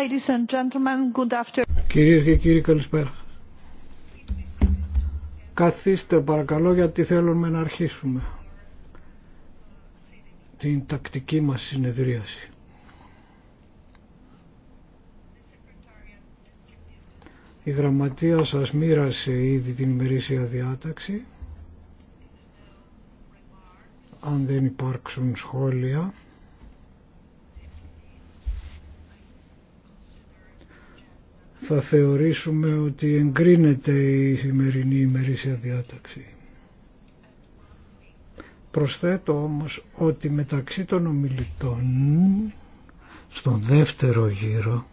Ladies and gentlemen, good Κυρίες και κύριοι καλησπέρα. Καθίστε παρακαλώ γιατί θέλουμε να αρχίσουμε την τακτική μας συνεδρίαση. Η γραμματεία σας μοίρασε ήδη την ημερήσια διάταξη. Αν δεν υπάρξουν σχόλια θα θεωρήσουμε ότι εγκρίνεται η σημερινή ημερήσια διάταξη. Προσθέτω όμως ότι μεταξύ των ομιλητών στον δεύτερο γύρο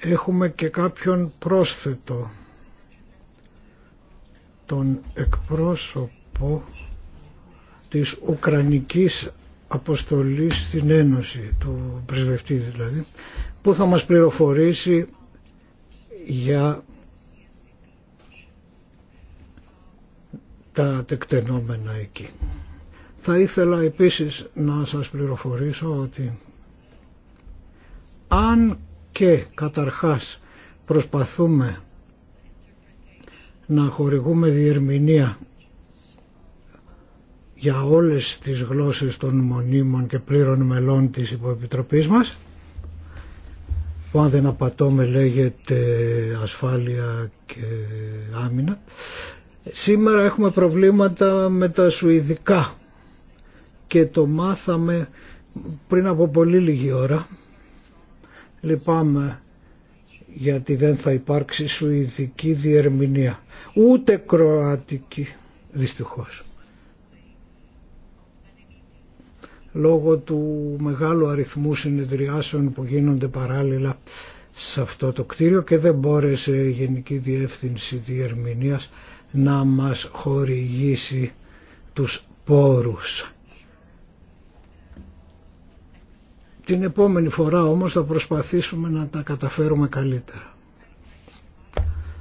έχουμε και κάποιον πρόσθετο τον εκπρόσωπο της Ουκρανικής αποστολή στην Ένωση, του πρεσβευτή δηλαδή, που θα μας πληροφορήσει για τα τεκτενόμενα εκεί. Θα ήθελα επίσης να σας πληροφορήσω ότι αν και καταρχάς προσπαθούμε να χορηγούμε διερμηνία για όλες τις γλώσσες των μονίμων και πλήρων μελών της υποεπιτροπής μας που αν δεν απατώμε λέγεται ασφάλεια και άμυνα. Σήμερα έχουμε προβλήματα με τα σουηδικά και το μάθαμε πριν από πολύ λίγη ώρα. Λυπάμαι γιατί δεν θα υπάρξει σουηδική διερμηνία, ούτε κροατική δυστυχώς. λόγω του μεγάλου αριθμού συνεδριάσεων που γίνονται παράλληλα σε αυτό το κτίριο και δεν μπόρεσε η Γενική Διεύθυνση Διερμηνίας να μας χορηγήσει τους πόρους. Την επόμενη φορά όμως θα προσπαθήσουμε να τα καταφέρουμε καλύτερα.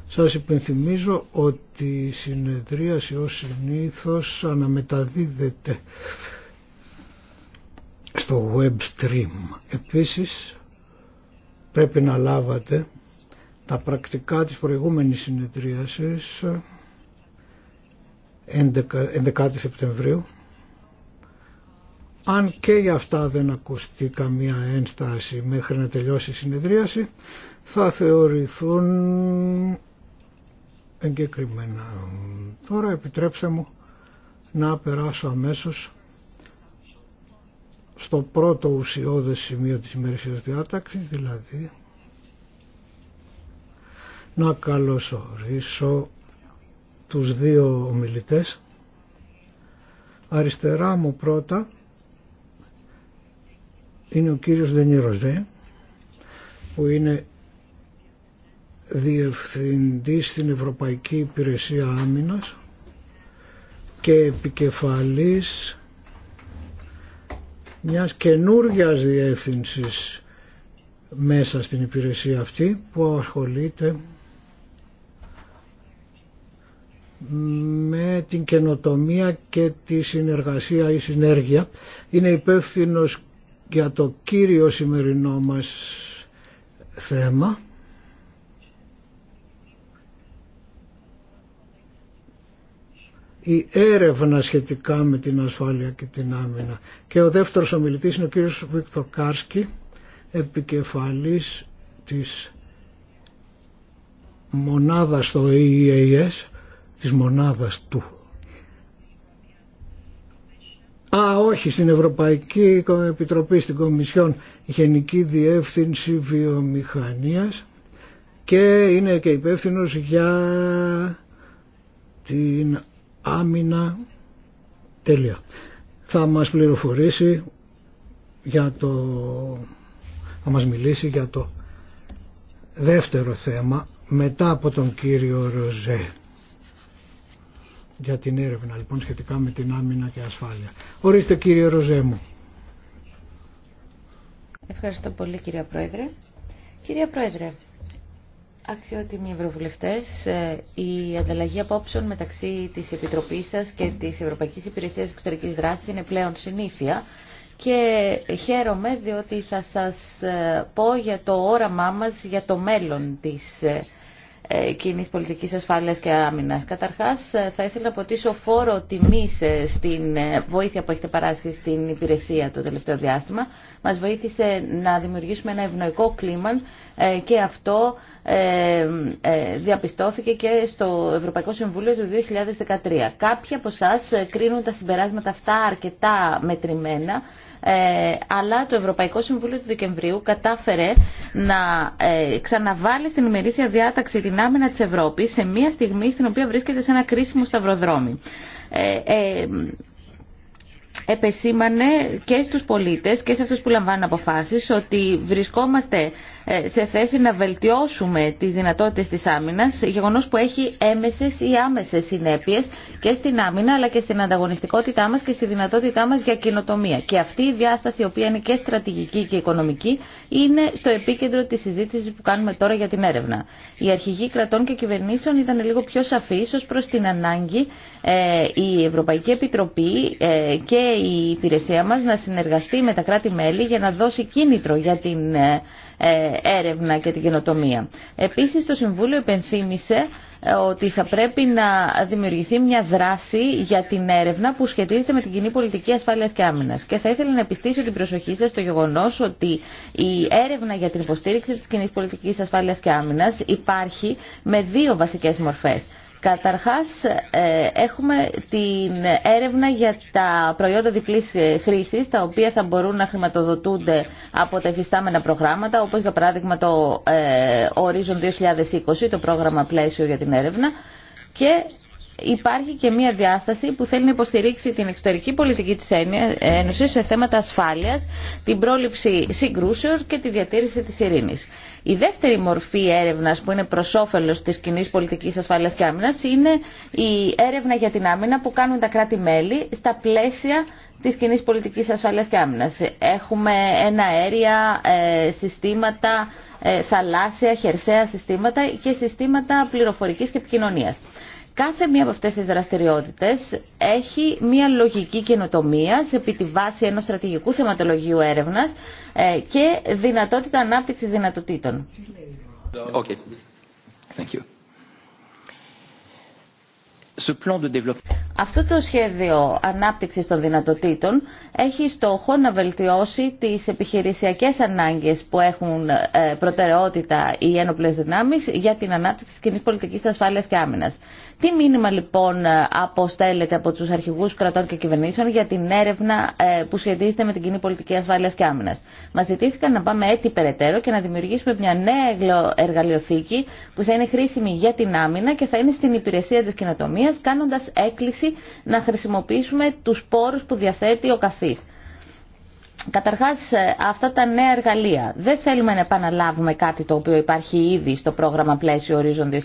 Σας υπενθυμίζω ότι η συνεδρίαση ως συνήθως αναμεταδίδεται στο web stream. Επίσης πρέπει να λάβατε τα πρακτικά της προηγούμενης συνεδρίασης 11, Σεπτεμβρίου αν και για αυτά δεν ακουστεί καμία ένσταση μέχρι να τελειώσει η συνεδρίαση θα θεωρηθούν εγκεκριμένα. Τώρα επιτρέψτε μου να περάσω αμέσως στο πρώτο ουσιώδες σημείο της ημερησίας διάταξης, δηλαδή να καλωσορίσω τους δύο ομιλητές. Αριστερά μου πρώτα είναι ο κύριος Δενιροζέ, που είναι διευθυντής στην Ευρωπαϊκή Υπηρεσία Άμυνας και επικεφαλής μιας καινούργιας διεύθυνσης μέσα στην υπηρεσία αυτή που ασχολείται με την καινοτομία και τη συνεργασία ή συνέργεια. Είναι υπεύθυνο για το κύριο σημερινό μας θέμα η έρευνα σχετικά με την ασφάλεια και την άμυνα. Και ο δεύτερος ομιλητής είναι ο κύριος Βίκτορ Κάρσκι, επικεφαλής της μονάδας στο EEAS, της μονάδας του. Α, όχι, στην Ευρωπαϊκή Επιτροπή, στην Κομισιόν, Γενική Διεύθυνση Βιομηχανίας και είναι και υπεύθυνο για την άμυνα τέλεια. Θα μας πληροφορήσει για το... θα μας μιλήσει για το δεύτερο θέμα μετά από τον κύριο Ροζέ για την έρευνα λοιπόν σχετικά με την άμυνα και ασφάλεια. Ορίστε κύριε Ροζέ μου. Ευχαριστώ πολύ κυρία Πρόεδρε. Κυρία Πρόεδρε, Αξιότιμοι Ευρωβουλευτέ, ε, η ανταλλαγή απόψεων μεταξύ της Επιτροπή σα και της Ευρωπαϊκής Υπηρεσίας Εξωτερικής Δράσης είναι πλέον συνήθεια και χαίρομαι διότι θα σας ε, πω για το όραμά μα, για το μέλλον της ε, ε, κοινή πολιτική ασφάλεια και άμυνα. Καταρχά, ε, θα ήθελα να ποτίσω φόρο τιμή ε, στην βοήθεια που έχετε παράσχει στην υπηρεσία το τελευταίο διάστημα. Μα βοήθησε να δημιουργήσουμε ένα ευνοϊκό κλίμα και αυτό διαπιστώθηκε και στο Ευρωπαϊκό Συμβούλιο του 2013. Κάποιοι από εσά κρίνουν τα συμπεράσματα αυτά αρκετά μετρημένα ε, αλλά το Ευρωπαϊκό Συμβούλιο του Δεκεμβρίου κατάφερε να ε, ξαναβάλει στην ημερήσια διάταξη την άμυνα της Ευρώπης σε μια στιγμή στην οποία βρίσκεται σε ένα κρίσιμο σταυροδρόμι ε, επεσήμανε και στους πολίτες και σε αυτούς που λαμβάνουν αποφάσεις ότι βρισκόμαστε ε, σε θέση να βελτιώσουμε τις δυνατότητες της άμυνας, γεγονός που έχει έμεσες ή άμεσες συνέπειες και στην άμυνα αλλά και στην ανταγωνιστικότητά μας και στη δυνατότητά μας για κοινοτομία. Και αυτή η διάσταση, η οποία είναι και στρατηγική και οικονομική, είναι στο επίκεντρο της συζήτησης που κάνουμε τώρα για την έρευνα. Οι αρχηγοί κρατών και κυβερνήσεων ήταν λίγο πιο σαφείς ως προς την ανάγκη ε, η Ευρωπαϊκή Επιτροπή ε, και η υπηρεσία μας να συνεργαστεί με τα κράτη-μέλη για να δώσει κίνητρο για την ε, έρευνα και την καινοτομία. Επίσης το Συμβούλιο επενθύμησε ε, ότι θα πρέπει να δημιουργηθεί μια δράση για την έρευνα που σχετίζεται με την κοινή πολιτική ασφάλεια και άμυνα. Και θα ήθελα να επιστήσω την προσοχή σα στο γεγονό ότι η έρευνα για την υποστήριξη τη κοινή πολιτική ασφάλεια και άμυνα υπάρχει με δύο βασικέ μορφέ. Καταρχάς, ε, έχουμε την έρευνα για τα προϊόντα διπλής χρήσης, τα οποία θα μπορούν να χρηματοδοτούνται από τα εφιστάμενα προγράμματα, όπως για παράδειγμα το ε, Horizon 2020, το πρόγραμμα πλαίσιο για την έρευνα, και υπάρχει και μια διάσταση που θέλει να υποστηρίξει την εξωτερική πολιτική της Ένωσης σε θέματα ασφάλειας, την πρόληψη συγκρούσεων και τη διατήρηση της ειρήνης. Η δεύτερη μορφή έρευνας που είναι προς όφελος της κοινή πολιτικής ασφάλειας και άμυνας είναι η έρευνα για την άμυνα που κάνουν τα κράτη-μέλη στα πλαίσια τη κοινή πολιτική ασφάλεια και άμυνα. Έχουμε ένα αέρια ε, συστήματα, ε, θαλάσσια, χερσαία συστήματα και συστήματα πληροφορική και επικοινωνία. Κάθε μία από αυτές τις δραστηριότητες έχει μία λογική καινοτομία σε τη βάση ενός στρατηγικού θεματολογίου έρευνας ε, και δυνατότητα ανάπτυξης δυνατοτήτων. Okay. Thank you. Αυτό το σχέδιο ανάπτυξης των δυνατοτήτων έχει στόχο να βελτιώσει τις επιχειρησιακές ανάγκες που έχουν ε, προτεραιότητα οι ένοπλες δυνάμεις για την ανάπτυξη της κοινή πολιτικής ασφάλειας και άμυνας. Τι μήνυμα λοιπόν ε, αποστέλλεται από τους αρχηγούς κρατών και κυβερνήσεων για την έρευνα ε, που σχετίζεται με την κοινή πολιτική ασφάλειας και άμυνας. Μας ζητήθηκαν να πάμε έτσι περαιτέρω και να δημιουργήσουμε μια νέα εργαλειοθήκη που θα είναι χρήσιμη για την άμυνα και θα είναι στην υπηρεσία της κοινοτομίας κάνοντας έκκληση να χρησιμοποιήσουμε τους πόρους που διαθέτει ο καθής. Καταρχάς ε, αυτά τα νέα εργαλεία. Δεν θέλουμε να επαναλάβουμε κάτι το οποίο υπάρχει ήδη στο πρόγραμμα πλαίσιο Horizon 2020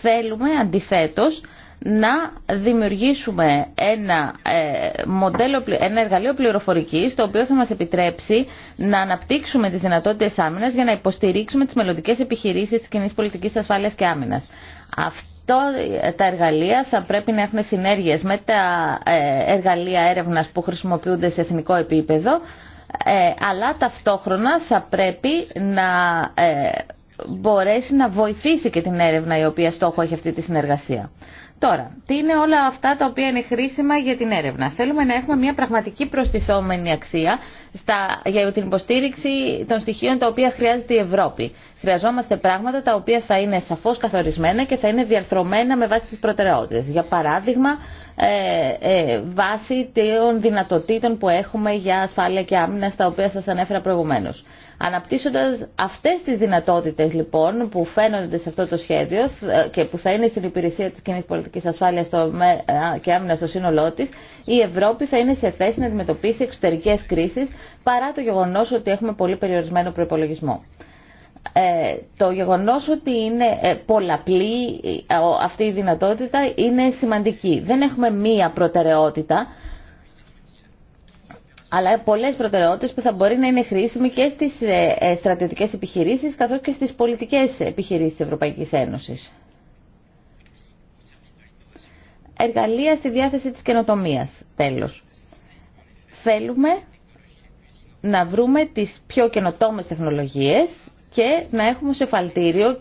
Θέλουμε αντιθέτως να δημιουργήσουμε ένα, ε, μοντέλο, ένα εργαλείο πληροφορικής το οποίο θα μας επιτρέψει να αναπτύξουμε τις δυνατότητες άμυνας για να υποστηρίξουμε τις μελλοντικέ επιχειρήσεις της κοινή πολιτικής ασφάλειας και άμυνας. Αυτό, ε, τα εργαλεία θα πρέπει να έχουν συνέργειες με τα ε, εργαλεία έρευνας που χρησιμοποιούνται σε εθνικό επίπεδο αλλά ταυτόχρονα θα πρέπει να μπορέσει να βοηθήσει και την έρευνα η οποία στόχο έχει αυτή τη συνεργασία. Τώρα, τι είναι όλα αυτά τα οποία είναι χρήσιμα για την έρευνα. Θέλουμε να έχουμε μια πραγματική προστιθόμενη αξία στα, για την υποστήριξη των στοιχείων τα οποία χρειάζεται η Ευρώπη. Χρειαζόμαστε πράγματα τα οποία θα είναι σαφώς καθορισμένα και θα είναι διαρθρωμένα με βάση τις προτεραιότητες. Για παράδειγμα, ε, ε βάση των δυνατοτήτων που έχουμε για ασφάλεια και άμυνα, στα οποία σας ανέφερα προηγουμένως. Αναπτύσσοντας αυτές τις δυνατότητες λοιπόν που φαίνονται σε αυτό το σχέδιο ε, και που θα είναι στην υπηρεσία της κοινή πολιτικής ασφάλειας ε, και άμυνα στο σύνολό της η Ευρώπη θα είναι σε θέση να αντιμετωπίσει εξωτερικές κρίσεις παρά το γεγονός ότι έχουμε πολύ περιορισμένο προπολογισμό. Ε, το γεγονός ότι είναι ε, πολλαπλή αυτή η δυνατότητα είναι σημαντική. Δεν έχουμε μία προτεραιότητα αλλά πολλές προτεραιότητες που θα μπορεί να είναι χρήσιμοι και στις ε, ε, στρατιωτικές επιχειρήσεις καθώς και στις πολιτικές επιχειρήσεις της Ευρωπαϊκής Ένωσης. Εργαλεία στη διάθεση της καινοτομίας, τέλος. Θέλουμε να βρούμε τις πιο καινοτόμες τεχνολογίες και να έχουμε σε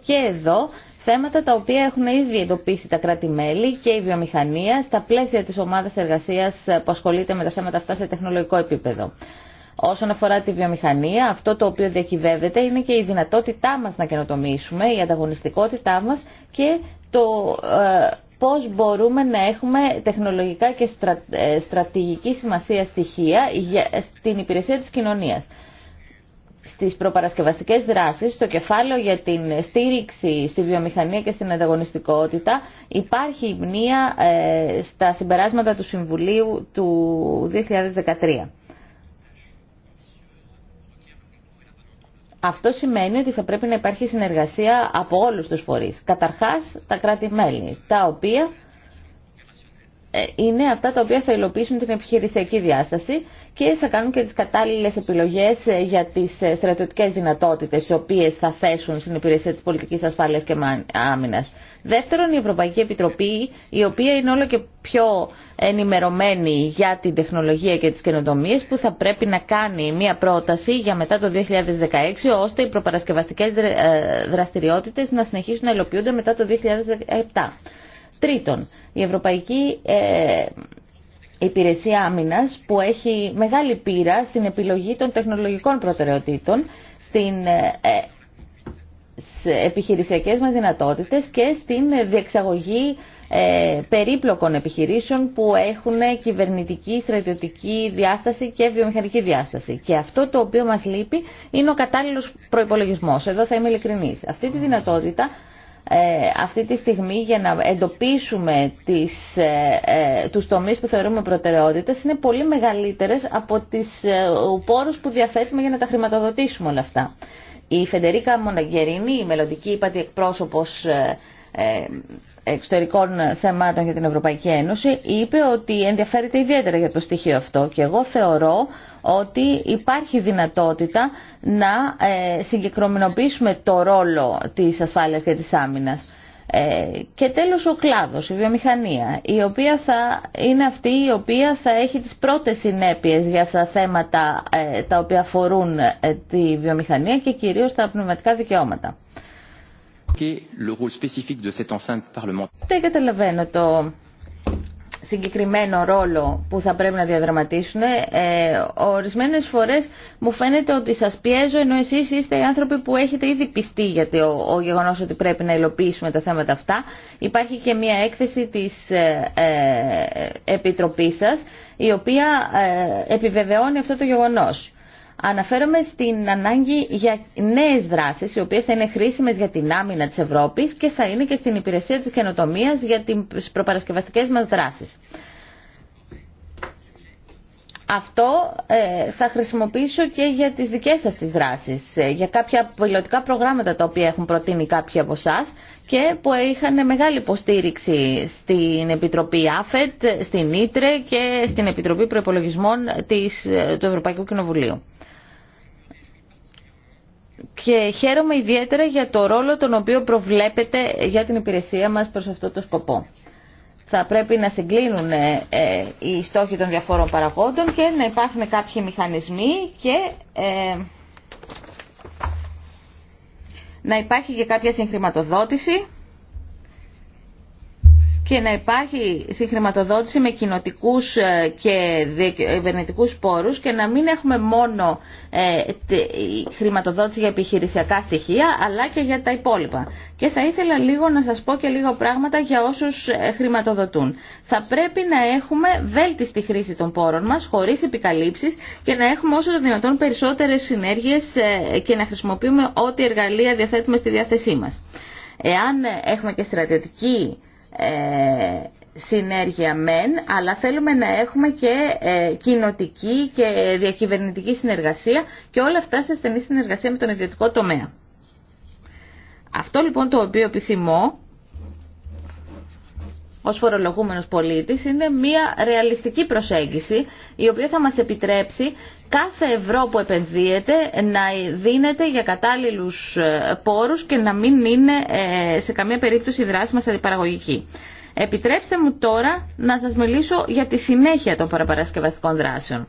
και εδώ θέματα τα οποία έχουν ήδη εντοπίσει τα κράτη-μέλη και η βιομηχανία στα πλαίσια της ομάδας εργασίας που ασχολείται με τα θέματα αυτά σε τεχνολογικό επίπεδο. Όσον αφορά τη βιομηχανία, αυτό το οποίο διακυβεύεται είναι και η δυνατότητά μας να καινοτομήσουμε, η ανταγωνιστικότητά μας και το ε, πώς μπορούμε να έχουμε τεχνολογικά και ε, στρατηγική σημασία στοιχεία για, στην υπηρεσία της κοινωνίας στις προπαρασκευαστικές δράσεις, στο κεφάλαιο για την στήριξη στη βιομηχανία και στην ανταγωνιστικότητα, υπάρχει μνήμα ε, στα συμπεράσματα του Συμβουλίου του 2013. Αυτό σημαίνει ότι θα πρέπει να υπάρχει συνεργασία από όλους τους φορείς. Καταρχάς, τα κράτη-μέλη, τα οποία ε, είναι αυτά τα οποία θα υλοποιήσουν την επιχειρησιακή διάσταση και θα κάνουν και τις κατάλληλες επιλογές ε, για τις ε, στρατιωτικές δυνατότητες οι οποίες θα θέσουν στην υπηρεσία της πολιτικής ασφάλειας και άμυνας. Δεύτερον, η Ευρωπαϊκή Επιτροπή, η οποία είναι όλο και πιο ενημερωμένη για την τεχνολογία και τις καινοτομίες που θα πρέπει να κάνει μια πρόταση για μετά το 2016 ώστε οι προπαρασκευαστικές ε, δραστηριότητες να συνεχίσουν να υλοποιούνται μετά το 2017. Τρίτον, η Ευρωπαϊκή υπηρεσία άμυνας που έχει μεγάλη πείρα στην επιλογή των τεχνολογικών προτεραιοτήτων, στην σε ε, επιχειρησιακές μας δυνατότητες και στην διεξαγωγή ε, περίπλοκων επιχειρήσεων που έχουν κυβερνητική, στρατιωτική διάσταση και βιομηχανική διάσταση. Και αυτό το οποίο μας λείπει είναι ο κατάλληλος προϋπολογισμός. Εδώ θα είμαι ειλικρινής. Αυτή τη δυνατότητα ε, αυτή τη στιγμή για να εντοπίσουμε τις, ε, ε, τους τομείς που θεωρούμε προτεραιότητες είναι πολύ μεγαλύτερες από τις πόρους που διαθέτουμε για να τα χρηματοδοτήσουμε όλα αυτά. Η Φεντερίκα Μοναγκερίνη, η μελλοντική είπατε εκπρόσωπος εξωτερικών θεμάτων για την Ευρωπαϊκή Ένωση είπε ότι ενδιαφέρεται ιδιαίτερα για το στοιχείο αυτό και εγώ θεωρώ ότι υπάρχει δυνατότητα να ε, συγκεκριμενοποιήσουμε το ρόλο της ασφάλειας και της άμυνας. Ε, και τέλος ο κλάδος, η βιομηχανία, η οποία θα είναι αυτή η οποία θα έχει τις πρώτες συνέπειες για αυτά τα θέματα ε, τα οποία αφορούν τη βιομηχανία και κυρίως τα πνευματικά δικαιώματα. Δεν καταλαβαίνω το συγκεκριμένο ρόλο που θα πρέπει να διαδραματίσουν. Ε, ορισμένες φορές μου φαίνεται ότι σας πιέζω ενώ εσείς είστε οι άνθρωποι που έχετε ήδη πιστεί για το ο γεγονός ότι πρέπει να υλοποιήσουμε τα θέματα αυτά. Υπάρχει και μια έκθεση της ε, ε, Επιτροπής σας η οποία ε, επιβεβαιώνει αυτό το γεγονός. Αναφέρομαι στην ανάγκη για νέες δράσεις, οι οποίες θα είναι χρήσιμες για την άμυνα της Ευρώπης και θα είναι και στην υπηρεσία της καινοτομία για τις προπαρασκευαστικές μας δράσεις. Αυτό ε, θα χρησιμοποιήσω και για τις δικές σας τις δράσεις, ε, για κάποια πολιτικά προγράμματα τα οποία έχουν προτείνει κάποιοι από εσά και που είχαν μεγάλη υποστήριξη στην Επιτροπή ΑΦΕΤ, στην Ήτρε και στην Επιτροπή Προπολογισμών ε, του Ευρωπαϊκού Κοινοβουλίου και χαίρομαι ιδιαίτερα για το ρόλο τον οποίο προβλέπετε για την υπηρεσία μας προς αυτό το σκοπό. Θα πρέπει να συγκλίνουν ε, ε, οι στόχοι των διαφόρων παραγόντων και να υπάρχουν κάποιοι μηχανισμοί και ε, να υπάρχει και κάποια συγχρηματοδότηση και να υπάρχει συγχρηματοδότηση με κοινοτικού ε, και κυβερνητικού πόρου και να μην έχουμε μόνο ε, χρηματοδότηση για επιχειρησιακά στοιχεία αλλά και για τα υπόλοιπα. Και θα ήθελα λίγο να σα πω και λίγο πράγματα για όσου ε, χρηματοδοτούν. Θα πρέπει να έχουμε βέλτιστη χρήση των πόρων μα χωρί επικαλύψει και να έχουμε όσο το δυνατόν περισσότερες συνέργειες και να χρησιμοποιούμε ό,τι εργαλεία διαθέτουμε στη διάθεσή μα. Εάν έχουμε και στρατιωτική ε, συνέργεια μεν, αλλά θέλουμε να έχουμε και ε, κοινοτική και διακυβερνητική συνεργασία και όλα αυτά σε στενή συνεργασία με τον ιδιωτικό τομέα. Αυτό λοιπόν το οποίο επιθυμώ ως φορολογούμενος πολίτης είναι μια ρεαλιστική προσέγγιση η οποία θα μας επιτρέψει κάθε ευρώ που επενδύεται να δίνεται για κατάλληλους ε, πόρους και να μην είναι ε, σε καμία περίπτωση δράση μας αντιπαραγωγική. Επιτρέψτε μου τώρα να σας μιλήσω για τη συνέχεια των παραπαρασκευαστικών δράσεων.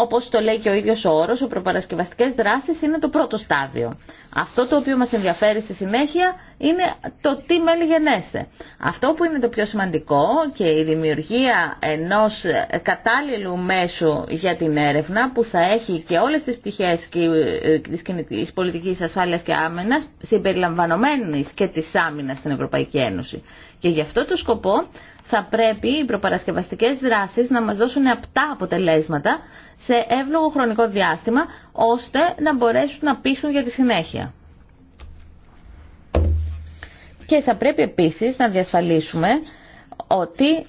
Όπως το λέει και ο ίδιος ο όρος, οι προπαρασκευαστικές δράσεις είναι το πρώτο στάδιο. Αυτό το οποίο μας ενδιαφέρει στη συνέχεια είναι το τι μέλη γενέστε. Αυτό που είναι το πιο σημαντικό και η δημιουργία ενός κατάλληλου μέσου για την έρευνα που θα έχει και όλες τις πτυχές ε, της πολιτική πολιτικής ασφάλειας και άμενας συμπεριλαμβανομένης και της άμυνας στην Ευρωπαϊκή Ένωση. Και γι' αυτό το σκοπό θα πρέπει οι προπαρασκευαστικές δράσεις να μας δώσουν απτά αποτελέσματα σε εύλογο χρονικό διάστημα, ώστε να μπορέσουν να πείσουν για τη συνέχεια. Και θα πρέπει επίσης να διασφαλίσουμε ότι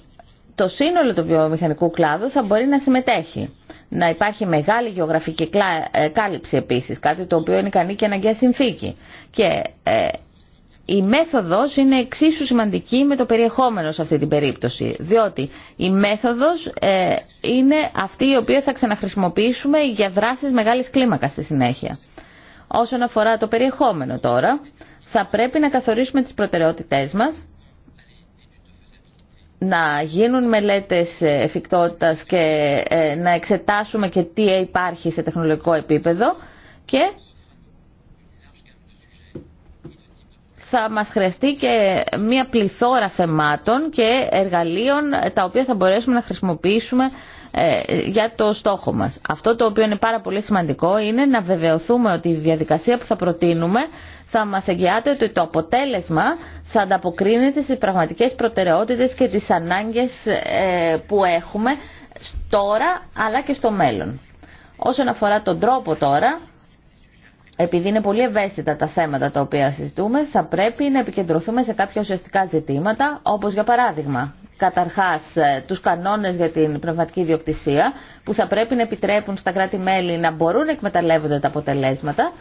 το σύνολο του βιομηχανικού κλάδου θα μπορεί να συμμετέχει. Να υπάρχει μεγάλη γεωγραφική ε, κάλυψη επίσης, κάτι το οποίο είναι ικανή και αναγκαία συνθήκη. Και ε, η μέθοδος είναι εξίσου σημαντική με το περιεχόμενο σε αυτή την περίπτωση. Διότι η μέθοδος ε, είναι αυτή η οποία θα ξαναχρησιμοποιήσουμε για δράσεις μεγάλης κλίμακας στη συνέχεια. Όσον αφορά το περιεχόμενο τώρα, θα πρέπει να καθορίσουμε τις προτεραιότητές μας, να γίνουν μελέτες εφικτότητας και ε, να εξετάσουμε και τι υπάρχει σε τεχνολογικό επίπεδο και θα μας χρειαστεί και μία πληθώρα θεμάτων και εργαλείων τα οποία θα μπορέσουμε να χρησιμοποιήσουμε ε, για το στόχο μας. Αυτό το οποίο είναι πάρα πολύ σημαντικό είναι να βεβαιωθούμε ότι η διαδικασία που θα προτείνουμε θα μας εγγυάται ότι το αποτέλεσμα θα ανταποκρίνεται στις πραγματικές προτεραιότητες και τις ανάγκες ε, που έχουμε τώρα αλλά και στο μέλλον. Όσον αφορά τον τρόπο τώρα, επειδή είναι πολύ ευαίσθητα τα θέματα τα οποία συζητούμε, θα πρέπει να επικεντρωθούμε σε κάποια ουσιαστικά ζητήματα, όπως για παράδειγμα, καταρχάς ε, τους κανόνες για την πνευματική ιδιοκτησία, που θα πρέπει να επιτρέπουν στα κράτη-μέλη να μπορούν να εκμεταλλεύονται τα αποτελέσματα,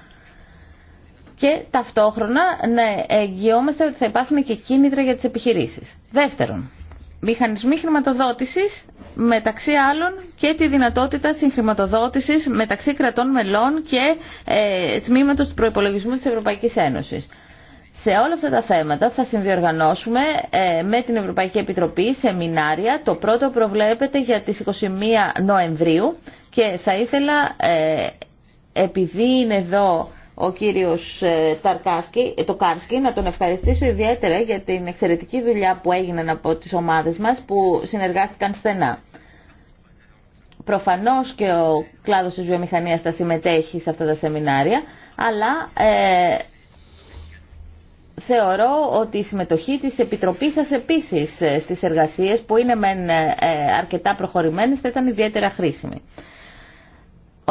και ταυτόχρονα να εγγυόμαστε ότι θα υπάρχουν και κίνητρα για τι επιχειρήσει. Δεύτερον, μηχανισμοί χρηματοδότησης μεταξύ άλλων και τη δυνατότητα συγχρηματοδότησης μεταξύ κρατών μελών και ε, τμήματος του προϋπολογισμού της Ευρωπαϊκής Ένωσης. Σε όλα αυτά τα θέματα θα συνδιοργανώσουμε ε, με την Ευρωπαϊκή Επιτροπή σεμινάρια. Το πρώτο προβλέπεται για τις 21 Νοεμβρίου και θα ήθελα, ε, επειδή είναι εδώ ο κύριος ε, Ταρκάσκι, ε, το Κάρσκι, να τον ευχαριστήσω ιδιαίτερα για την εξαιρετική δουλειά που έγιναν από τις ομάδες μας που συνεργάστηκαν στενά. Προφανώς και ο κλάδος της βιομηχανίας θα συμμετέχει σε αυτά τα σεμινάρια, αλλά ε, θεωρώ ότι η συμμετοχή της Επιτροπής σας επίσης στις εργασίες που είναι μεν αρκετά προχωρημένες θα ήταν ιδιαίτερα χρήσιμη.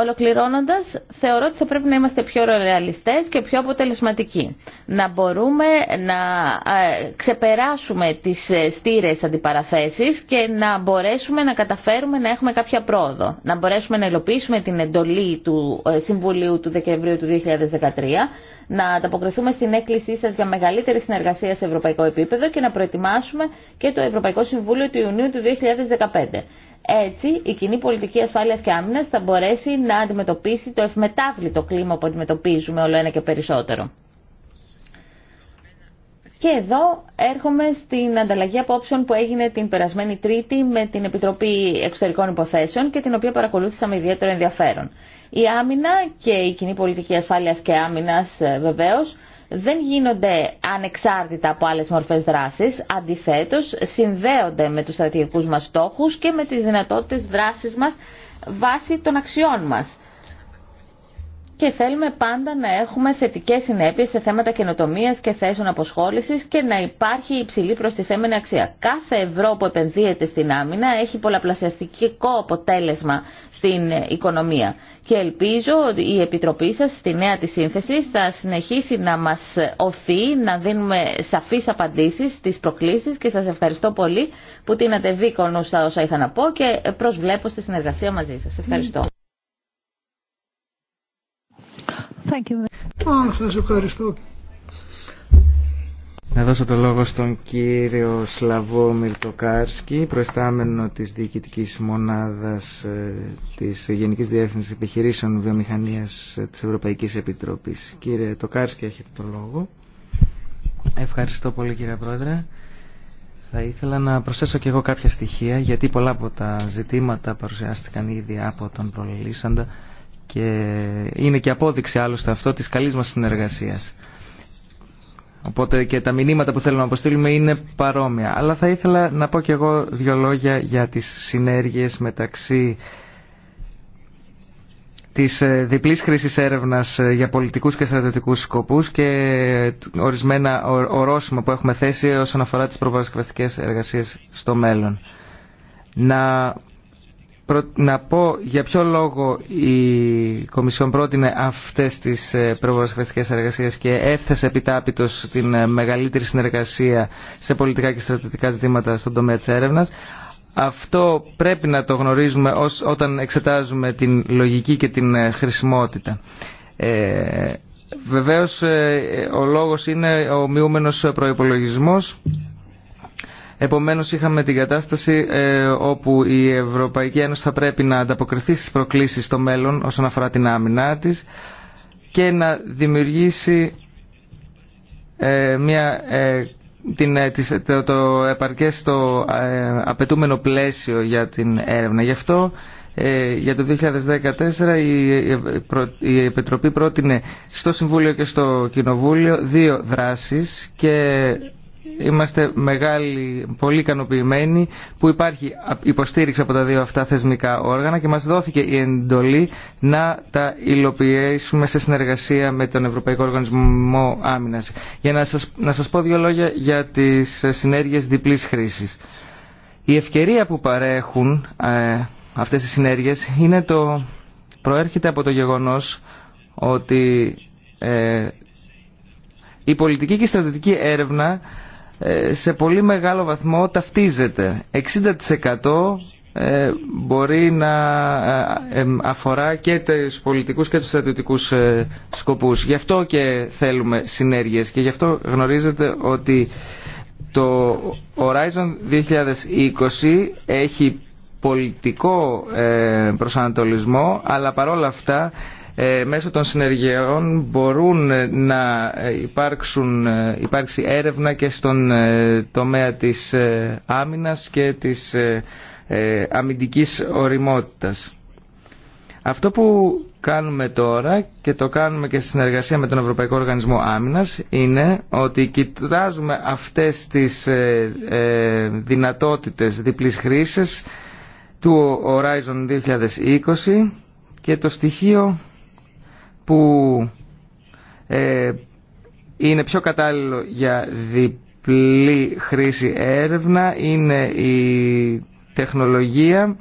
Ολοκληρώνοντα, θεωρώ ότι θα πρέπει να είμαστε πιο ρεαλιστέ και πιο αποτελεσματικοί. Να μπορούμε να ε, ξεπεράσουμε τις ε, στήρες αντιπαραθέσει και να μπορέσουμε να καταφέρουμε να έχουμε κάποια πρόοδο. Να μπορέσουμε να ελοπίσουμε την εντολή του ε, Συμβουλίου του Δεκεμβρίου του 2013, να ανταποκριθούμε στην έκκλησή σα για μεγαλύτερη συνεργασία σε ευρωπαϊκό επίπεδο και να προετοιμάσουμε και το Ευρωπαϊκό Συμβούλιο του Ιουνίου του 2015. Έτσι, η κοινή πολιτική ασφάλεια και άμυνα θα μπορέσει να αντιμετωπίσει το ευμετάβλητο κλίμα που αντιμετωπίζουμε όλο ένα και περισσότερο. Και εδώ έρχομαι στην ανταλλαγή απόψεων που έγινε την περασμένη Τρίτη με την Επιτροπή Εξωτερικών Υποθέσεων και την οποία παρακολούθησα με ιδιαίτερο ενδιαφέρον. Η άμυνα και η κοινή πολιτική ασφάλεια και άμυνα ε, βεβαίω δεν γίνονται ανεξάρτητα από άλλες μορφές δράσης, αντιθέτως συνδέονται με τους στρατηγικούς μας στόχους και με τις δυνατότητες δράσης μας βάσει των αξιών μας και θέλουμε πάντα να έχουμε θετικέ συνέπειες σε θέματα καινοτομία και θέσεων αποσχόληση και να υπάρχει υψηλή προστιθέμενη αξία. Κάθε ευρώ που επενδύεται στην άμυνα έχει πολλαπλασιαστικό αποτέλεσμα στην οικονομία. Και ελπίζω ότι η Επιτροπή σα, στη νέα τη σύνθεση θα συνεχίσει να μα οθεί, να δίνουμε σαφείς απαντήσει στις προκλήσει και σα ευχαριστώ πολύ που τίνατε στα όσα είχα να πω και προσβλέπω στη συνεργασία μαζί σα. Ευχαριστώ. Thank σας ευχαριστώ. Να δώσω το λόγο στον κύριο Σλαβό Μιλτοκάρσκι, προεστάμενο της Διοικητικής Μονάδας ε, της Γενικής Διεύθυνσης Επιχειρήσεων Βιομηχανίας ε, της Ευρωπαϊκής Επιτροπής. Κύριε Τοκάρσκι, έχετε το λόγο. Ευχαριστώ πολύ κύριε Πρόεδρε. Θα ήθελα να προσθέσω και εγώ κάποια στοιχεία, γιατί πολλά από τα ζητήματα παρουσιάστηκαν ήδη από τον προλήσαντα και είναι και απόδειξη άλλωστε αυτό της καλής μας συνεργασίας. Οπότε και τα μηνύματα που θέλουμε να αποστείλουμε είναι παρόμοια. Αλλά θα ήθελα να πω και εγώ δύο λόγια για τις συνέργειες μεταξύ της ε, διπλής χρήσης έρευνας ε, για πολιτικούς και στρατιωτικούς σκοπούς και ε, ορισμένα ορόσημα που έχουμε θέσει όσον αφορά τις προβασκευαστικές εργασίες στο μέλλον. Να να πω για ποιο λόγο η Κομισιόν πρότεινε αυτές τις χρηστικές ε, εργασίες και έθεσε επιτάπητος την ε, μεγαλύτερη συνεργασία σε πολιτικά και στρατιωτικά ζητήματα στον τομέα της έρευνας. Αυτό πρέπει να το γνωρίζουμε όταν εξετάζουμε την λογική και την ε, χρησιμότητα. Ε, βεβαίως ο λόγος είναι ο μειούμενος προϋπολογισμός Επομένω, είχαμε την κατάσταση ε, όπου η Ευρωπαϊκή Ένωση θα πρέπει να ανταποκριθεί στις προκλήσεις στο μέλλον όσον αφορά την άμυνά τη, και να δημιουργήσει ε, μια, ε, την, το, το επαρκές το απαιτούμενο πλαίσιο για την έρευνα. Γι' αυτό για το 2014 η Επιτροπή πρότεινε στο Συμβούλιο και στο Κοινοβούλιο δύο δράσεις και Είμαστε μεγάλοι, πολύ ικανοποιημένοι που υπάρχει υποστήριξη από τα δύο αυτά θεσμικά όργανα και μας δόθηκε η εντολή να τα υλοποιήσουμε σε συνεργασία με τον Ευρωπαϊκό Οργανισμό Άμυνας. Για να σας, να σας πω δύο λόγια για τις συνέργειες διπλής χρήσης. Η ευκαιρία που παρέχουν ε, αυτές οι συνέργειες είναι το, προέρχεται από το γεγονός ότι ε, η πολιτική και η στρατιωτική έρευνα ε, σε πολύ μεγάλο βαθμό ταυτίζεται. 60% ε, μπορεί να ε, αφορά και τους πολιτικούς και τους στρατιωτικούς σκοπούς. Γι' αυτό και θέλουμε συνέργειες και γι' αυτό γνωρίζετε ότι το Horizon 2020 έχει πολιτικό προσανατολισμό αλλά παρόλα αυτά ε, μέσω των συνεργειών μπορούν ε, να ε, υπάρξουν, υπάρξει έρευνα και στον τομέα της άμυνας και της αμυντικής οριμότητας. Αυτό που κάνουμε τώρα και το κάνουμε και στη συνεργασία με τον Ευρωπαϊκό Οργανισμό Άμυνας είναι ότι κοιτάζουμε αυτές τις δυνατότητες διπλής χρήσης του Horizon 2020 και το στοιχείο που ε, είναι πιο κατάλληλο για διπλή χρήση έρευνα είναι η τεχνολογία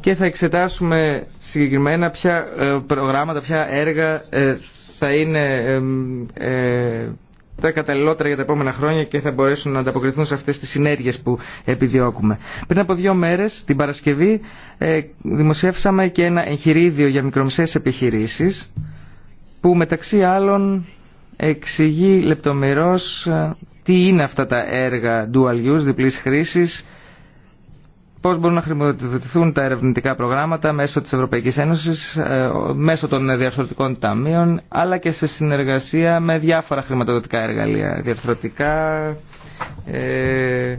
και θα εξετάσουμε συγκεκριμένα ποια ε, προγράμματα, ποια έργα ε, θα είναι τα καταλληλότερα για τα επόμενα χρόνια και θα μπορέσουν να ανταποκριθούν σε αυτές τις συνέργειες που επιδιώκουμε. Πριν από δύο μέρες, την Παρασκευή, ε, δημοσιεύσαμε και ένα εγχειρίδιο για μικρομεσαίες επιχειρήσεις που μεταξύ άλλων εξηγεί λεπτομερώς ε, τι είναι αυτά τα έργα dual use, διπλής χρήσης, πώς μπορούν να χρηματοδοτηθούν τα ερευνητικά προγράμματα μέσω της Ευρωπαϊκής Ένωσης, ε, μέσω των διαρθρωτικών ταμείων, αλλά και σε συνεργασία με διάφορα χρηματοδοτικά εργαλεία. Διαρθρωτικά ε, ε,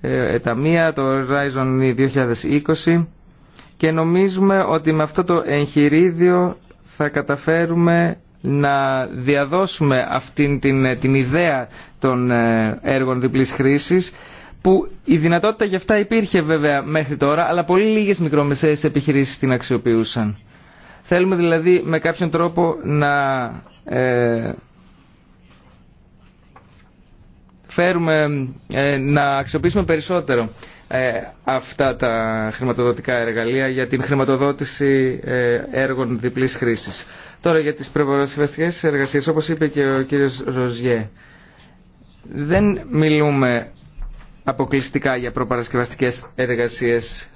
ε ταμεία, το Horizon 2020 και νομίζουμε ότι με αυτό το εγχειρίδιο θα καταφέρουμε να διαδώσουμε αυτήν την, την ιδέα των έργων διπλής χρήσης που η δυνατότητα για αυτά υπήρχε βέβαια μέχρι τώρα, αλλά πολύ λίγες μικρομεσαίες επιχειρήσεις την αξιοποιούσαν. Θέλουμε δηλαδή με κάποιον τρόπο να ε, φέρουμε, ε, να αξιοποιήσουμε περισσότερο ε, αυτά τα χρηματοδοτικά εργαλεία για την χρηματοδότηση ε, έργων διπλής χρήσης. Τώρα για τις προπαρασκευαστικές εργασίες, όπως είπε και ο κύριος Ροζιέ, δεν μιλούμε αποκλειστικά για προπαρασκευαστικές εργασίες.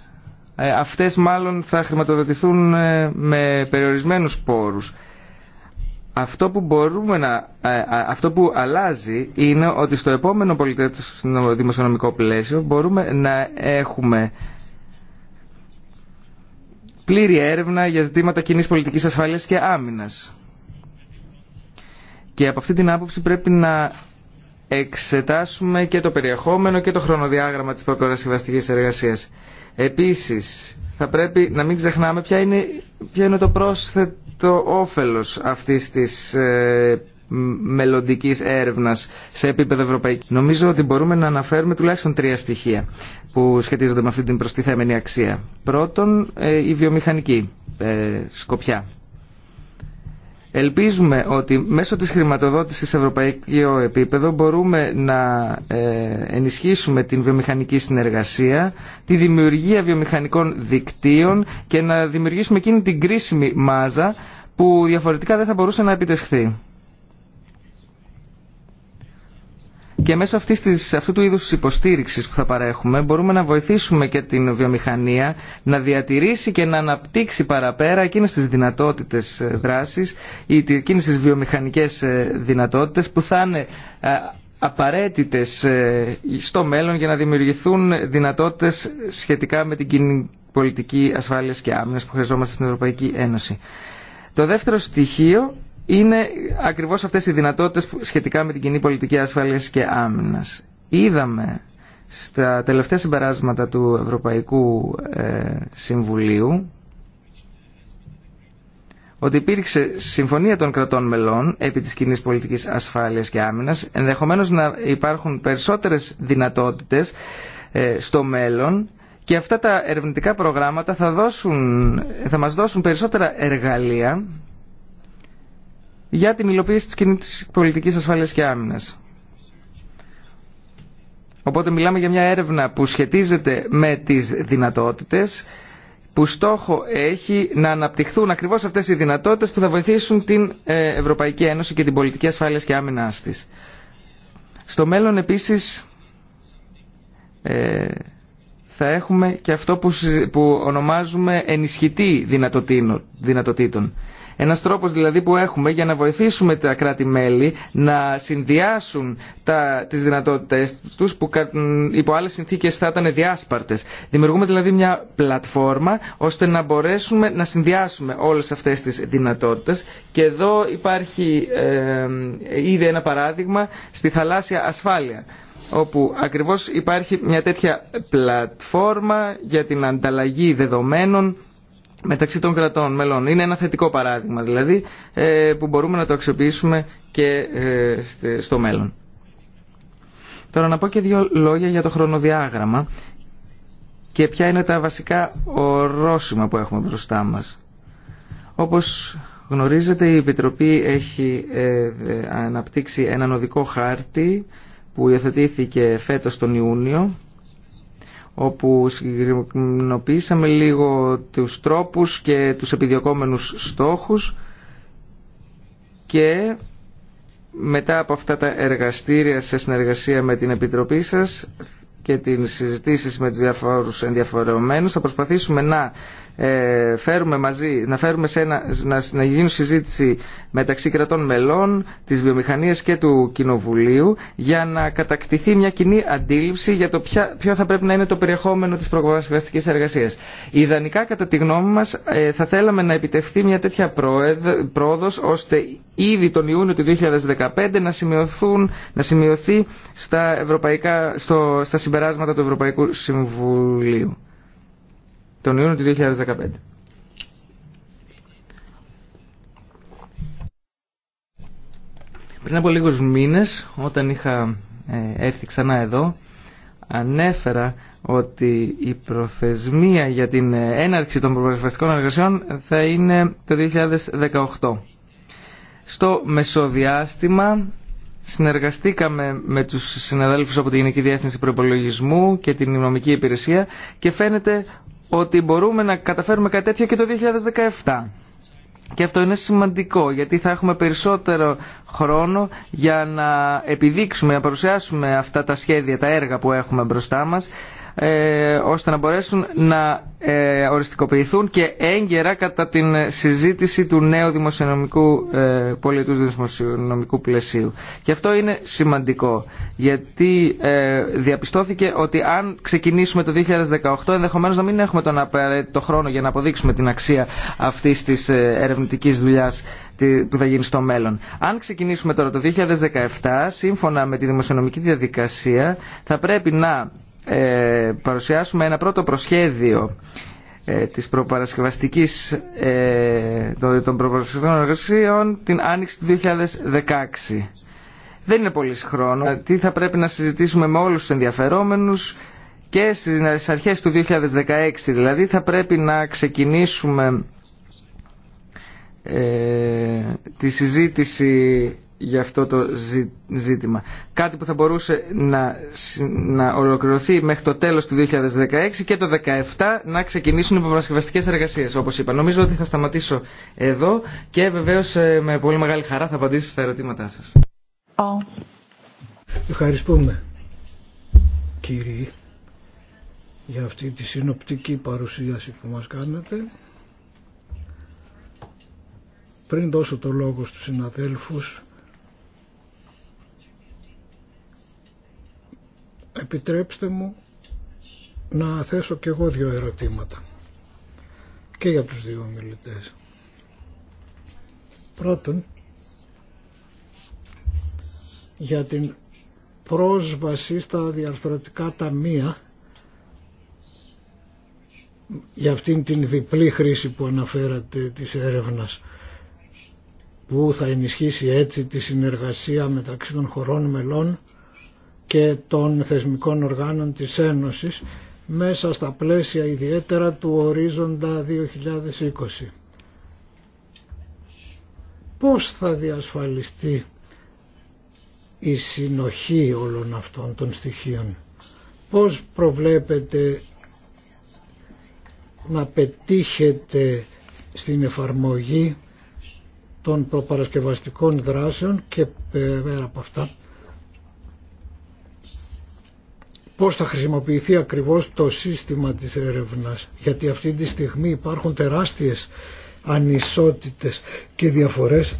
Ε, αυτές μάλλον θα χρηματοδοτηθούν ε, με περιορισμένους πόρους. Αυτό που, μπορούμε να, ε, αυτό που αλλάζει είναι ότι στο επόμενο πολιτικό δημοσιονομικό πλαίσιο μπορούμε να έχουμε πλήρη έρευνα για ζητήματα κοινή πολιτική ασφάλειας και άμυνας. Και από αυτή την άποψη πρέπει να εξετάσουμε και το περιεχόμενο και το χρονοδιάγραμμα της προκορασκευαστικής εργασίας. Επίσης, θα πρέπει να μην ξεχνάμε ποια είναι, ποια είναι το πρόσθετο όφελος αυτής της ε, μελλοντική έρευνα σε επίπεδο ευρωπαϊκή. Νομίζω ότι μπορούμε να αναφέρουμε τουλάχιστον τρία στοιχεία που σχετίζονται με αυτή την προστιθέμενη αξία. Πρώτον, ε, η βιομηχανική ε, σκοπιά. Ελπίζουμε ότι μέσω της χρηματοδότησης σε ευρωπαϊκό επίπεδο μπορούμε να ε, ενισχύσουμε την βιομηχανική συνεργασία, τη δημιουργία βιομηχανικών δικτύων και να δημιουργήσουμε εκείνη την κρίσιμη μάζα που διαφορετικά δεν θα μπορούσε να επιτευχθεί. Και μέσω αυτής της, αυτού του είδους υποστήριξης που θα παρέχουμε μπορούμε να βοηθήσουμε και την βιομηχανία να διατηρήσει και να αναπτύξει παραπέρα εκείνες τις δυνατότητες ε, δράσης ή εκείνες τις βιομηχανικές ε, δυνατότητες που θα είναι ε, απαραίτητες στο μέλλον για να δημιουργηθούν δυνατότητες σχετικά με την κοινή πολιτική ασφάλειας και άμυνας που χρειαζόμαστε στην Ευρωπαϊκή Ένωση. Το δεύτερο στοιχείο είναι ακριβώς αυτές οι δυνατότητες σχετικά με την κοινή πολιτική ασφάλειας και άμυνας. Είδαμε στα τελευταία συμπεράσματα του Ευρωπαϊκού ε, Συμβουλίου ότι υπήρξε συμφωνία των κρατών μελών επί της κοινής πολιτικής ασφάλειας και άμυνας, ενδεχομένως να υπάρχουν περισσότερες δυνατότητες ε, στο μέλλον και αυτά τα ερευνητικά προγράμματα θα, δώσουν, θα μας δώσουν περισσότερα εργαλεία για την υλοποίηση της κοινή πολιτικής ασφάλειας και άμυνας. Οπότε μιλάμε για μια έρευνα που σχετίζεται με τις δυνατότητες που στόχο έχει να αναπτυχθούν ακριβώς αυτές οι δυνατότητες που θα βοηθήσουν την ε, Ευρωπαϊκή Ένωση και την πολιτική ασφάλειας και άμυνας της. Στο μέλλον επίσης ε, θα έχουμε και αυτό που ονομάζουμε ενισχυτή δυνατοτήτων. Ένας τρόπος δηλαδή που έχουμε για να βοηθήσουμε τα κράτη-μέλη να συνδυάσουν τα, τις δυνατότητες τους που υπό άλλες συνθήκες θα ήταν διάσπαρτες. Δημιουργούμε δηλαδή μια πλατφόρμα ώστε να μπορέσουμε να συνδυάσουμε όλες αυτές τις δυνατότητες και εδώ υπάρχει ήδη ένα παράδειγμα στη θαλάσσια ασφάλεια όπου ακριβώς υπάρχει μια τέτοια πλατφόρμα για την ανταλλαγή δεδομένων μεταξύ των κρατών μελών. Είναι ένα θετικό παράδειγμα δηλαδή ε, που μπορούμε να το αξιοποιήσουμε και ε, στο μέλλον. Τώρα να πω και δύο λόγια για το χρονοδιάγραμμα και ποια είναι τα βασικά ορόσημα που έχουμε μπροστά μας. Όπως γνωρίζετε η Επιτροπή έχει ε, αναπτύξει έναν οδικό χάρτη που υιοθετήθηκε φέτος τον Ιούνιο όπου συγκεκριμενοποιήσαμε λίγο τους τρόπους και τους επιδιωκόμενους στόχους και μετά από αυτά τα εργαστήρια σε συνεργασία με την Επιτροπή σας και τις συζητήσεις με τους διαφορούς ενδιαφορεωμένους θα προσπαθήσουμε να ε, φέρουμε μαζί, να, φέρουμε σε ένα, να, να γίνει συζήτηση μεταξύ κρατών μελών, της βιομηχανίας και του Κοινοβουλίου για να κατακτηθεί μια κοινή αντίληψη για το ποια, ποιο θα πρέπει να είναι το περιεχόμενο της προγραμματικής εργασίας. Ιδανικά κατά τη γνώμη μας ε, θα θέλαμε να επιτευχθεί μια τέτοια πρόοδος ώστε ήδη τον Ιούνιο του 2015 να, σημειωθούν, να σημειωθεί στα, ευρωπαϊκά, στο, στα συμπεράσματα του Ευρωπαϊκού Συμβουλίου τον Ιούνιο του 2015. Πριν από λίγους μήνες, όταν είχα ε, έρθει ξανά εδώ, ανέφερα ότι η προθεσμία για την έναρξη των προπαρασκευαστικών εργασιών θα είναι το 2018. Στο μεσοδιάστημα συνεργαστήκαμε με τους συναδέλφους από τη Γενική Διεύθυνση Προπολογισμού και την Νομική Υπηρεσία και φαίνεται ότι μπορούμε να καταφέρουμε κάτι τέτοιο και το 2017. Και αυτό είναι σημαντικό γιατί θα έχουμε περισσότερο χρόνο για να επιδείξουμε, να παρουσιάσουμε αυτά τα σχέδια, τα έργα που έχουμε μπροστά μας ε, ώστε να μπορέσουν να ε, οριστικοποιηθούν και έγκαιρα κατά την συζήτηση του νέου δημοσιονομικού ε, πολιτού δημοσιονομικού πλαισίου. Και αυτό είναι σημαντικό, γιατί διαπιστώθηκε ότι αν ξεκινήσουμε το 2018 ενδεχομένως να μην έχουμε τον απαραίτητο χρόνο για να αποδείξουμε την αξία αυτής της ερευνητικής δουλειάς που θα γίνει στο μέλλον. Αν ξεκινήσουμε τώρα το 2017, σύμφωνα με τη δημοσιονομική διαδικασία, θα πρέπει να ε, παρουσιάσουμε ένα πρώτο προσχέδιο ε, της προπαρασκευαστικής, ε, των, των προπαρασκευαστικών εργασίων την Άνοιξη του 2016. Δεν είναι πολύ χρόνο. Ε, τι θα πρέπει να συζητήσουμε με όλους τους ενδιαφερόμενους και στις αρχές του 2016 δηλαδή θα πρέπει να ξεκινήσουμε ε, τη συζήτηση για αυτό το ζήτημα. Κάτι που θα μπορούσε να, να ολοκληρωθεί μέχρι το τέλος του 2016 και το 2017 να ξεκινήσουν οι προπαρασκευαστικές εργασίες, όπως είπα. Νομίζω ότι θα σταματήσω εδώ και βεβαίως ε, με πολύ μεγάλη χαρά θα απαντήσω στα ερωτήματά σας. Oh. Ευχαριστούμε, κύριοι, για αυτή τη συνοπτική παρουσίαση που μας κάνετε. Πριν δώσω το λόγο στους συναδέλφους, επιτρέψτε μου να θέσω και εγώ δύο ερωτήματα και για τους δύο μιλητές. Πρώτον, για την πρόσβαση στα διαρθρωτικά ταμεία για αυτήν την διπλή χρήση που αναφέρατε της έρευνας που θα ενισχύσει έτσι τη συνεργασία μεταξύ των χωρών μελών και των θεσμικών οργάνων της Ένωσης μέσα στα πλαίσια ιδιαίτερα του ορίζοντα 2020. Πώς θα διασφαλιστεί η συνοχή όλων αυτών των στοιχείων. Πώς προβλέπετε να πετύχετε στην εφαρμογή των προπαρασκευαστικών δράσεων και πέρα από αυτά πώς θα χρησιμοποιηθεί ακριβώς το σύστημα της έρευνας γιατί αυτή τη στιγμή υπάρχουν τεράστιες ανισότητες και διαφορές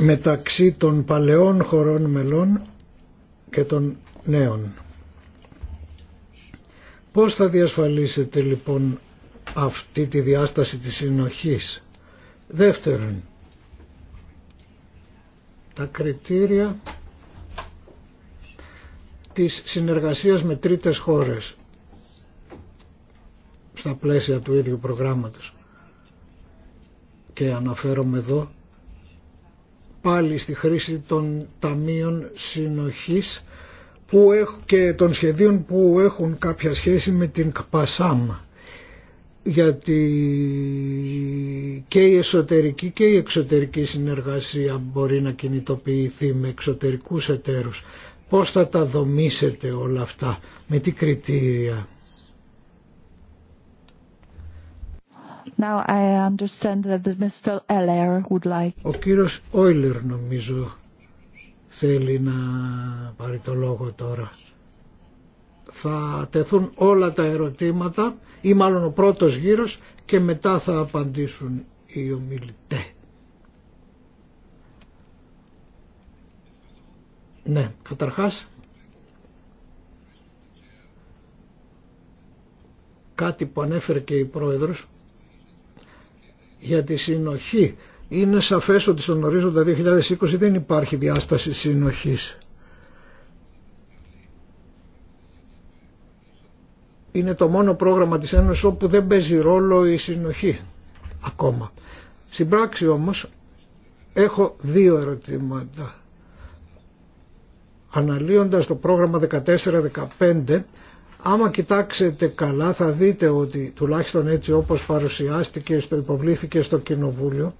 μεταξύ των παλαιών χωρών μελών και των νέων. Πώς θα διασφαλίσετε λοιπόν αυτή τη διάσταση της συνοχής. Δεύτερον, τα κριτήρια της συνεργασίας με τρίτες χώρες στα πλαίσια του ίδιου προγράμματος. Και αναφέρομαι εδώ πάλι στη χρήση των ταμείων συνοχής που και των σχεδίων που έχουν κάποια σχέση με την ΚΠΑΣΑΜ γιατί και η εσωτερική και η εξωτερική συνεργασία μπορεί να κινητοποιηθεί με εξωτερικούς εταίρους Πώς θα τα δομήσετε όλα αυτά, με τι κριτήρια. Ο κύριος Όιλερ νομίζω θέλει να πάρει το λόγο τώρα. Θα τεθούν όλα τα ερωτήματα ή μάλλον ο πρώτος γύρος και μετά θα απαντήσουν οι ομιλητές. Ναι, καταρχάς κάτι που ανέφερε και η Πρόεδρος για τη συνοχή. Είναι σαφές ότι στον ορίζοντα 2020 δεν υπάρχει διάσταση συνοχής. Είναι το μόνο πρόγραμμα της Ένωσης όπου δεν παίζει ρόλο η συνοχή ακόμα. Στην πράξη όμως έχω δύο ερωτήματα αναλύοντας το πρόγραμμα 14-15 άμα κοιτάξετε καλά θα δείτε ότι τουλάχιστον έτσι όπως παρουσιάστηκε στο υποβλήθηκε στο κοινοβούλιο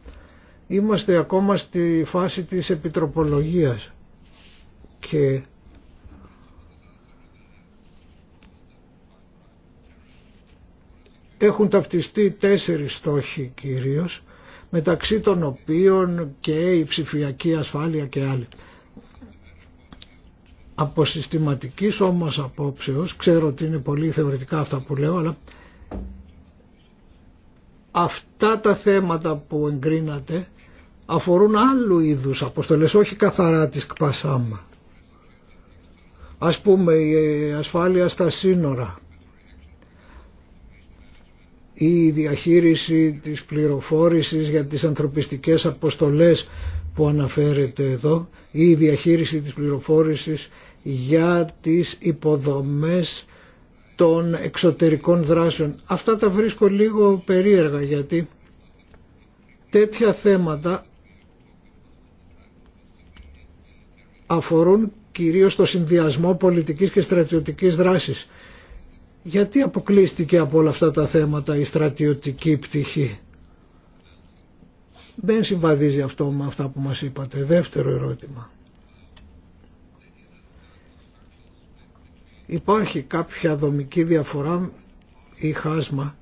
είμαστε ακόμα στη φάση της επιτροπολογίας και έχουν ταυτιστεί τέσσερις στόχοι κυρίως μεταξύ των οποίων και η ψηφιακή ασφάλεια και άλλοι. Από συστηματική όμως απόψεως, ξέρω ότι είναι πολύ θεωρητικά αυτά που λέω, αλλά αυτά τα θέματα που εγκρίνατε αφορούν άλλου είδους αποστολές, όχι καθαρά της ΚΠΑΣΑΜΑ. Ας πούμε η ασφάλεια στα σύνορα ή η διαχείριση της πληροφόρησης για τις ανθρωπιστικές αποστολές που αναφέρεται εδώ ή η διαχείριση της πληροφόρησης για τις υποδομές των εξωτερικών δράσεων. Αυτά τα βρίσκω λίγο περίεργα γιατί τέτοια θέματα αφορούν κυρίως το συνδυασμό πολιτικής και στρατιωτικής δράσης. Γιατί αποκλείστηκε από όλα αυτά τα θέματα η στρατιωτική πτυχή. Δεν συμβαδίζει αυτό με αυτά που μας είπατε. Δεύτερο ερώτημα. Υπάρχει κάποια δομική διαφορά ή χάσμα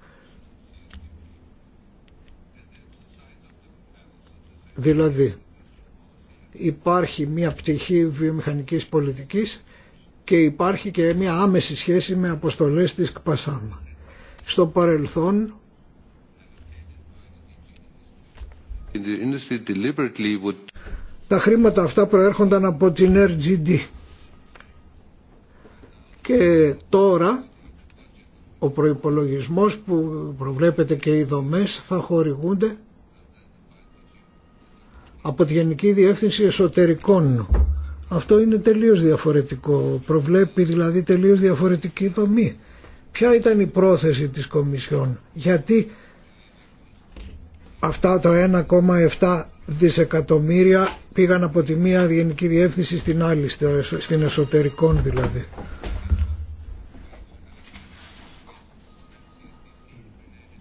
Δηλαδή υπάρχει μια πτυχή βιομηχανικής πολιτικής και υπάρχει και μια άμεση σχέση με αποστολές της ΚΠΑΣΑΜ. Στο παρελθόν τα χρήματα αυτά προέρχονταν από την RGD και τώρα ο προϋπολογισμός που προβλέπεται και οι δομές θα χορηγούνται από τη Γενική Διεύθυνση Εσωτερικών. Αυτό είναι τελείως διαφορετικό, προβλέπει δηλαδή τελείως διαφορετική δομή. Ποια ήταν η πρόθεση της Κομισιόν, γιατί αυτά τα 1,7 δισεκατομμύρια πήγαν από τη μία Γενική Διεύθυνση στην άλλη, στην εσωτερικών δηλαδή.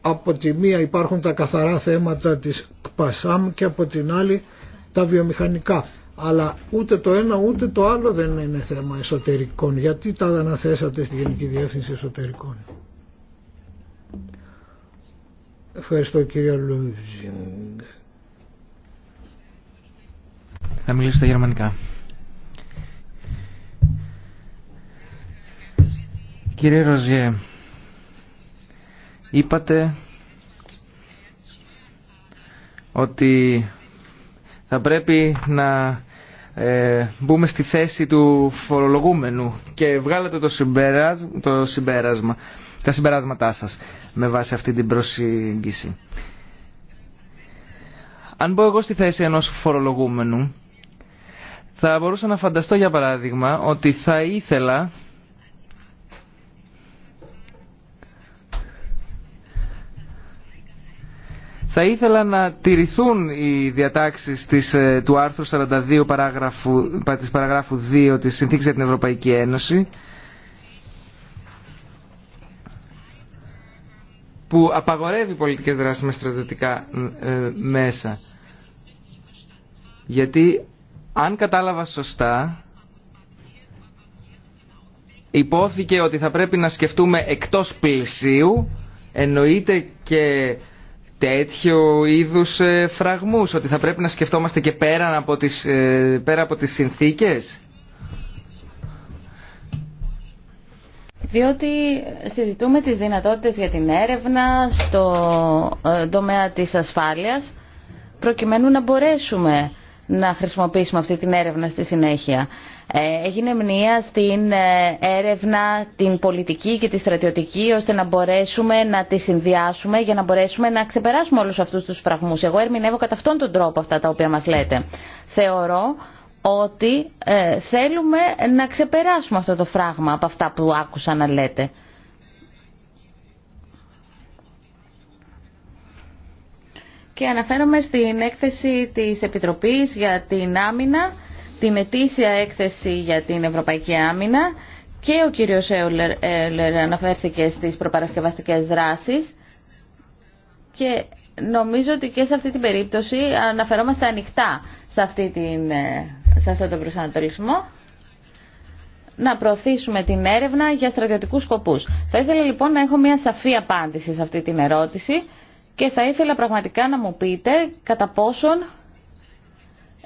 από τη μία υπάρχουν τα καθαρά θέματα της ΚΠΑΣΑΜ και από την άλλη τα βιομηχανικά. Αλλά ούτε το ένα ούτε το άλλο δεν είναι θέμα εσωτερικών. Γιατί τα αναθέσατε στη Γενική Διεύθυνση Εσωτερικών. Ευχαριστώ κύριε Λούζινγκ. Θα μιλήσω στα γερμανικά. Κύριε Ροζιέ, είπατε ότι θα πρέπει να ε, μπούμε στη θέση του φορολογούμενου και βγάλατε το, συμπεράσμα, το συμπεράσμα, τα συμπεράσματά σας με βάση αυτή την προσήγγιση. Αν μπω εγώ στη θέση ενός φορολογούμενου, θα μπορούσα να φανταστώ για παράδειγμα ότι θα ήθελα Θα ήθελα να τηρηθούν οι διατάξεις της, ε, του άρθρου 42 παράγραφου, της παραγράφου 2 της Συνθήκης για την Ευρωπαϊκή Ένωση που απαγορεύει πολιτικές δράσεις με στρατιωτικά ε, μέσα. Γιατί αν κατάλαβα σωστά υπόθηκε ότι θα πρέπει να σκεφτούμε εκτός πλησίου εννοείται και τέτοιου είδους ε, φραγμούς, ότι θα πρέπει να σκεφτόμαστε και ε, πέρα από τις, πέρα από συνθήκες. διότι συζητούμε τις δυνατότητες για την έρευνα στο ε, τομέα της ασφάλειας προκειμένου να μπορέσουμε να χρησιμοποιήσουμε αυτή την έρευνα στη συνέχεια. Ε, έγινε μνήμα στην ε, έρευνα, την πολιτική και τη στρατιωτική, ώστε να μπορέσουμε να τη συνδυάσουμε για να μπορέσουμε να ξεπεράσουμε όλους αυτούς τους φραγμούς. Εγώ ερμηνεύω κατά αυτόν τον τρόπο αυτά τα οποία μας λέτε. Θεωρώ ότι ε, θέλουμε να ξεπεράσουμε αυτό το φράγμα από αυτά που άκουσα να λέτε. Και αναφέρομαι στην έκθεση της Επιτροπής για την Άμυνα την ετήσια έκθεση για την Ευρωπαϊκή Άμυνα και ο κύριος Έουλερ αναφέρθηκε στις προπαρασκευαστικές δράσεις και νομίζω ότι και σε αυτή την περίπτωση αναφερόμαστε ανοιχτά σε, αυτή την, ε, σε αυτόν τον προσανατολισμό να προωθήσουμε την έρευνα για στρατιωτικούς σκοπούς. Θα ήθελα λοιπόν να έχω μια σαφή απάντηση σε αυτή την ερώτηση και θα ήθελα πραγματικά να μου πείτε κατά πόσον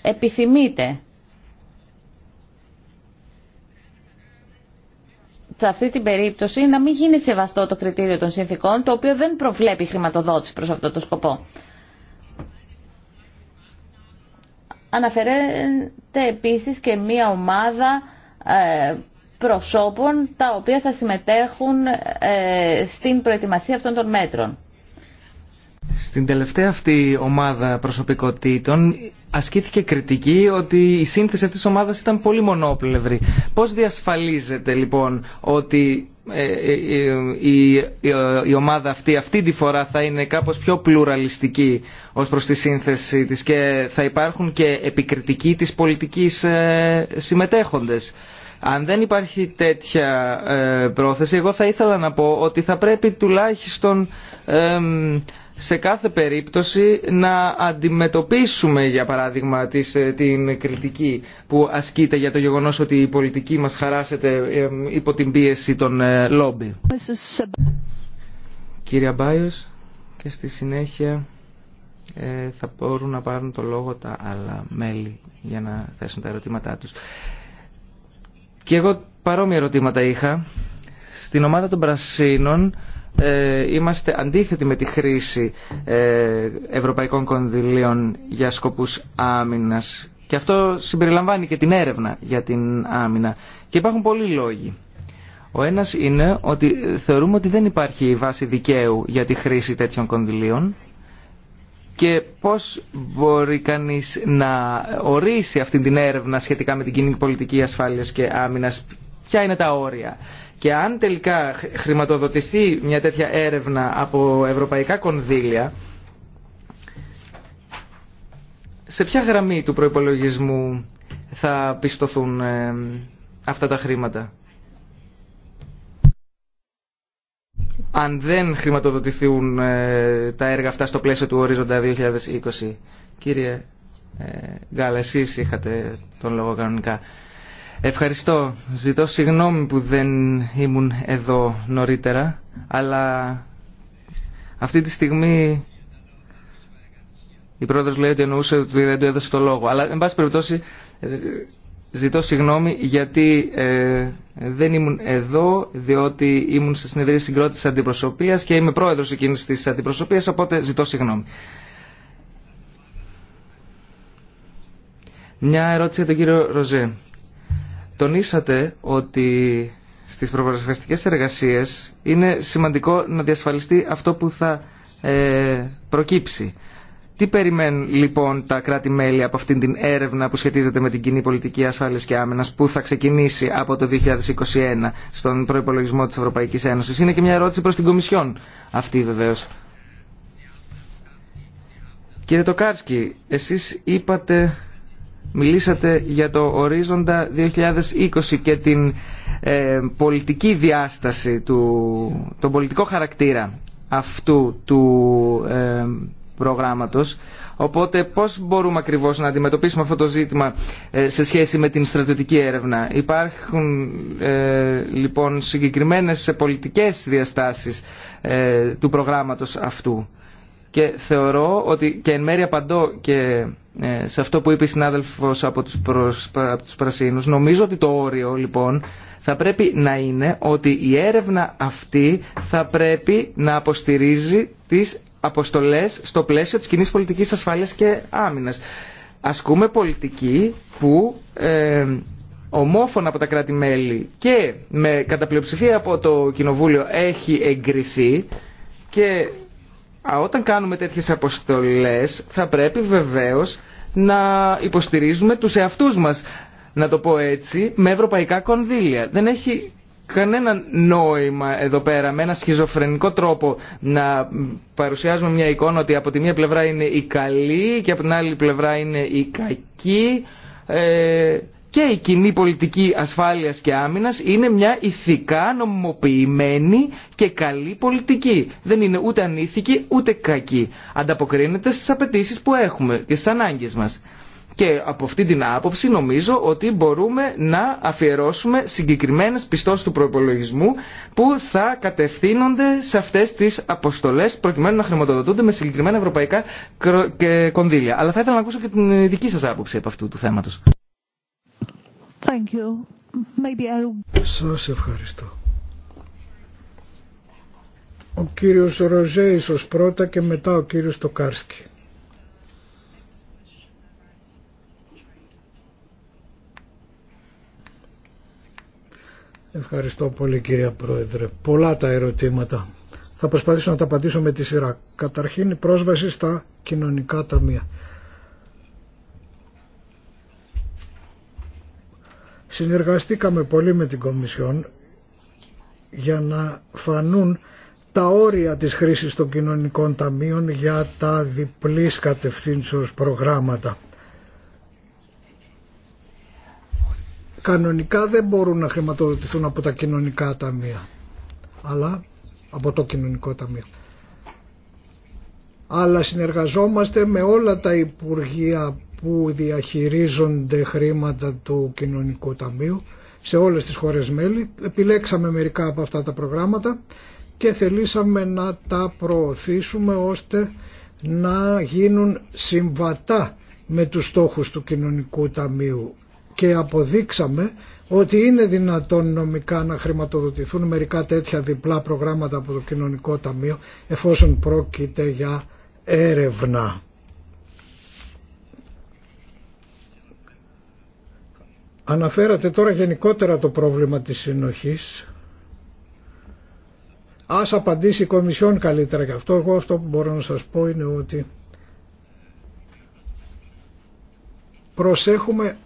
επιθυμείτε σε αυτή την περίπτωση να μην γίνει σεβαστό το κριτήριο των συνθήκων, το οποίο δεν προβλέπει χρηματοδότηση προς αυτό το σκοπό. Αναφέρεται επίσης και μία ομάδα ε, προσώπων τα οποία θα συμμετέχουν ε, στην προετοιμασία αυτών των μέτρων. Στην τελευταία αυτή ομάδα προσωπικότητων ασκήθηκε κριτική ότι η σύνθεση αυτής της ομάδας ήταν πολύ μονόπλευρη. Πώς διασφαλίζεται λοιπόν ότι ε, ε, ε, η ομάδα αυτή αυτή τη φορά θα είναι κάπως πιο πλουραλιστική ως προς τη σύνθεση της και θα υπάρχουν και επικριτικοί της πολιτικής συμμετέχοντες. Αν δεν υπάρχει τέτοια πρόθεση, εγώ θα ήθελα να πω ότι θα πρέπει τουλάχιστον σε κάθε περίπτωση να αντιμετωπίσουμε για παράδειγμα ε, την κριτική που ασκείται για το γεγονός ότι η πολιτική μας χαράσεται υπό την πίεση των ε, λόμπι. Κύριε Μπάιος και στη συνέχεια ε, θα μπορούν να πάρουν το λόγο τα άλλα μέλη για να θέσουν τα ερωτήματά τους. Και εγώ παρόμοια ερωτήματα είχα. Στην ομάδα των Πρασίνων ε, είμαστε αντίθετοι με τη χρήση ε, ευρωπαϊκών κονδυλίων για σκοπούς άμυνας και αυτό συμπεριλαμβάνει και την έρευνα για την άμυνα και υπάρχουν πολλοί λόγοι. Ο ένας είναι ότι θεωρούμε ότι δεν υπάρχει βάση δικαίου για τη χρήση τέτοιων κονδυλίων και πώς μπορεί κανείς να ορίσει αυτή την έρευνα σχετικά με την κοινή πολιτική ασφάλειας και άμυνας, ποια είναι τα όρια. Και αν τελικά χρηματοδοτηθεί μια τέτοια έρευνα από ευρωπαϊκά κονδύλια, σε ποια γραμμή του προϋπολογισμού θα πιστοθούν ε, αυτά τα χρήματα. αν δεν χρηματοδοτηθούν ε, τα έργα αυτά στο πλαίσιο του ορίζοντα 2020. Κύριε ε, Γκάλα, εσείς είχατε τον λόγο κανονικά. Ευχαριστώ. Ζητώ συγγνώμη που δεν ήμουν εδώ νωρίτερα, αλλά αυτή τη στιγμή η πρόεδρος λέει ότι εννοούσε ότι δεν του έδωσε το λόγο. Αλλά, εν πάση περιπτώσει, ε, ζητώ συγγνώμη γιατί ε, δεν ήμουν εδώ, διότι ήμουν στη συνεδρία συγκρότησης αντιπροσωπείας και είμαι πρόεδρος εκείνης της αντιπροσωπείας, οπότε ζητώ συγγνώμη. Μια ερώτηση για τον κύριο Ροζέ τονίσατε ότι στις προπαρασφαιστικές εργασίες είναι σημαντικό να διασφαλιστεί αυτό που θα ε, προκύψει. Τι περιμένουν λοιπόν τα κράτη-μέλη από αυτήν την έρευνα που σχετίζεται με την κοινή πολιτική ασφάλειας και άμενας που θα ξεκινήσει από το 2021 στον προϋπολογισμό της Ευρωπαϊκής Ένωσης. Είναι και μια ερώτηση προ την Κομισιόν αυτή βεβαίω. Κύριε Τοκάρσκι, εσείς είπατε Μιλήσατε για το ορίζοντα 2020 και την ε, πολιτική διάσταση, του, τον πολιτικό χαρακτήρα αυτού του ε, προγράμματος. Οπότε πώς μπορούμε ακριβώς να αντιμετωπίσουμε αυτό το ζήτημα ε, σε σχέση με την στρατιωτική έρευνα. Υπάρχουν ε, λοιπόν συγκεκριμένες πολιτικές διαστάσεις του προγράμματος αυτού. Και θεωρώ ότι και εν μέρει απαντώ και ε, σε αυτό που είπε η συνάδελφος από τους, προς, Πρασίνους. Νομίζω ότι το όριο λοιπόν θα πρέπει να είναι ότι η έρευνα αυτή θα πρέπει να αποστηρίζει τις αποστολές στο πλαίσιο της κοινή πολιτικής ασφάλειας και άμυνας. Ασκούμε πολιτική που ε, ομόφωνα από τα κράτη-μέλη και με καταπλειοψηφία από το Κοινοβούλιο έχει εγκριθεί όταν κάνουμε τέτοιες αποστολές θα πρέπει βεβαίως να υποστηρίζουμε τους εαυτούς μας, να το πω έτσι, με ευρωπαϊκά κονδύλια. Δεν έχει κανένα νόημα εδώ πέρα με ένα σχιζοφρενικό τρόπο να παρουσιάζουμε μια εικόνα ότι από τη μία πλευρά είναι η καλή και από την άλλη πλευρά είναι η κακή. Ε, και η κοινή πολιτική ασφάλειας και άμυνας είναι μια ηθικά νομιμοποιημένη και καλή πολιτική. Δεν είναι ούτε ανήθικη ούτε κακή. Ανταποκρίνεται στις απαιτήσει που έχουμε και στις ανάγκες μας. Και από αυτή την άποψη νομίζω ότι μπορούμε να αφιερώσουμε συγκεκριμένες πιστώσεις του προπολογισμού που θα κατευθύνονται σε αυτές τις αποστολές προκειμένου να χρηματοδοτούνται με συγκεκριμένα ευρωπαϊκά κονδύλια. Αλλά θα ήθελα να ακούσω και την δική σας άποψη από αυτού του θέματος. Thank you. Maybe Σας ευχαριστώ. Ο κύριος Ροζέ ίσως πρώτα και μετά ο κύριος Τοκάρσκι. Ευχαριστώ πολύ κύριε Πρόεδρε. Πολλά τα ερωτήματα. Θα προσπαθήσω να τα απαντήσω με τη σειρά. Καταρχήν η πρόσβαση στα κοινωνικά ταμεία. Συνεργαστήκαμε πολύ με την Κομισιόν για να φανούν τα όρια της χρήσης των κοινωνικών ταμείων για τα διπλής κατευθύνσεως προγράμματα. Κανονικά δεν μπορούν να χρηματοδοτηθούν από τα κοινωνικά ταμεία, αλλά από το κοινωνικό ταμείο. Αλλά συνεργαζόμαστε με όλα τα Υπουργεία που διαχειρίζονται χρήματα του κοινωνικού ταμείου σε όλες τις χώρες μέλη. Επιλέξαμε μερικά από αυτά τα προγράμματα και θελήσαμε να τα προωθήσουμε ώστε να γίνουν συμβατά με τους στόχους του κοινωνικού ταμείου και αποδείξαμε ότι είναι δυνατόν νομικά να χρηματοδοτηθούν μερικά τέτοια διπλά προγράμματα από το κοινωνικό ταμείο εφόσον πρόκειται για έρευνα. Αναφέρατε τώρα γενικότερα το πρόβλημα της συνοχής. Ας απαντήσει η Κομισιόν καλύτερα γι' αυτό. Εγώ αυτό που μπορώ να σας πω είναι ότι προσέχουμε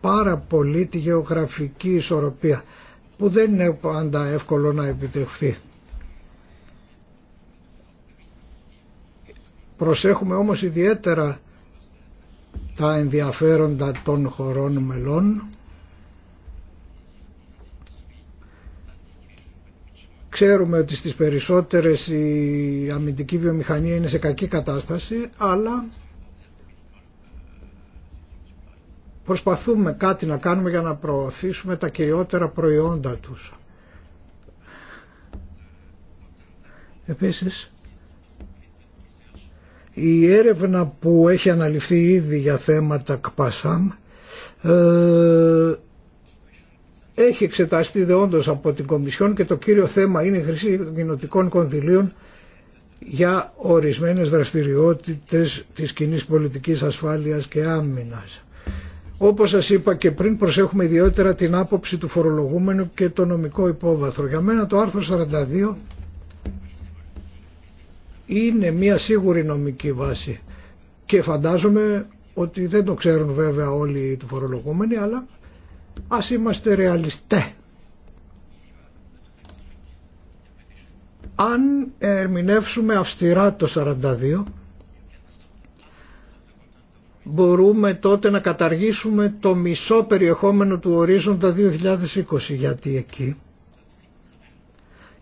πάρα πολύ τη γεωγραφική ισορροπία που δεν είναι πάντα εύκολο να επιτευχθεί. Προσέχουμε όμως ιδιαίτερα τα ενδιαφέροντα των χωρών μελών. Ξέρουμε ότι στις περισσότερες η αμυντική βιομηχανία είναι σε κακή κατάσταση, αλλά προσπαθούμε κάτι να κάνουμε για να προωθήσουμε τα κυριότερα προϊόντα τους. Επίσης, η έρευνα που έχει αναλυθεί ήδη για θέματα ΚΠΑΣΑΜ ε, έχει εξεταστεί δεόντως από την Κομισιόν και το κύριο θέμα είναι η χρήση των κοινοτικών κονδυλίων για ορισμένες δραστηριότητες της κοινή πολιτικής ασφάλειας και άμυνας. Όπως σας είπα και πριν προσέχουμε ιδιαίτερα την άποψη του φορολογούμενου και το νομικό υπόβαθρο. Για μένα το άρθρο 42 είναι μια σίγουρη νομική βάση και φαντάζομαι ότι δεν το ξέρουν βέβαια όλοι οι φορολογούμενοι αλλά ας είμαστε ρεαλιστέ. Αν ερμηνεύσουμε αυστηρά το 42 μπορούμε τότε να καταργήσουμε το μισό περιεχόμενο του ορίζοντα 2020 γιατί εκεί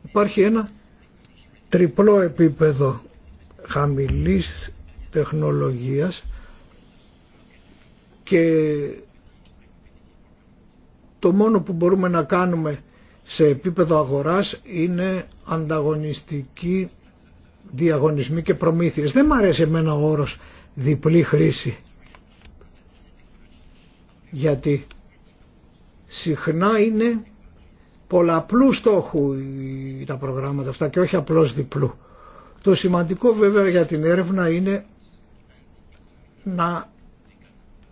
υπάρχει ένα τριπλό επίπεδο χαμηλής τεχνολογίας και το μόνο που μπορούμε να κάνουμε σε επίπεδο αγοράς είναι ανταγωνιστική διαγωνισμοί και προμήθειες. Δεν μου αρέσει εμένα ο όρος διπλή χρήση. Γιατί συχνά είναι πολλαπλού στόχου τα προγράμματα αυτά και όχι απλώς διπλού. Το σημαντικό βέβαια για την έρευνα είναι να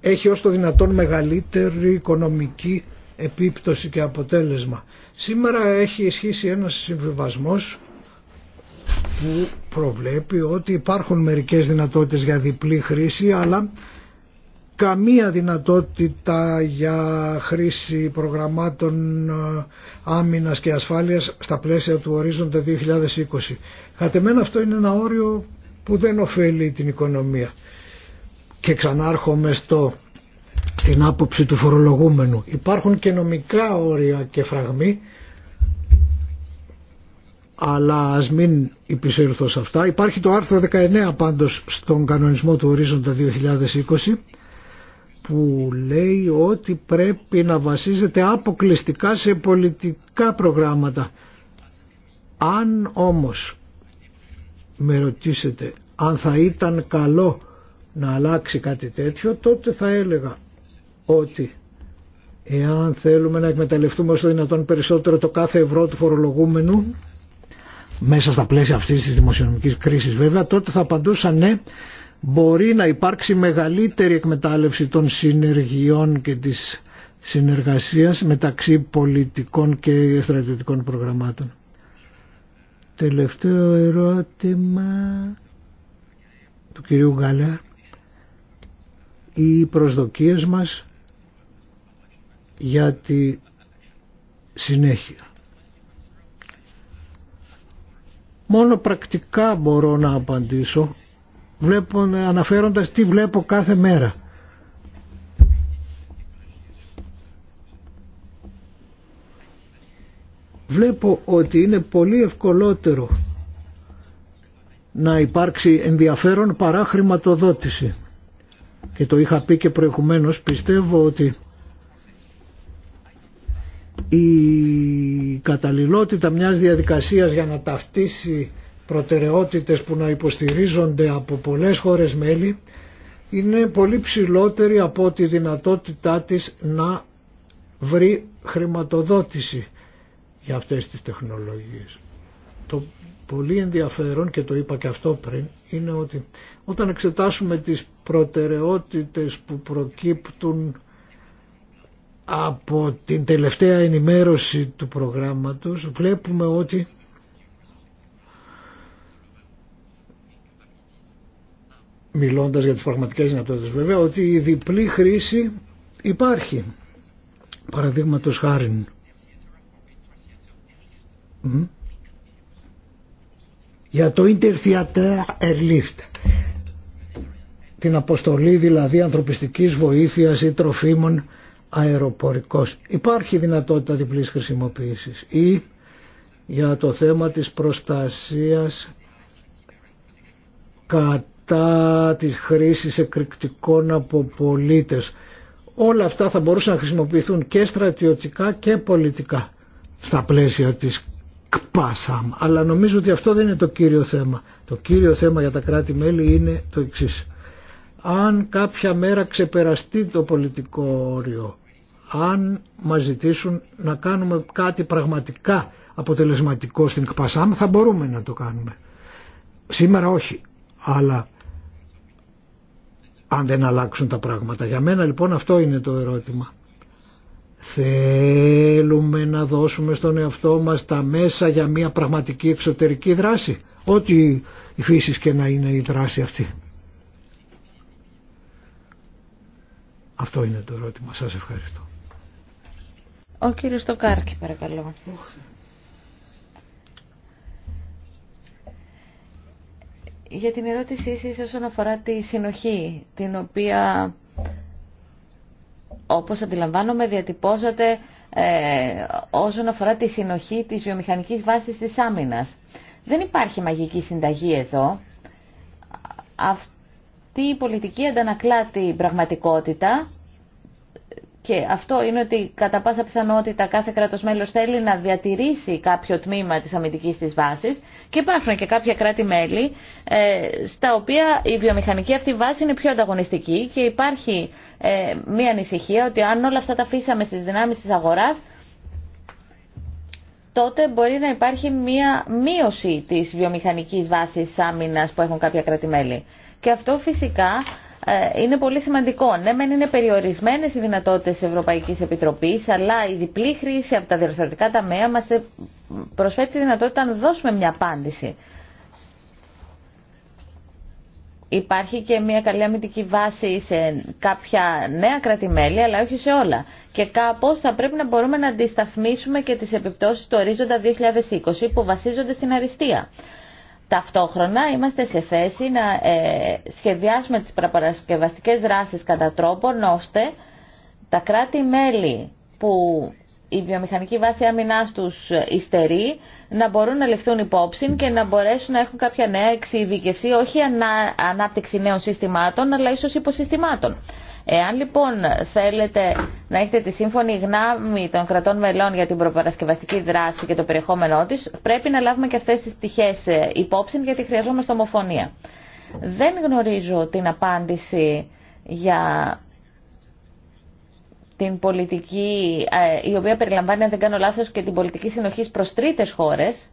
έχει ως το δυνατόν μεγαλύτερη οικονομική επίπτωση και αποτέλεσμα. Σήμερα έχει ισχύσει ένας συμβιβασμός που προβλέπει ότι υπάρχουν μερικές δυνατότητες για διπλή χρήση αλλά καμία δυνατότητα για χρήση προγραμμάτων ε, άμυνας και ασφάλειας στα πλαίσια του ορίζοντα 2020. Κατ' εμένα αυτό είναι ένα όριο που δεν ωφέλει την οικονομία. Και ξανάρχομαι στο, στην άποψη του φορολογούμενου. Υπάρχουν και νομικά όρια και φραγμοί, αλλά ας μην υπησύρθω σε αυτά. Υπάρχει το άρθρο 19 πάντως στον κανονισμό του ορίζοντα 2020, που λέει ότι πρέπει να βασίζεται αποκλειστικά σε πολιτικά προγράμματα. Αν όμως με ρωτήσετε αν θα ήταν καλό να αλλάξει κάτι τέτοιο τότε θα έλεγα ότι εάν θέλουμε να εκμεταλλευτούμε όσο δυνατόν περισσότερο το κάθε ευρώ του φορολογούμενου μέσα στα πλαίσια αυτής της δημοσιονομικής κρίσης βέβαια τότε θα απαντούσα ναι μπορεί να υπάρξει μεγαλύτερη εκμετάλλευση των συνεργειών και της συνεργασίας μεταξύ πολιτικών και στρατιωτικών προγραμμάτων. Τελευταίο ερώτημα του κυρίου Γκαλέ. Οι προσδοκίες μας για τη συνέχεια. Μόνο πρακτικά μπορώ να απαντήσω βλέπω, αναφέροντας τι βλέπω κάθε μέρα. Βλέπω ότι είναι πολύ ευκολότερο να υπάρξει ενδιαφέρον παρά χρηματοδότηση. Και το είχα πει και προηγουμένως, πιστεύω ότι η καταλληλότητα μιας διαδικασίας για να ταυτίσει προτεραιότητες που να υποστηρίζονται από πολλές χώρες μέλη είναι πολύ ψηλότερη από τη δυνατότητά της να βρει χρηματοδότηση για αυτές τις τεχνολογίες. Το πολύ ενδιαφέρον και το είπα και αυτό πριν είναι ότι όταν εξετάσουμε τις προτεραιότητες που προκύπτουν από την τελευταία ενημέρωση του προγράμματος βλέπουμε ότι μιλώντας για τις πραγματικές δυνατότητες βέβαια ότι η διπλή χρήση υπάρχει παραδείγματο χάρη για το Intertheater Airlift την αποστολή δηλαδή ανθρωπιστικής βοήθειας ή τροφίμων αεροπορικός υπάρχει δυνατότητα διπλής χρησιμοποίησης ή για το θέμα της προστασίας τα της χρήσης εκρηκτικών από πολίτες. Όλα αυτά θα μπορούσαν να χρησιμοποιηθούν και στρατιωτικά και πολιτικά στα πλαίσια της ΚΠΑΣΑΜ. Αλλά νομίζω ότι αυτό δεν είναι το κύριο θέμα. Το κύριο θέμα για τα κράτη-μέλη είναι το εξή. Αν κάποια μέρα ξεπεραστεί το πολιτικό όριο, αν μας ζητήσουν να κάνουμε κάτι πραγματικά αποτελεσματικό στην ΚΠΑΣΑΜ, θα μπορούμε να το κάνουμε. Σήμερα όχι, αλλά αν δεν αλλάξουν τα πράγματα. Για μένα λοιπόν αυτό είναι το ερώτημα. Θέλουμε να δώσουμε στον εαυτό μας τα μέσα για μια πραγματική εξωτερική δράση. Ό,τι η φύση και να είναι η δράση αυτή. Αυτό είναι το ερώτημα. Σας ευχαριστώ. Ο κύριος Στοκάρκη παρακαλώ. για την ερώτησή σας όσον αφορά τη συνοχή, την οποία όπως αντιλαμβάνομαι διατυπώσατε ε, όσον αφορά τη συνοχή της βιομηχανικής βάσης της άμυνας. Δεν υπάρχει μαγική συνταγή εδώ. Αυτή η πολιτική αντανακλά την πραγματικότητα και αυτό είναι ότι κατά πάσα πιθανότητα κάθε κράτος μέλος θέλει να διατηρήσει κάποιο τμήμα της αμυντικής της βάσης και υπάρχουν και κάποια κράτη-μέλη ε, στα οποία η βιομηχανική αυτή βάση είναι πιο ανταγωνιστική και υπάρχει ε, μία ανησυχία ότι αν όλα αυτά τα αφήσαμε στις δυνάμεις της αγοράς τότε μπορεί να υπάρχει μία μείωση της βιομηχανικής βάσης άμυνας που έχουν κάποια κράτη-μέλη. Και αυτό φυσικά ε, είναι πολύ σημαντικό. Ναι, μεν είναι περιορισμένε οι δυνατότητε τη Ευρωπαϊκή Επιτροπή, αλλά η διπλή χρήση από τα διορθωτικά ταμεία μα ε, προσφέρει τη δυνατότητα να δώσουμε μια απάντηση. Υπάρχει και μια καλή αμυντική βάση σε κάποια νέα κρατημέλη, αλλά όχι σε όλα. Και κάπω θα πρέπει να μπορούμε να αντισταθμίσουμε και τι επιπτώσει του ορίζοντα 2020 που βασίζονται στην αριστεία. Ταυτόχρονα είμαστε σε θέση να ε, σχεδιάσουμε τις προπαρασκευαστικές δράσεις κατά τρόπον ώστε τα κράτη-μέλη που η βιομηχανική βάση άμυνας τους υστερεί, να μπορούν να ληφθούν υπόψη και να μπορέσουν να έχουν κάποια νέα εξειδικευσή, όχι ανάπτυξη νέων συστημάτων, αλλά ίσως υποσυστημάτων. Εάν λοιπόν θέλετε να έχετε τη σύμφωνη γνώμη των κρατών μελών για την προπαρασκευαστική δράση και το περιεχόμενό της, πρέπει να λάβουμε και αυτές τις πτυχές ε, υπόψη γιατί χρειαζόμαστε ομοφωνία. Δεν γνωρίζω την απάντηση για την πολιτική, ε, η οποία περιλαμβάνει, αν δεν κάνω λάθος, και την πολιτική συνοχή προς τρίτες χώρες.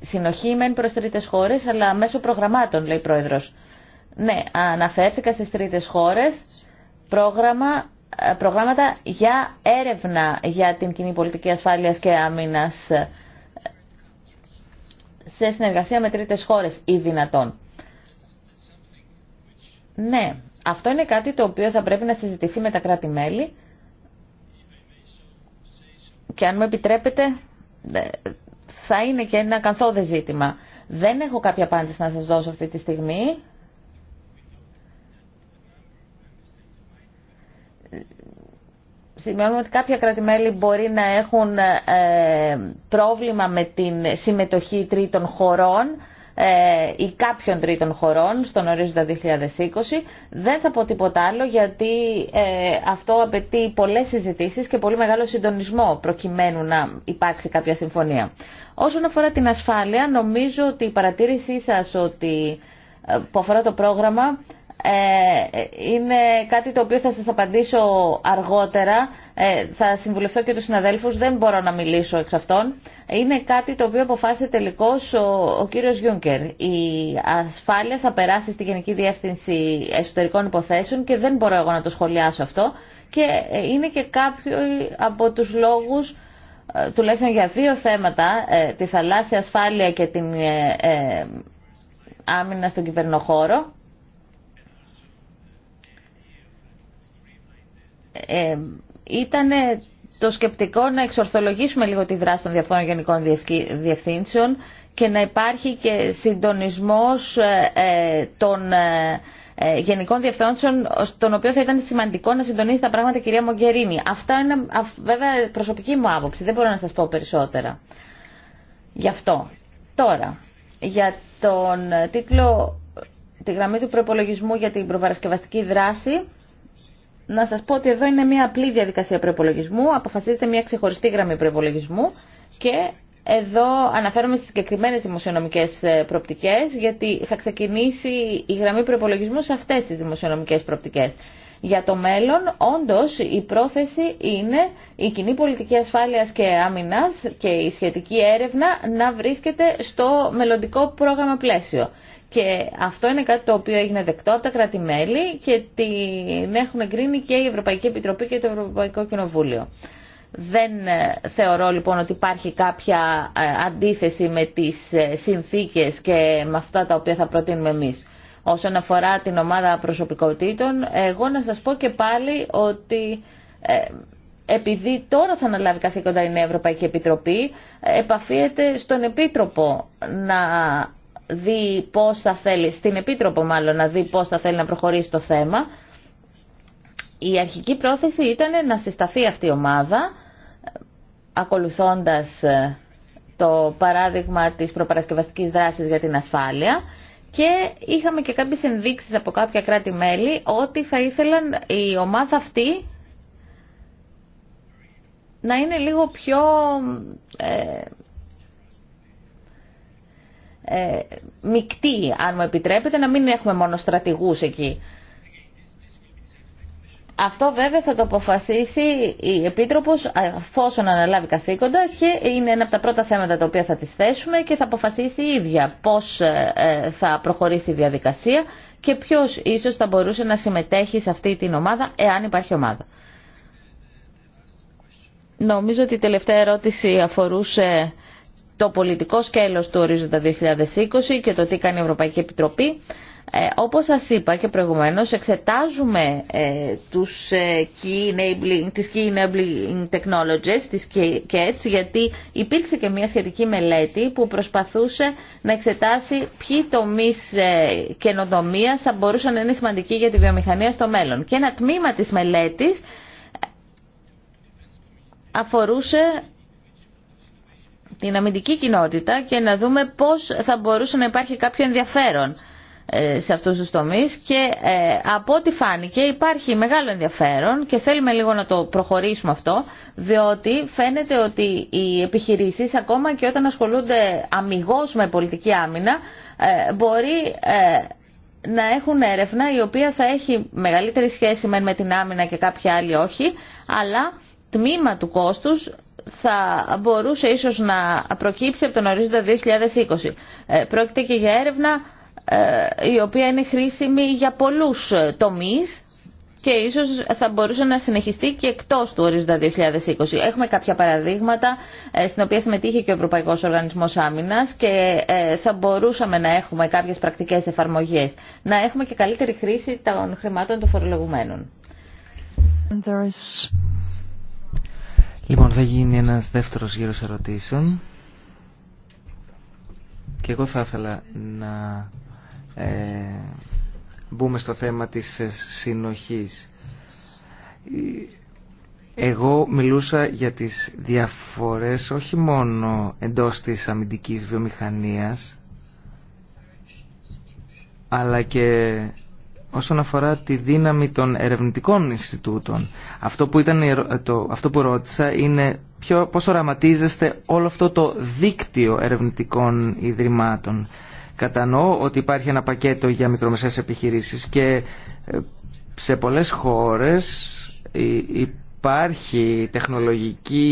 Συνοχή μεν προς τρίτες χώρες, αλλά μέσω προγραμμάτων, λέει η Πρόεδρος. Ναι, αναφέρθηκα στις τρίτες χώρες πρόγραμμα, ε, προγράμματα για έρευνα για την κοινή πολιτική ασφάλειας και άμυνας ε, σε συνεργασία με τρίτες χώρες ή δυνατόν. Ναι, αυτό είναι κάτι το οποίο θα πρέπει να συζητηθεί με τα κράτη-μέλη και αν μου επιτρέπετε θα είναι και ένα καθόδε ζήτημα. Δεν έχω κάποια απάντηση να σας δώσω αυτή τη στιγμή. σημειώνουμε ότι κάποια μπορεί να έχουν ε, πρόβλημα με την συμμετοχή τρίτων χωρών ε, ή κάποιων τρίτων χωρών στον ορίζοντα 2020. Δεν θα πω τίποτα άλλο γιατί ε, αυτό απαιτεί πολλές συζητήσεις και πολύ μεγάλο συντονισμό προκειμένου να υπάρξει κάποια συμφωνία. Όσον αφορά την ασφάλεια, νομίζω ότι η παρατήρησή σας ότι, που αφορά το πρόγραμμα ε, είναι κάτι το οποίο θα σας απαντήσω αργότερα. Ε, θα συμβουλευτώ και τους συναδέλφους, δεν μπορώ να μιλήσω εξ αυτών. Είναι κάτι το οποίο αποφάσισε τελικώς ο, ο κύριος Γιούνκερ. Η ασφάλεια θα περάσει στη Γενική Διεύθυνση Εσωτερικών Υποθέσεων και δεν μπορώ εγώ να το σχολιάσω αυτό. Και ε, είναι και κάποιο από τους λόγους τουλάχιστον για δύο θέματα, τη θαλάσσια ασφάλεια και την άμυνα στον κυβερνοχώρο, ε, ήταν το σκεπτικό να εξορθολογήσουμε λίγο τη δράση των διαφόρων γενικών διευθύνσεων και να υπάρχει και συντονισμός ε, ε, των ε, γενικών διευθύνσεων, στον οποίο θα ήταν σημαντικό να συντονίσει τα πράγματα κυρία Μογκερίνη. Αυτά είναι βέβαια προσωπική μου άποψη, δεν μπορώ να σας πω περισσότερα. Γι' αυτό. Τώρα, για τον τίτλο, τη γραμμή του προπολογισμού για την προπαρασκευαστική δράση, να σας πω ότι εδώ είναι μια απλή διαδικασία προπολογισμού, αποφασίζεται μια ξεχωριστή γραμμή προπολογισμού και εδώ αναφέρομαι στις συγκεκριμένε δημοσιονομικές ε, προπτικές, γιατί θα ξεκινήσει η γραμμή προπολογισμού σε αυτές τις δημοσιονομικές προπτικές. Για το μέλλον, όντως, η πρόθεση είναι η κοινή πολιτική ασφάλειας και άμυνας και η σχετική έρευνα να βρίσκεται στο μελλοντικό πρόγραμμα πλαίσιο. Και αυτό είναι κάτι το οποίο έγινε δεκτό από τα κράτη-μέλη και την έχουν εγκρίνει και η Ευρωπαϊκή Επιτροπή και το Ευρωπαϊκό Κοινοβούλιο. Δεν ε, θεωρώ λοιπόν ότι υπάρχει κάποια ε, αντίθεση με τις ε, συνθήκες και με αυτά τα οποία θα προτείνουμε εμείς. Όσον αφορά την ομάδα προσωπικότητων, εγώ να σας πω και πάλι ότι επειδή τώρα θα αναλάβει καθήκοντα η Ευρωπαϊκή Επιτροπή, επαφίεται στον Επίτροπο να δει πώς θέλει, στην Επίτροπο μάλλον, να δει πώς θα θέλει να προχωρήσει το θέμα. Η αρχική πρόθεση ήταν να συσταθεί αυτή η ομάδα, ακολουθώντας ε, το παράδειγμα της προπαρασκευαστικής δράσης για την ασφάλεια και είχαμε και κάποιες ενδείξεις από κάποια κράτη-μέλη ότι θα ήθελαν η ομάδα αυτή να είναι λίγο πιο ε, ε, μεικτή, αν μου επιτρέπετε, να μην έχουμε μόνο στρατηγούς εκεί. Αυτό βέβαια θα το αποφασίσει η Επίτροπος αφόσον αναλάβει καθήκοντα και είναι ένα από τα πρώτα θέματα τα οποία θα τις θέσουμε και θα αποφασίσει η ίδια πώς ε, ε, θα προχωρήσει η διαδικασία και ποιος ίσως θα μπορούσε να συμμετέχει σε αυτή την ομάδα εάν υπάρχει ομάδα. Νομίζω ότι η τελευταία ερώτηση αφορούσε το πολιτικό σκέλος του ορίζοντα 2020 και το τι κάνει η Ευρωπαϊκή Επιτροπή. Ε, όπως σας είπα και προηγουμένως, εξετάζουμε ε, τους, ε, key enabling, τις Key Enabling Technologies, τις KETS, γιατί υπήρξε και μια σχετική μελέτη που προσπαθούσε να εξετάσει ποιοι τομείς ε, καινοτομία θα μπορούσαν να είναι σημαντικοί για τη βιομηχανία στο μέλλον. Και ένα τμήμα της μελέτης ε, αφορούσε την αμυντική κοινότητα και να δούμε πώς θα μπορούσε να υπάρχει κάποιο ενδιαφέρον ε, σε αυτούς τους τομείς και ε, από ό,τι φάνηκε υπάρχει μεγάλο ενδιαφέρον και θέλουμε λίγο να το προχωρήσουμε αυτό διότι φαίνεται ότι οι επιχειρήσεις ακόμα και όταν ασχολούνται αμυγός με πολιτική άμυνα ε, μπορεί να έχουν έρευνα η οποία θα έχει μεγαλύτερη σχέση με την άμυνα και κάποια άλλη όχι αλλά τμήμα του κόστους θα μπορούσε ίσως να προκύψει από τον ορίζοντα 2020. Ε, πρόκειται και για έρευνα ε, η οποία είναι χρήσιμη για πολλούς ε, τομείς και ίσως θα μπορούσε να συνεχιστεί και εκτός του ορίζοντα 2020. Έχουμε κάποια παραδείγματα στην οποία συμμετείχε και ο Ευρωπαϊκός Οργανισμός Άμυνας και θα μπορούσαμε να έχουμε κάποιες πρακτικές εφαρμογές, να έχουμε και καλύτερη χρήση των χρημάτων των φορολογουμένων. Λοιπόν, θα γίνει ένας δεύτερος γύρος ερωτήσεων και εγώ θα ήθελα να ε, μπούμε στο θέμα της ε, συνοχής. Ε, εγώ μιλούσα για τις διαφορές όχι μόνο εντός της αμυντικής βιομηχανίας αλλά και όσον αφορά τη δύναμη των ερευνητικών Ινστιτούτων. Αυτό που, ήταν, ε, το, αυτό που ρώτησα είναι ποιο, πώς οραματίζεστε όλο αυτό το δίκτυο ερευνητικών ιδρυμάτων. Κατανοώ ότι υπάρχει ένα πακέτο για μικρομεσαίες επιχειρήσεις και ε, σε πολλές χώρες υπάρχει τεχνολογική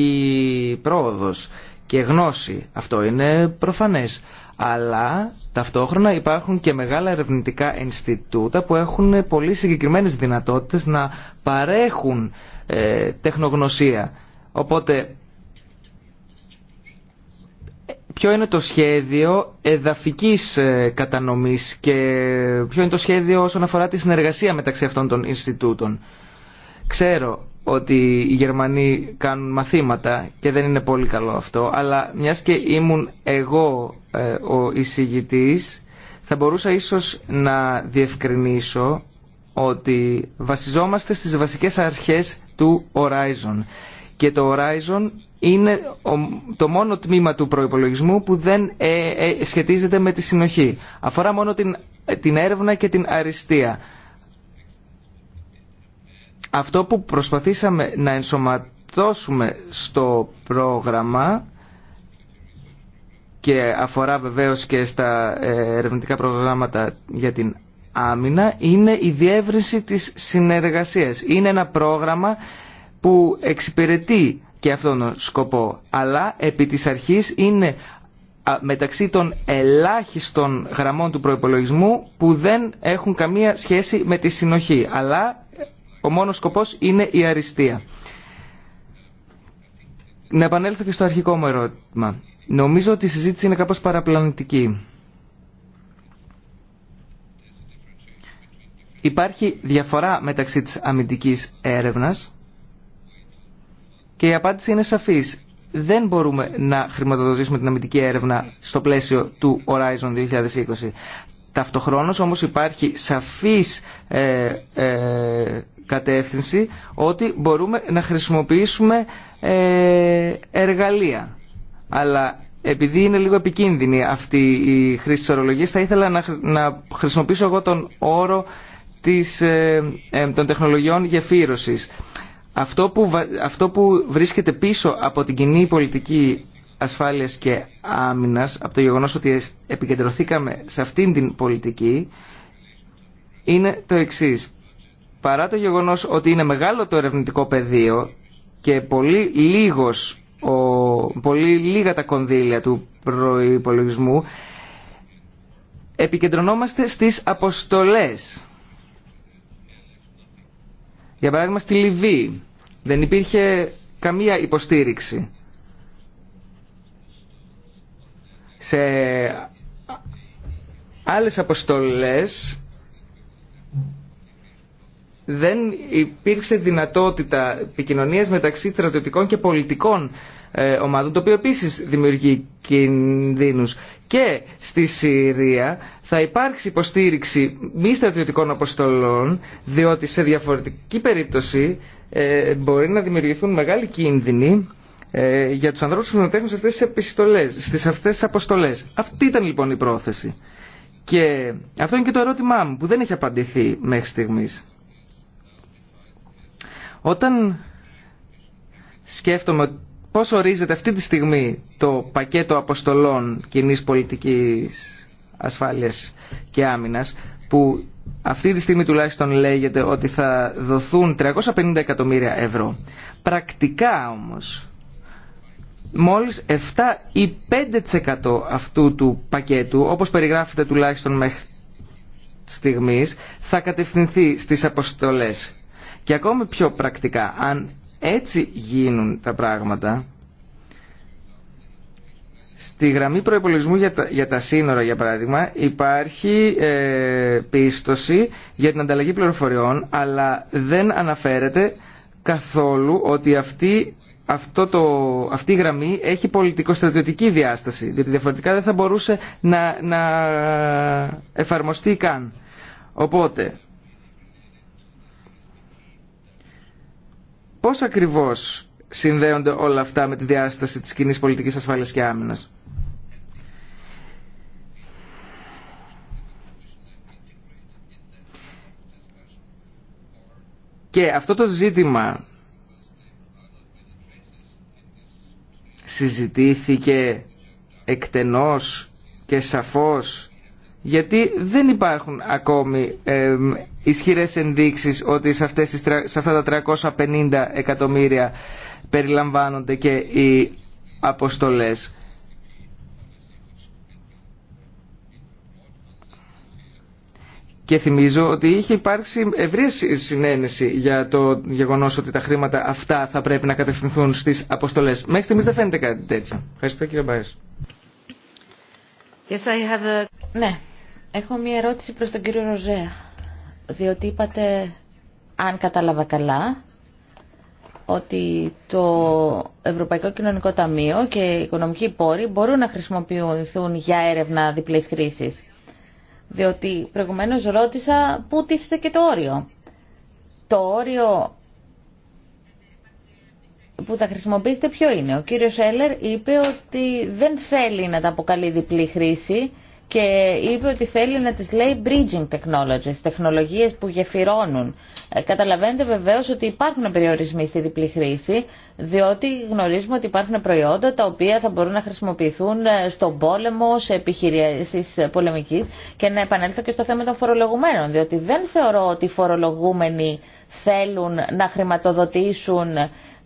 πρόοδος και γνώση. Αυτό είναι προφανές αλλά ταυτόχρονα υπάρχουν και μεγάλα ερευνητικά Ινστιτούτα που έχουν πολύ συγκεκριμένες δυνατότητες να παρέχουν ε, τεχνογνωσία. Οπότε, ποιο είναι το σχέδιο εδαφικής ε, κατανομής και ποιο είναι το σχέδιο όσον αφορά τη συνεργασία μεταξύ αυτών των Ινστιτούτων. Ξέρω ότι οι Γερμανοί κάνουν μαθήματα και δεν είναι πολύ καλό αυτό, αλλά μιας και ήμουν εγώ ε, ο εισηγητής θα μπορούσα ίσως να διευκρινίσω ότι βασιζόμαστε στις βασικές αρχές του Horizon και το Horizon είναι το μόνο τμήμα του προϋπολογισμού που δεν ε, ε, σχετίζεται με τη συνοχή. Αφορά μόνο την, την έρευνα και την αριστεία. Αυτό που προσπαθήσαμε να ενσωματώσουμε στο πρόγραμμα και αφορά βεβαίως και στα ε, ερευνητικά προγράμματα για την άμυνα είναι η διεύρυνση της συνεργασίας. Είναι ένα πρόγραμμα που εξυπηρετεί και αυτόν τον σκοπό, αλλά επί της αρχής είναι μεταξύ των ελάχιστων γραμμών του προϋπολογισμού που δεν έχουν καμία σχέση με τη συνοχή, αλλά ο μόνος σκοπός είναι η αριστεία. Να επανέλθω και στο αρχικό μου ερώτημα. Νομίζω ότι η συζήτηση είναι κάπως παραπλανητική. Υπάρχει διαφορά μεταξύ της αμυντικής έρευνας και η απάντηση είναι σαφής. Δεν μπορούμε να χρηματοδοτήσουμε την αμυντική έρευνα στο πλαίσιο του Horizon 2020. Ταυτοχρόνως όμως υπάρχει σαφής ε, ε, κατεύθυνση ότι μπορούμε να χρησιμοποιήσουμε ε, εργαλεία αλλά επειδή είναι λίγο επικίνδυνη αυτή η χρήση της ορολογίας θα ήθελα να, να χρησιμοποιήσω εγώ τον όρο της, ε, ε, των τεχνολογιών γεφύρωσης. Αυτό που, αυτό βρίσκεται πίσω από την κοινή πολιτική ασφάλειας και άμυνας, από το γεγονός ότι επικεντρωθήκαμε σε αυτήν την πολιτική, είναι το εξής. Παρά το γεγονός ότι είναι μεγάλο το ερευνητικό πεδίο και πολύ λίγος ο, πολύ λίγα τα κονδύλια του προϋπολογισμού, επικεντρωνόμαστε στις αποστολές. Για παράδειγμα στη Λιβύη δεν υπήρχε καμία υποστήριξη σε άλλες αποστολές δεν υπήρξε δυνατότητα επικοινωνία μεταξύ στρατιωτικών και πολιτικών ε, ομάδων, το οποίο επίσης δημιουργεί κινδύνους. Και στη Συρία θα υπάρξει υποστήριξη μη στρατιωτικών αποστολών, διότι σε διαφορετική περίπτωση ε, μπορεί να δημιουργηθούν μεγάλοι κίνδυνοι ε, για τους ανθρώπους που συμμετέχουν σε αυτέ τι επιστολές, αυτές τις αποστολές. Αυτή ήταν λοιπόν η πρόθεση. Και αυτό είναι και το ερώτημά μου που δεν έχει απαντηθεί μέχρι στιγμής. Όταν σκέφτομαι πώς ορίζεται αυτή τη στιγμή το πακέτο αποστολών κοινή πολιτικής ασφάλειας και άμυνας που αυτή τη στιγμή τουλάχιστον λέγεται ότι θα δοθούν 350 εκατομμύρια ευρώ. Πρακτικά όμως μόλις 7 ή 5% αυτού του πακέτου όπως περιγράφεται τουλάχιστον μέχρι στιγμής θα κατευθυνθεί στις αποστολές και ακόμη πιο πρακτικά, αν έτσι γίνουν τα πράγματα, στη γραμμή προϋπολογισμού για τα, για τα σύνορα, για παράδειγμα, υπάρχει ε, πίστοση για την ανταλλαγή πληροφοριών, αλλά δεν αναφέρεται καθόλου ότι αυτή αυτό το, αυτή η γραμμή έχει πολιτικο-στρατιωτική διάσταση, διότι διαφορετικά δεν θα μπορούσε να, να εφαρμοστεί καν. Οπότε, Πώς ακριβώς συνδέονται όλα αυτά με τη διάσταση της κοινή πολιτικής ασφάλειας και άμυνας. Και αυτό το ζήτημα συζητήθηκε εκτενώς και σαφώς γιατί δεν υπάρχουν ακόμη ε, ισχυρές ενδείξεις ότι σε, αυτές τις, σε αυτά τα 350 εκατομμύρια περιλαμβάνονται και οι αποστολές. Και θυμίζω ότι είχε υπάρξει ευρία συνένεση για το γεγονός ότι τα χρήματα αυτά θα πρέπει να κατευθυνθούν στις αποστολές. Μέχρι στιγμής δεν φαίνεται κάτι τέτοιο. Ευχαριστώ κύριε Μπάρης. Yes, Ναι, έχω μία ερώτηση προς τον κύριο Ροζέα, διότι είπατε, αν κατάλαβα καλά, ότι το Ευρωπαϊκό Κοινωνικό Ταμείο και οι οικονομικοί πόροι μπορούν να χρησιμοποιηθούν για έρευνα διπλής χρήσης. Διότι προηγουμένως ρώτησα πού τίθεται και το όριο. Το όριο που θα χρησιμοποιήσετε ποιο είναι. Ο κύριος Έλερ είπε ότι δεν θέλει να τα αποκαλεί διπλή χρήση και είπε ότι θέλει να τις λέει bridging technologies, τεχνολογίες που γεφυρώνουν. Ε, καταλαβαίνετε βεβαίως ότι υπάρχουν περιορισμοί στη διπλή χρήση, διότι γνωρίζουμε ότι υπάρχουν προϊόντα τα οποία θα μπορούν να χρησιμοποιηθούν ε, στον πόλεμο, σε επιχειρήσεις ε, πολεμικής και να επανέλθω και στο θέμα των φορολογουμένων, διότι δεν θεωρώ ότι οι φορολογούμενοι θέλουν να χρηματοδοτήσουν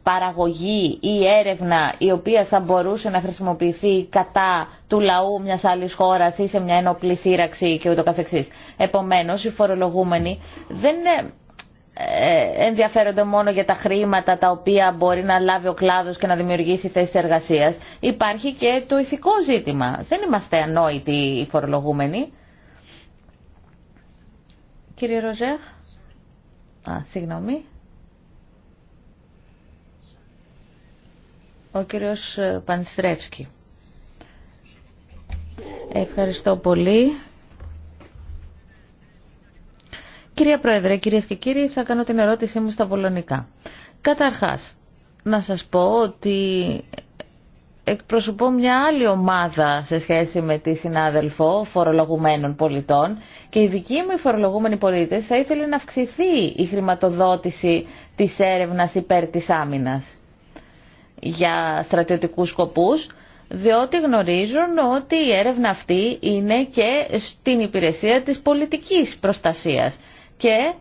παραγωγή ή έρευνα η οποία θα μπορούσε να χρησιμοποιηθεί κατά του λαού μιας άλλης χώρας ή σε μια ενόπλη σύραξη και ούτω καθεξής. Επομένως, οι φορολογούμενοι δεν ε, ε, ενδιαφέρονται μόνο για τα χρήματα τα οποία μπορεί να λάβει ο κλάδος και να δημιουργήσει θέσεις εργασίας. Υπάρχει και το ηθικό ζήτημα. Δεν είμαστε ανόητοι οι φορολογούμενοι. Κύριε Ροζέχ. Α, συγγνώμη. Ο κύριος Πανστρεύσκη. Ευχαριστώ πολύ. Κυρία Πρόεδρε, κυρίες και κύριοι, θα κάνω την ερώτησή μου στα πολωνικά. Καταρχάς, να σας πω ότι εκπροσωπώ μια άλλη ομάδα σε σχέση με τη συνάδελφο φορολογουμένων πολιτών και οι δικοί μου φορολογούμενοι πολίτες θα ήθελε να αυξηθεί η χρηματοδότηση της έρευνας υπέρ της άμυνας για στρατιωτικούς σκοπούς, διότι γνωρίζουν ότι η έρευνα αυτή είναι και στην υπηρεσία της πολιτικής προστασίας και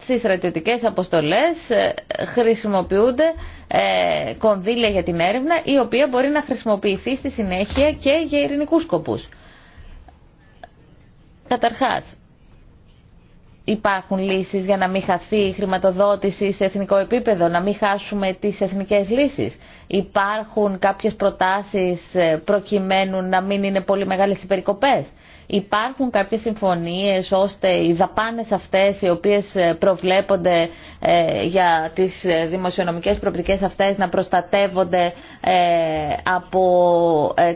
στις στρατιωτικές αποστολές ε, χρησιμοποιούνται ε, κονδύλια για την έρευνα η οποία μπορεί να χρησιμοποιηθεί στη συνέχεια και για ειρηνικούς σκοπούς. Καταρχάς, υπάρχουν λύσεις για να μην χαθεί η χρηματοδότηση σε εθνικό επίπεδο, να μην χάσουμε τις εθνικές λύσεις. Υπάρχουν κάποιες προτάσεις ε, προκειμένου να μην είναι πολύ μεγάλες οι περικοπές. Υπάρχουν κάποιες συμφωνίες ώστε οι δαπάνες αυτές οι οποίες ε, προβλέπονται ε, για τις δημοσιονομικές προπτικές αυτές να προστατεύονται από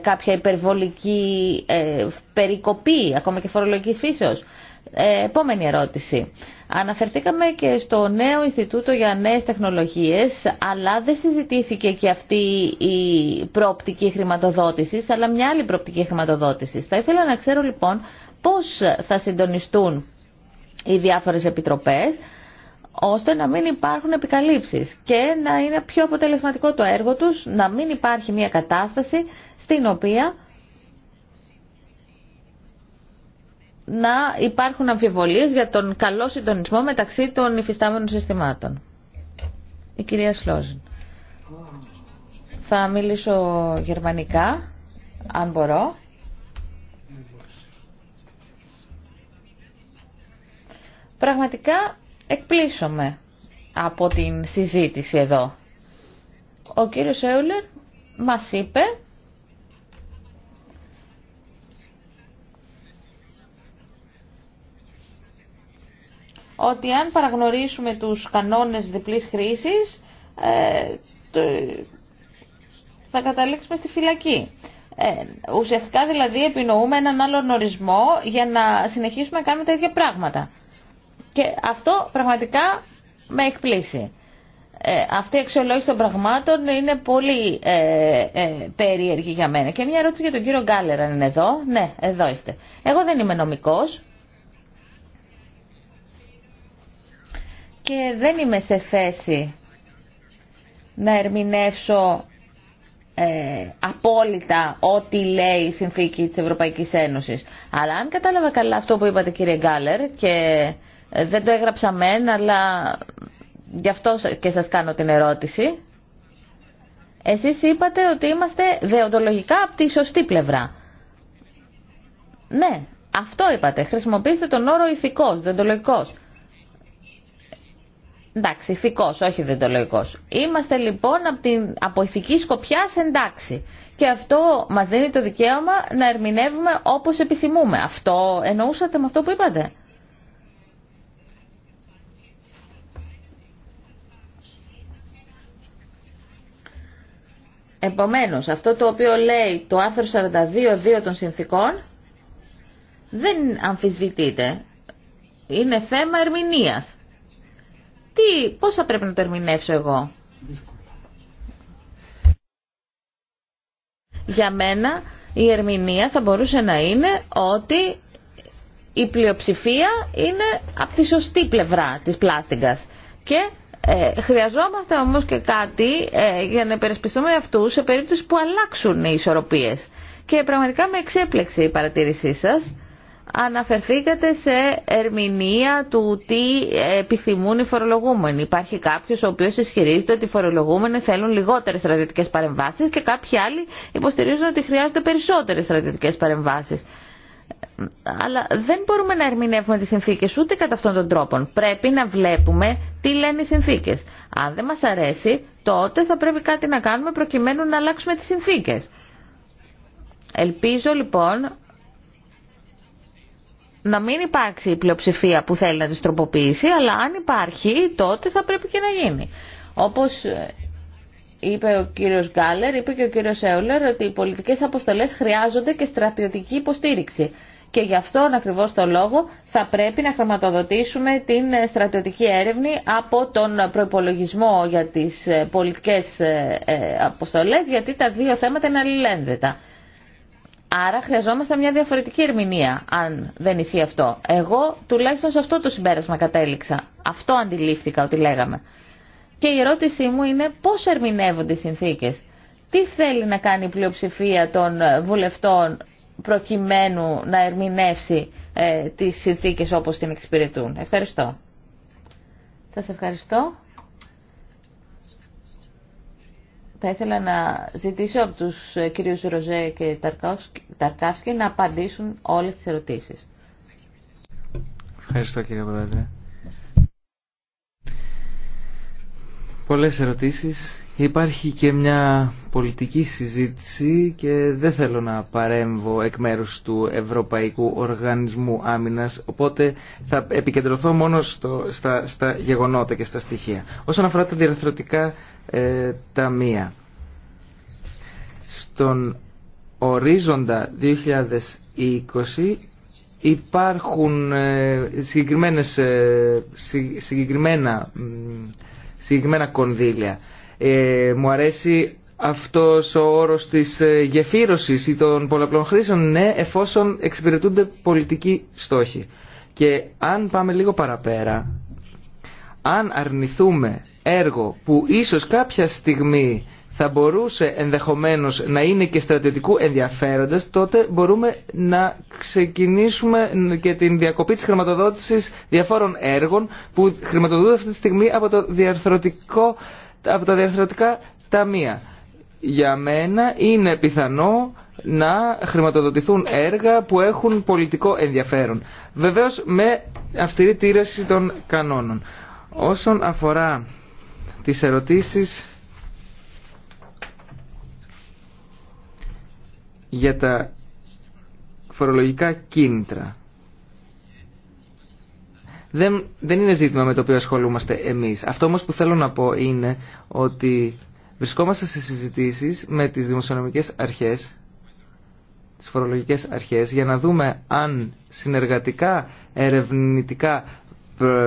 κάποια υπερβολική περικοπή, ακόμα και φορολογικής φύσεως. Ε, επόμενη ερώτηση. Αναφερθήκαμε και στο νέο Ινστιτούτο για Νέες Τεχνολογίες, αλλά δεν συζητήθηκε και αυτή η προοπτική χρηματοδότησης, αλλά μια άλλη προοπτική χρηματοδότησης. Θα ήθελα να ξέρω λοιπόν πώς θα συντονιστούν οι διάφορες επιτροπές, ώστε να μην υπάρχουν επικαλύψεις και να είναι πιο αποτελεσματικό το έργο τους, να μην υπάρχει μια κατάσταση στην οποία να υπάρχουν αμφιβολίες για τον καλό συντονισμό μεταξύ των υφιστάμενων συστημάτων. Η κυρία Σλόζιν. Θα μιλήσω γερμανικά, αν μπορώ. Πραγματικά εκπλήσωμαι από την συζήτηση εδώ. Ο κύριος Έουλερ μας είπε ότι αν παραγνωρίσουμε τους κανόνες διπλής χρήσης ε, θα καταλήξουμε στη φυλακή. Ε, ουσιαστικά δηλαδή επινοούμε έναν άλλον ορισμό για να συνεχίσουμε να κάνουμε τα ίδια πράγματα. Και αυτό πραγματικά με εκπλήσει. Ε, αυτή η αξιολόγηση των πραγμάτων είναι πολύ ε, ε περίεργη για μένα. Και μια ερώτηση για τον κύριο Γκάλερ, είναι εδώ. Ναι, εδώ είστε. Εγώ δεν είμαι νομικός, και δεν είμαι σε θέση να ερμηνεύσω ε, απόλυτα ό,τι λέει η συνθήκη της Ευρωπαϊκής Ένωσης. Αλλά αν κατάλαβα καλά αυτό που είπατε κύριε Γκάλερ και δεν το έγραψα μεν, αλλά γι' αυτό και σας κάνω την ερώτηση. Εσείς είπατε ότι είμαστε δεοντολογικά από τη σωστή πλευρά. Ναι, αυτό είπατε. Χρησιμοποιήστε τον όρο ηθικός, δεοντολογικός. Εντάξει, ηθικό, όχι λογικό. Είμαστε λοιπόν από την ηθική σκοπιά εντάξει. Και αυτό μα δίνει το δικαίωμα να ερμηνεύουμε όπω επιθυμούμε. Αυτό εννοούσατε με αυτό που είπατε. Επομένως, αυτό το οποίο λέει το άρθρο 42.2 των συνθήκων δεν αμφισβητείται. Είναι θέμα ερμηνείας τι, πώς θα πρέπει να το ερμηνεύσω εγώ. Για μένα η ερμηνεία θα μπορούσε να είναι ότι η πλειοψηφία είναι από τη σωστή πλευρά της πλάστικας και ε, χρειαζόμαστε όμως και κάτι ε, για να υπερασπιστούμε αυτούς σε περίπτωση που αλλάξουν οι ισορροπίες. Και πραγματικά με εξέπλεξε η παρατήρησή σας αναφερθήκατε σε ερμηνεία του τι επιθυμούν οι φορολογούμενοι. Υπάρχει κάποιος ο οποίος ισχυρίζεται ότι οι φορολογούμενοι θέλουν λιγότερες στρατιωτικές παρεμβάσεις και κάποιοι άλλοι υποστηρίζουν ότι χρειάζονται περισσότερες στρατιωτικές παρεμβάσεις. Αλλά δεν μπορούμε να ερμηνεύουμε τις συνθήκες ούτε κατά αυτόν τον τρόπο. Πρέπει να βλέπουμε τι λένε οι συνθήκες. Αν δεν μας αρέσει, τότε θα πρέπει κάτι να κάνουμε προκειμένου να αλλάξουμε τις συνθήκες. Ελπίζω λοιπόν να μην υπάρξει η πλειοψηφία που θέλει να τις τροποποιήσει, αλλά αν υπάρχει τότε θα πρέπει και να γίνει. Όπως ε, είπε ο κύριος Γκάλερ, είπε και ο κύριος Έουλερ ότι οι πολιτικές αποστολές χρειάζονται και στρατιωτική υποστήριξη. Και γι' αυτό, ακριβώς το λόγο θα πρέπει να χρηματοδοτήσουμε την ε, στρατιωτική έρευνη από τον προπολογισμό για τις ε, πολιτικές αποστολές, γιατί τα δύο θέματα είναι αλληλένδετα. Άρα χρειαζόμαστε μια διαφορετική ερμηνεία αν δεν ισχύει αυτό. Εγώ τουλάχιστον σε αυτό το συμπέρασμα κατέληξα. Αυτό αντιλήφθηκα ότι λέγαμε. Και η ερώτησή μου είναι πώς ερμηνεύονται οι συνθήκες. Τι θέλει να κάνει η πλειοψηφία των ε, βουλευτών προκειμένου να ερμηνεύσει ε, τις συνθήκες όπως την εξυπηρετούν. Ευχαριστώ. Σας ευχαριστώ. θα ήθελα να ζητήσω από τους ε, κυρίους Ροζέ και Ταρκάσκη να απαντήσουν όλες τις ερωτήσεις. Ευχαριστώ κύριε Πρόεδρε. Πολλές ερωτήσεις Υπάρχει και μια πολιτική συζήτηση και δεν θέλω να παρέμβω εκ μέρους του Ευρωπαϊκού Οργανισμού Άμυνας, οπότε θα επικεντρωθώ μόνο στο, στα, στα γεγονότα και στα στοιχεία. Όσον αφορά τα διαρθρωτικά ε, ταμεία, στον ορίζοντα 2020 υπάρχουν ε, ε, συγκεκριμένα, συγκεκριμένα κονδύλια. Ε, μου αρέσει αυτός ο όρος της ε, γεφύρωσης ή των πολλαπλών χρήσεων, ναι, εφόσον εξυπηρετούνται πολιτικοί στόχοι. Και αν πάμε λίγο παραπέρα, αν αρνηθούμε έργο που ίσως κάποια στιγμή θα μπορούσε ενδεχομένως να είναι και στρατιωτικού ενδιαφέροντας, τότε μπορούμε να ξεκινήσουμε και την διακοπή της χρηματοδότησης διαφόρων έργων που χρηματοδοτούνται αυτή τη στιγμή από το διαρθρωτικό από τα διαφορετικά ταμεία. Για μένα είναι πιθανό να χρηματοδοτηθούν έργα που έχουν πολιτικό ενδιαφέρον. Βεβαίως με αυστηρή τήρηση των κανόνων. Όσον αφορά τις ερωτήσεις για τα φορολογικά κίνητρα δεν, είναι ζήτημα με το οποίο ασχολούμαστε εμείς. Αυτό όμως που θέλω να πω είναι ότι βρισκόμαστε σε συζητήσεις με τις δημοσιονομικές αρχές, τις φορολογικές αρχές, για να δούμε αν συνεργατικά ερευνητικά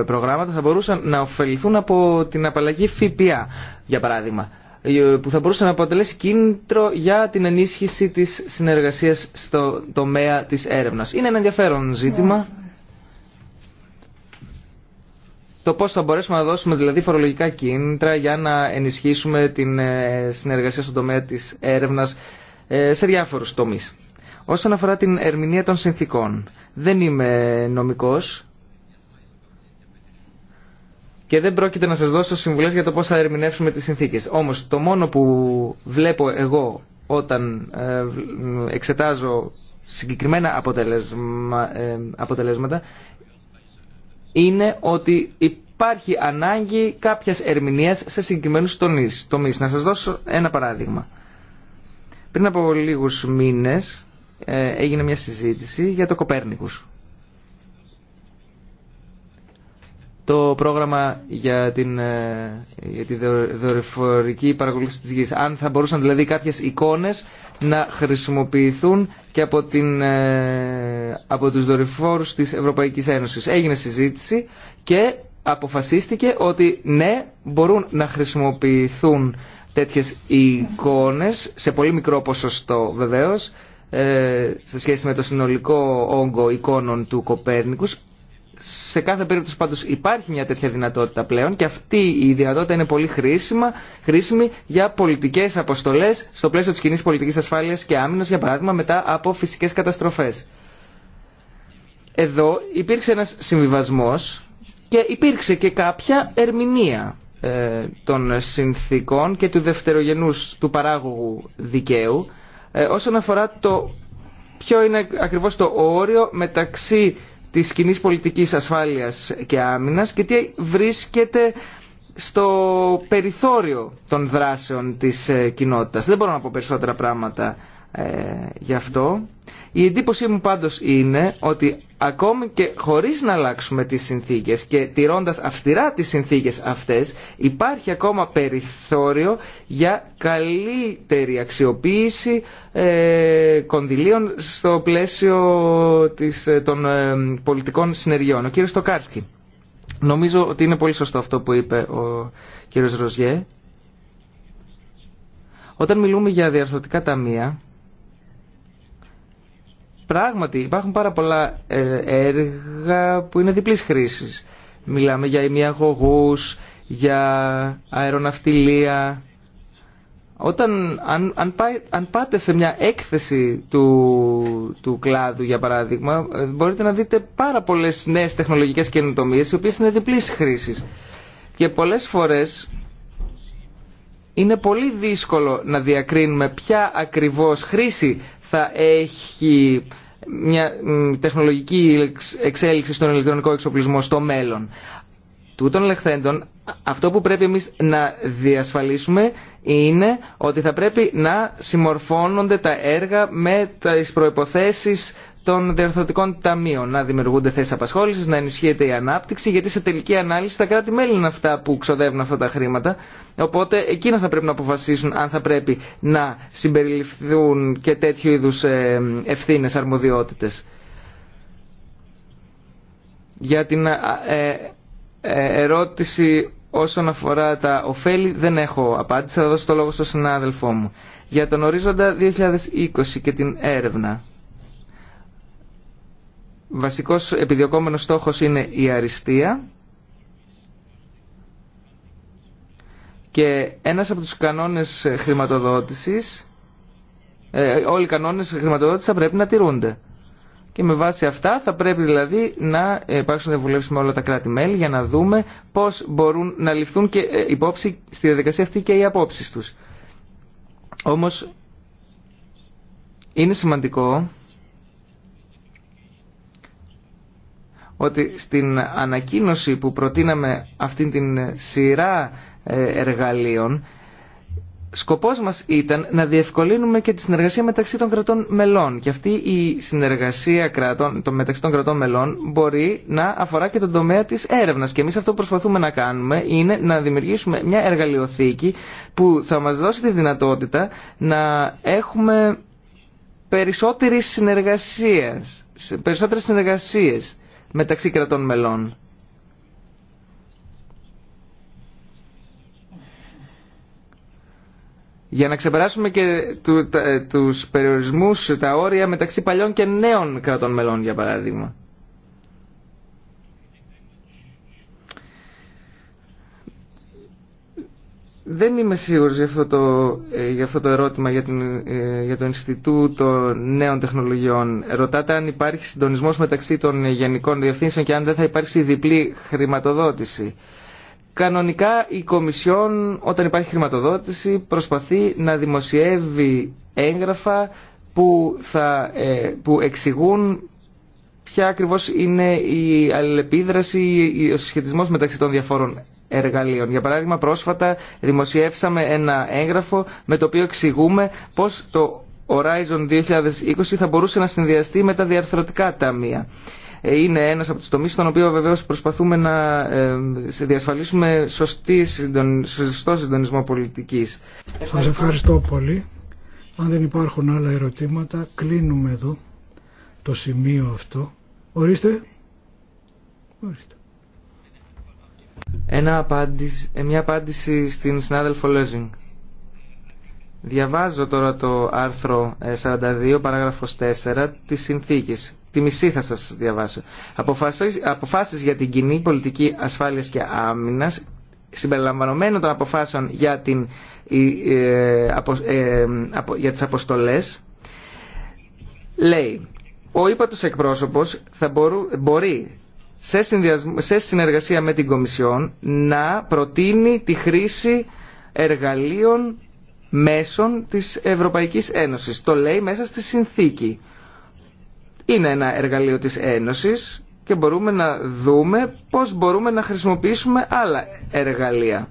προγράμματα θα μπορούσαν να ωφεληθούν από την απαλλαγή ΦΠΑ, για παράδειγμα ε, που θα μπορούσε να αποτελέσει κίνητρο για την ενίσχυση της συνεργασίας στο τομέα της έρευνας. Είναι ένα ενδιαφέρον ζήτημα ναι το πώ θα μπορέσουμε να δώσουμε δηλαδή φορολογικά κίνητρα για να ενισχύσουμε την ε, συνεργασία στον τομέα της έρευνας ε, σε διάφορους τομεί. Όσον αφορά την ερμηνεία των συνθήκων, δεν είμαι νομικός και δεν πρόκειται να σας δώσω συμβουλές για το πώς θα ερμηνεύσουμε τις συνθήκες. Όμως το μόνο που βλέπω εγώ όταν ε, εξετάζω συγκεκριμένα αποτελέσματα είναι ότι υπάρχει ανάγκη κάποια ερμηνεία σε συγκεκριμένους τομεί. Να σας δώσω ένα παράδειγμα. Πριν από λίγους μήνες ε, έγινε μια συζήτηση για το Κοπέρνικου. το πρόγραμμα για, την, ε, τη δορυφορική παρακολούθηση της γης. Αν θα μπορούσαν δηλαδή κάποιες εικόνες να χρησιμοποιηθούν και από, την, ε, από τους δορυφόρους της Ευρωπαϊκής Ένωσης. Έγινε συζήτηση και αποφασίστηκε ότι ναι, μπορούν να χρησιμοποιηθούν τέτοιες εικόνες, σε πολύ μικρό ποσοστό βεβαίως, ε, σε σχέση με το συνολικό όγκο εικόνων του Κοπέρνικους, σε κάθε περίπτωση πάντως υπάρχει μια τέτοια δυνατότητα πλέον και αυτή η δυνατότητα είναι πολύ χρήσιμα, χρήσιμη για πολιτικές αποστολές στο πλαίσιο της κοινή πολιτικής ασφάλειας και άμυνας για παράδειγμα μετά από φυσικές καταστροφές. Εδώ υπήρξε ένας συμβιβασμός και υπήρξε και κάποια ερμηνεία ε, των συνθήκων και του δευτερογενούς του παράγωγου δικαίου ε, όσον αφορά το ποιο είναι ακριβώς το όριο μεταξύ της κοινή πολιτικής ασφάλειας και άμυνας και τι βρίσκεται στο περιθώριο των δράσεων της ε, κοινότητας. Δεν μπορώ να πω περισσότερα πράγματα ε, γι' αυτό. Η εντύπωσή μου πάντως είναι ότι ακόμη και χωρίς να αλλάξουμε τις συνθήκες και τηρώντας αυστηρά τις συνθήκες αυτές υπάρχει ακόμα περιθώριο για καλύτερη αξιοποίηση ε, κονδυλίων στο πλαίσιο της, ε, των ε, πολιτικών συνεργειών. Ο κύριος Στοκάρσκι, νομίζω ότι είναι πολύ σωστό αυτό που είπε ο κύριος Ροζιέ. Όταν μιλούμε για διαρθρωτικά ταμεία Πράγματι υπάρχουν πάρα πολλά ε, έργα που είναι διπλής χρήσης. Μιλάμε για ημιαγωγούς, για αεροναυτιλία. Όταν, αν, πάτε σε μια έκθεση του, του κλάδου για παράδειγμα ε, μπορείτε να δείτε πάρα πολλές νέες τεχνολογικές καινοτομίες οι οποίες είναι διπλής χρήσης. Και πολλές φορές είναι πολύ δύσκολο να διακρίνουμε ποια ακριβώς χρήση θα έχει μια τεχνολογική εξέλιξη στον ηλεκτρονικό εξοπλισμό στο μέλλον των λεχθέντων, αυτό που πρέπει εμείς να διασφαλίσουμε είναι ότι θα πρέπει να συμμορφώνονται τα έργα με τις προϋποθέσεις των διορθωτικών ταμείων. Να δημιουργούνται θέσει απασχόληση, να ενισχύεται η ανάπτυξη, γιατί σε τελική ανάλυση τα κράτη-μέλη είναι αυτά που ξοδεύουν αυτά τα χρήματα. Οπότε εκείνα θα πρέπει να αποφασίσουν αν θα πρέπει να συμπεριληφθούν και τέτοιου είδου ε, ευθύνε, αρμοδιότητε. Για την ε, ε, ερώτηση όσον αφορά τα ωφέλη δεν έχω απάντηση, θα δώσω το λόγο στον συνάδελφό μου. Για τον ορίζοντα 2020 και την έρευνα. Βασικός επιδιωκόμενος στόχος είναι η αριστεία και ένας από τους κανόνες χρηματοδότησης, ε, όλοι οι κανόνες χρηματοδότησης θα πρέπει να τηρούνται και με βάση αυτά θα πρέπει δηλαδή να υπάρξουν να με όλα τα κράτη-μέλη για να δούμε πώς μπορούν να ληφθούν και ε, υπόψη στη διαδικασία αυτή και οι απόψει τους. Όμως είναι σημαντικό ότι στην ανακοίνωση που προτείναμε αυτήν την σειρά ε, εργαλείων Σκοπός μας ήταν να διευκολύνουμε και τη συνεργασία μεταξύ των κρατών μελών και αυτή η συνεργασία κρατών, το μεταξύ των κρατών μελών μπορεί να αφορά και τον τομέα της έρευνας και εμείς αυτό που προσπαθούμε να κάνουμε είναι να δημιουργήσουμε μια εργαλειοθήκη που θα μας δώσει τη δυνατότητα να έχουμε περισσότερες συνεργασίες, περισσότερες συνεργασίες μεταξύ κρατών μελών. για να ξεπεράσουμε και του, τα, ε, τους περιορισμούς, τα όρια μεταξύ παλιών και νέων κρατών μελών, για παράδειγμα. Δεν είμαι σίγουρος για αυτό το, ε, για αυτό το ερώτημα για, την, ε, για το Ινστιτούτο Νέων Τεχνολογιών. Ρωτάτε αν υπάρχει συντονισμός μεταξύ των γενικών διευθύνσεων και αν δεν θα υπάρξει διπλή χρηματοδότηση. Κανονικά η Κομισιόν όταν υπάρχει χρηματοδότηση προσπαθεί να δημοσιεύει έγγραφα που, θα, ε, που εξηγούν ποια ακριβώς είναι η αλληλεπίδραση, ο συσχετισμός μεταξύ των διαφόρων εργαλείων. Για παράδειγμα πρόσφατα δημοσιεύσαμε ένα έγγραφο με το οποίο εξηγούμε πώς το Horizon 2020 θα μπορούσε να συνδυαστεί με τα διαρθρωτικά ταμεία είναι ένας από τους τομείς στον οποίο βεβαίω προσπαθούμε να ε, διασφαλίσουμε σωστή σωστό συντονισμό πολιτικής. Σα ευχαριστώ πολύ. Αν δεν υπάρχουν άλλα ερωτήματα, κλείνουμε εδώ το σημείο αυτό. Ορίστε. Ορίστε. Ένα απάντηση, ε, μια απάντηση στην συνάδελφο Λέζινγκ. Διαβάζω τώρα το άρθρο 42, ε, παράγραφος 4 της συνθήκης τη μισή θα σας διαβάσω. Αποφάσεις, για την κοινή πολιτική ασφάλειας και άμυνας συμπεριλαμβανομένων των αποφάσεων για, την, ε, ε, για τις αποστολές λέει ο ύπατος εκπρόσωπος θα μπορού, μπορεί σε, σε συνεργασία με την Κομισιόν να προτείνει τη χρήση εργαλείων μέσων της Ευρωπαϊκής Ένωσης. Το λέει μέσα στη συνθήκη είναι ένα εργαλείο της Ένωσης και μπορούμε να δούμε πώς μπορούμε να χρησιμοποιήσουμε άλλα εργαλεία.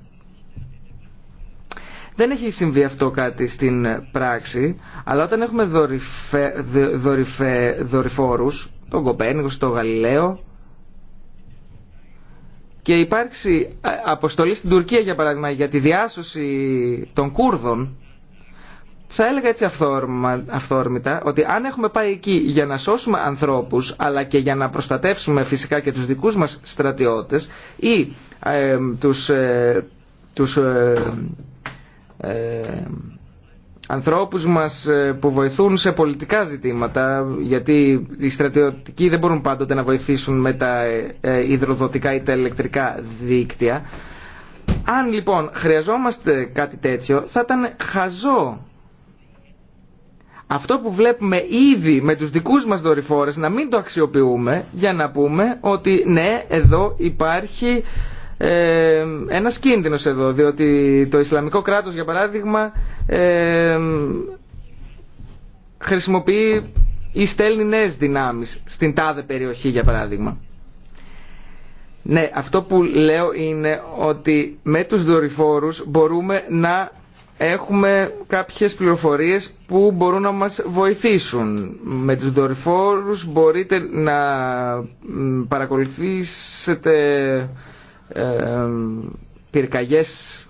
Δεν έχει συμβεί αυτό κάτι στην πράξη, αλλά όταν έχουμε δορυφε, δορυφόρους, τον Κοπένικο, τον Γαλιλαίο, και υπάρξει ε, αποστολή στην Τουρκία για παράδειγμα για τη διάσωση των Κούρδων, θα έλεγα έτσι αυθόρμα, αυθόρμητα ότι αν έχουμε πάει εκεί για να σώσουμε ανθρώπους αλλά και για να προστατεύσουμε φυσικά και τους δικούς μας στρατιώτες ή ε, τους, ε, ε, ε, ανθρώπους μας που βοηθούν σε πολιτικά ζητήματα γιατί οι στρατιωτικοί δεν μπορούν πάντοτε να βοηθήσουν με τα υδροδοτικά ή τα ηλεκτρικά δίκτυα αν λοιπόν χρειαζόμαστε κάτι τέτοιο θα ήταν χαζό αυτό που βλέπουμε ήδη με τους δικούς μας δορυφόρες να μην το αξιοποιούμε για να πούμε ότι ναι εδώ υπάρχει ε, ένας κίνδυνος εδώ διότι το Ισλαμικό κράτος για παράδειγμα ε, χρησιμοποιεί ή στέλνει δυνάμεις στην τάδε περιοχή για παράδειγμα. Ναι, αυτό που λέω είναι ότι με τους δορυφόρους μπορούμε να έχουμε κάποιες πληροφορίες που μπορούν να μας βοηθήσουν. Με τους δορυφόρους μπορείτε να παρακολουθήσετε ε, πυρκαγιές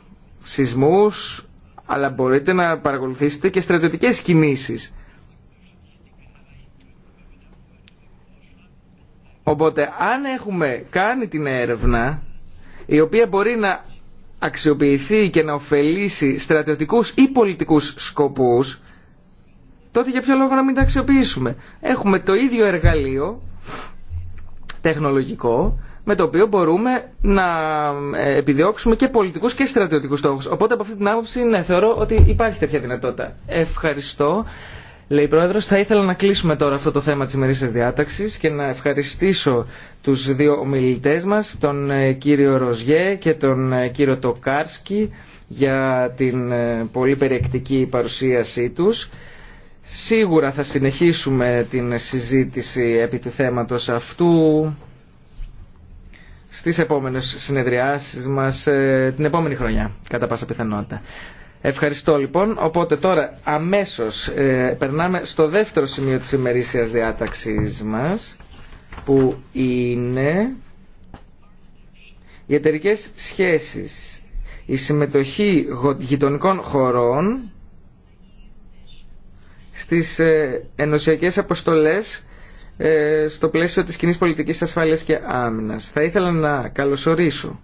σεισμούς, αλλά μπορείτε να παρακολουθήσετε και στρατιωτικές κινήσεις. Οπότε αν έχουμε κάνει την έρευνα η οποία μπορεί να αξιοποιηθεί και να ωφελήσει στρατιωτικούς ή πολιτικούς σκοπούς, τότε για ποιο λόγο να μην τα αξιοποιήσουμε. Έχουμε το ίδιο εργαλείο τεχνολογικό με το οποίο μπορούμε να ε, επιδιώξουμε και πολιτικούς και στρατιωτικούς στόχους. Οπότε από αυτή την άποψη ναι, θεωρώ ότι υπάρχει τέτοια δυνατότητα. Ευχαριστώ λέει η Πρόεδρος. Θα ήθελα να κλείσουμε τώρα αυτό το θέμα της ημερήσιας διάταξης και να ευχαριστήσω τους δύο ομιλητές μας, τον ε, κύριο Ροζιέ και τον ε, κύριο Τοκάρσκι για την ε, πολύ περιεκτική παρουσίασή τους. Σίγουρα θα συνεχίσουμε την συζήτηση επί του θέματος αυτού στις επόμενες συνεδριάσεις μας την επόμενη χρονιά, κατά πάσα πιθανότητα. Ευχαριστώ λοιπόν. Οπότε τώρα αμέσως ε, περνάμε στο δεύτερο σημείο της ημερήσιας διάταξης μας που είναι οι εταιρικέ σχέσεις, η συμμετοχή γειτονικών χωρών στις ε, ενωσιακές αποστολές ε, στο πλαίσιο της κοινή πολιτικής ασφάλειας και άμυνας. Θα ήθελα να καλωσορίσω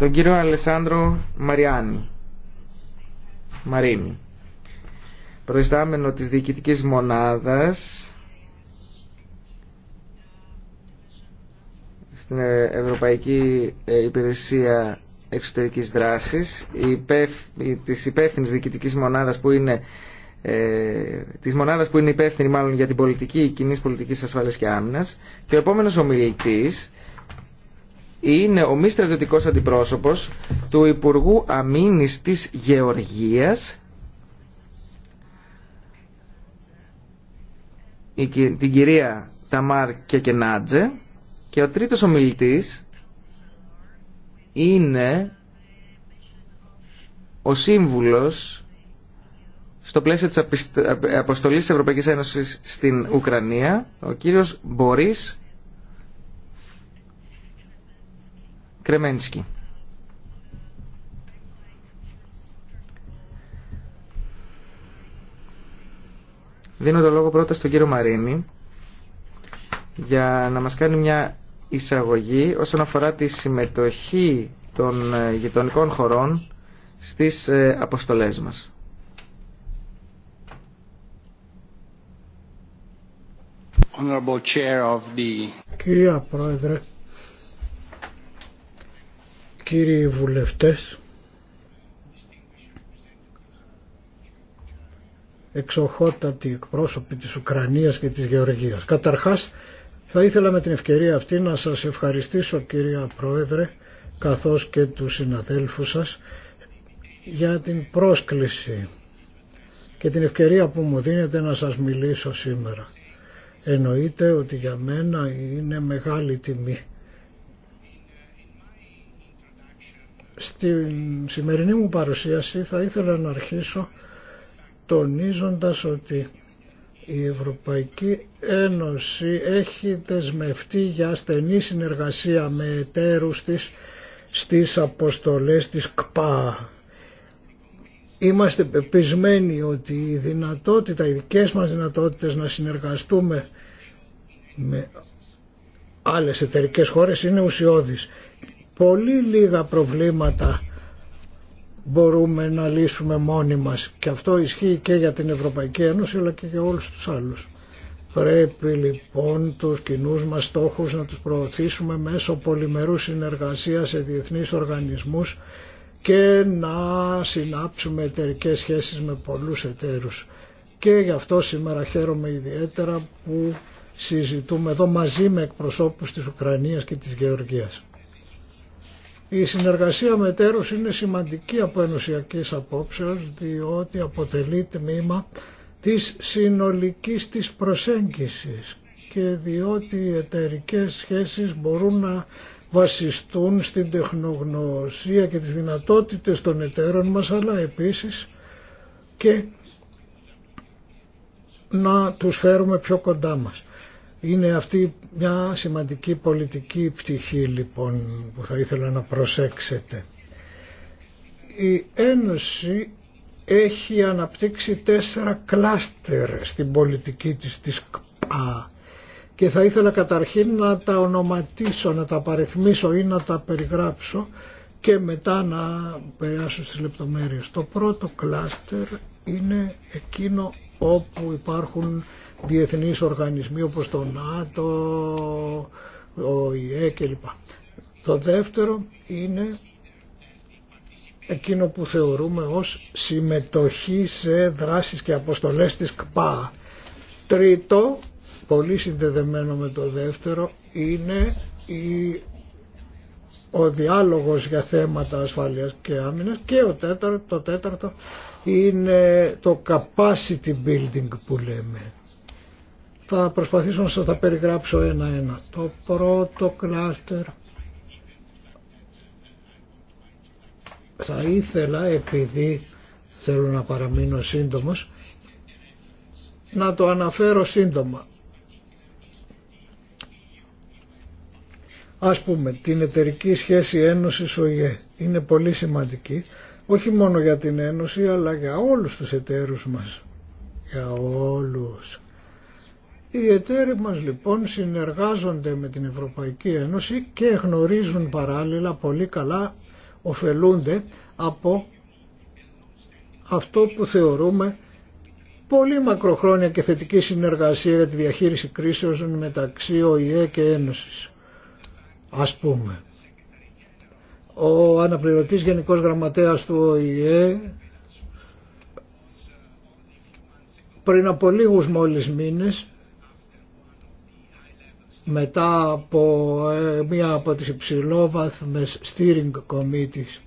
τον κύριο Αλεσάνδρο Μαριάννη. Μαρίνη. Προϊστάμενο της διοικητικής μονάδας στην ε, Ευρωπαϊκή ε, Υπηρεσία Εξωτερικής Δράσης της υπεύθυνη διοικητικής μονάδας που είναι ε, της που είναι υπεύθυνη μάλλον για την πολιτική κοινή πολιτική ασφάλειας και άμυνας και ο επόμενος ομιλητής είναι ο μη στρατιωτικό αντιπρόσωπος του Υπουργού Αμήνη τη Γεωργία, την κυρία Ταμάρ Κεκενάτζε και ο τρίτος ομιλητής είναι ο σύμβουλος στο πλαίσιο της αποστολής της Ευρωπαϊκής Ένωσης στην Ουκρανία, ο κύριος Μπορίς Κρεμένσκι. Δίνω το λόγο πρώτα στον κύριο Μαρίνη για να μας κάνει μια εισαγωγή όσον αφορά τη συμμετοχή των ε, γειτονικών χωρών στις ε, αποστολές μας. Κυρία Πρόεδρε, κύριοι βουλευτές, εξοχότατοι εκπρόσωποι της Ουκρανίας και της Γεωργίας. Καταρχάς, θα ήθελα με την ευκαιρία αυτή να σας ευχαριστήσω κυρία Πρόεδρε, καθώς και τους συναδέλφους σας, για την πρόσκληση και την ευκαιρία που μου δίνετε να σας μιλήσω σήμερα. Εννοείται ότι για μένα είναι μεγάλη τιμή Στην σημερινή μου παρουσίαση θα ήθελα να αρχίσω τονίζοντας ότι η Ευρωπαϊκή Ένωση έχει δεσμευτεί για στενή συνεργασία με εταίρους της στις αποστολές της ΚΠΑ. Είμαστε πεπισμένοι ότι η δυνατότητα, οι δικές μας δυνατότητες να συνεργαστούμε με άλλες εταιρικές χώρες είναι ουσιώδεις πολύ λίγα προβλήματα μπορούμε να λύσουμε μόνοι μας και αυτό ισχύει και για την Ευρωπαϊκή Ένωση αλλά και για όλους τους άλλους. Πρέπει λοιπόν τους κοινού μας στόχους να τους προωθήσουμε μέσω πολυμερού συνεργασίας σε διεθνείς οργανισμούς και να συνάψουμε εταιρικέ σχέσεις με πολλούς εταίρους. Και γι' αυτό σήμερα χαίρομαι ιδιαίτερα που συζητούμε εδώ μαζί με εκπροσώπους της Ουκρανίας και της Γεωργίας. Η συνεργασία με τέρους είναι σημαντική από ενωσιακής απόψεως διότι αποτελεί τμήμα της συνολικής της προσέγγισης και διότι οι εταιρικέ σχέσεις μπορούν να βασιστούν στην τεχνογνωσία και τις δυνατότητες των εταίρων μας αλλά επίσης και να τους φέρουμε πιο κοντά μας. Είναι αυτή μια σημαντική πολιτική πτυχή λοιπόν που θα ήθελα να προσέξετε. Η Ένωση έχει αναπτύξει τέσσερα κλάστερ στην πολιτική της, της ΚΠΑ και θα ήθελα καταρχήν να τα ονοματίσω, να τα παριθμίσω ή να τα περιγράψω και μετά να περάσω στις λεπτομέρειες. Το πρώτο κλάστερ είναι εκείνο όπου υπάρχουν διεθνείς οργανισμοί όπως το ΝΑΤΟ, ο ΙΕ κλπ. Το δεύτερο είναι εκείνο που θεωρούμε ως συμμετοχή σε δράσεις και αποστολές της ΚΠΑ. Τρίτο, πολύ συνδεδεμένο με το δεύτερο, είναι ο διάλογος για θέματα ασφάλειας και άμυνας και ο το τέταρτο είναι το capacity building που λέμε. Θα προσπαθήσω να σας τα περιγράψω ένα-ένα. Το πρώτο κλάστερ θα ήθελα επειδή θέλω να παραμείνω σύντομος να το αναφέρω σύντομα. Ας πούμε την εταιρική σχέση Ένωσης Ένωσης-ΟΙΕ είναι πολύ σημαντική όχι μόνο για την Ένωση αλλά για όλους τους εταίρους μας. Για όλους. Οι εταίροι μας λοιπόν συνεργάζονται με την Ευρωπαϊκή Ένωση και γνωρίζουν παράλληλα πολύ καλά, ωφελούνται από αυτό που θεωρούμε πολύ μακροχρόνια και θετική συνεργασία για τη διαχείριση κρίσεων μεταξύ ΟΗΕ και Ένωσης. Ας πούμε. Ο αναπληρωτής Γενικός Γραμματέας του ΟΗΕ πριν από λίγους μόλις μήνες μετά από ε, μία από τις υψηλόβαθμες steering committees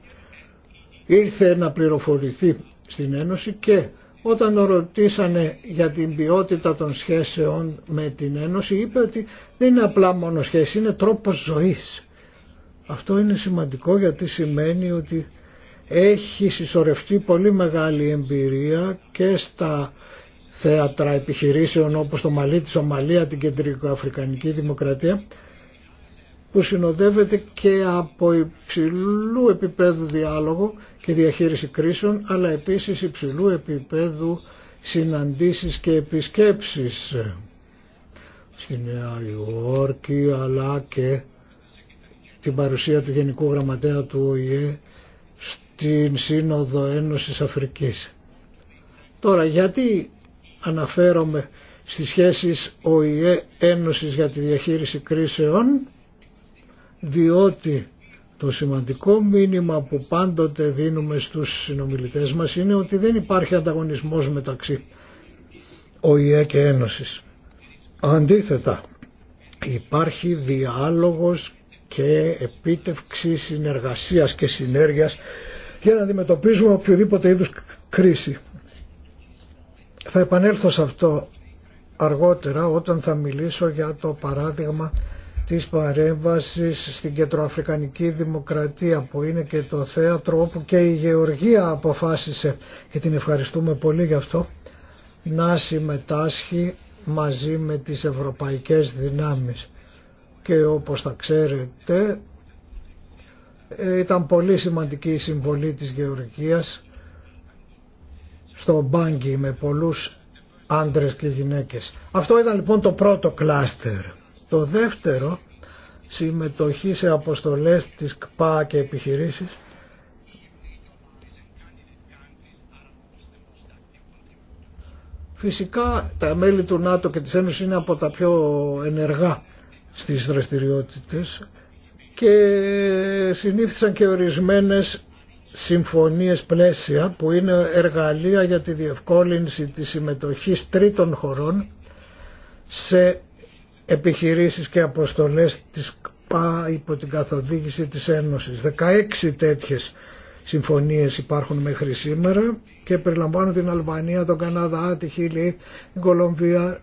ήρθε να πληροφορηθεί στην Ένωση και όταν ρωτήσανε για την ποιότητα των σχέσεων με την Ένωση είπε ότι δεν είναι απλά μόνο σχέση, είναι τρόπος ζωής. Αυτό είναι σημαντικό γιατί σημαίνει ότι έχει συσσωρευτεί πολύ μεγάλη εμπειρία και στα θέατρα επιχειρήσεων όπως το Μαλί, τη Σομαλία, την Κεντρικοαφρικανική Δημοκρατία που συνοδεύεται και από υψηλού επίπεδου διάλογο και διαχείριση κρίσεων αλλά επίσης υψηλού επίπεδου συναντήσεις και επισκέψεις στη Νέα Υόρκη αλλά και την παρουσία του Γενικού Γραμματέα του ΟΗΕ στην Σύνοδο Ένωσης Αφρικής. Τώρα γιατί αναφέρομαι στις σχέσεις ΟΗΕ Ένωσης για τη διαχείριση κρίσεων διότι το σημαντικό μήνυμα που πάντοτε δίνουμε στους συνομιλητές μας είναι ότι δεν υπάρχει ανταγωνισμός μεταξύ ΟΗΕ και Ένωσης. Αντίθετα, υπάρχει διάλογος και επίτευξη συνεργασίας και συνέργειας για να αντιμετωπίζουμε οποιοδήποτε είδους κρίση. Θα επανέλθω σε αυτό αργότερα όταν θα μιλήσω για το παράδειγμα της παρέμβασης στην κεντροαφρικανική δημοκρατία που είναι και το θέατρο όπου και η Γεωργία αποφάσισε και την ευχαριστούμε πολύ γι' αυτό να συμμετάσχει μαζί με τις ευρωπαϊκές δυνάμεις και όπως θα ξέρετε ε, ήταν πολύ σημαντική η συμβολή της Γεωργίας στο μπάνκι με πολλούς άντρες και γυναίκες. Αυτό ήταν λοιπόν το πρώτο κλάστερ. Το δεύτερο, συμμετοχή σε αποστολές της ΚΠΑ και επιχειρήσεις, Φυσικά τα μέλη του ΝΑΤΟ και της Ένωσης είναι από τα πιο ενεργά στις δραστηριότητες και συνήθισαν και ορισμένες συμφωνίες πλαίσια που είναι εργαλεία για τη διευκόλυνση της συμμετοχής τρίτων χωρών σε επιχειρήσεις και αποστολές της ΚΠΑ υπό την καθοδήγηση της Ένωσης. 16 τέτοιες συμφωνίες υπάρχουν μέχρι σήμερα και περιλαμβάνουν την Αλβανία, τον Καναδά, τη Χιλή, την Κολομβία,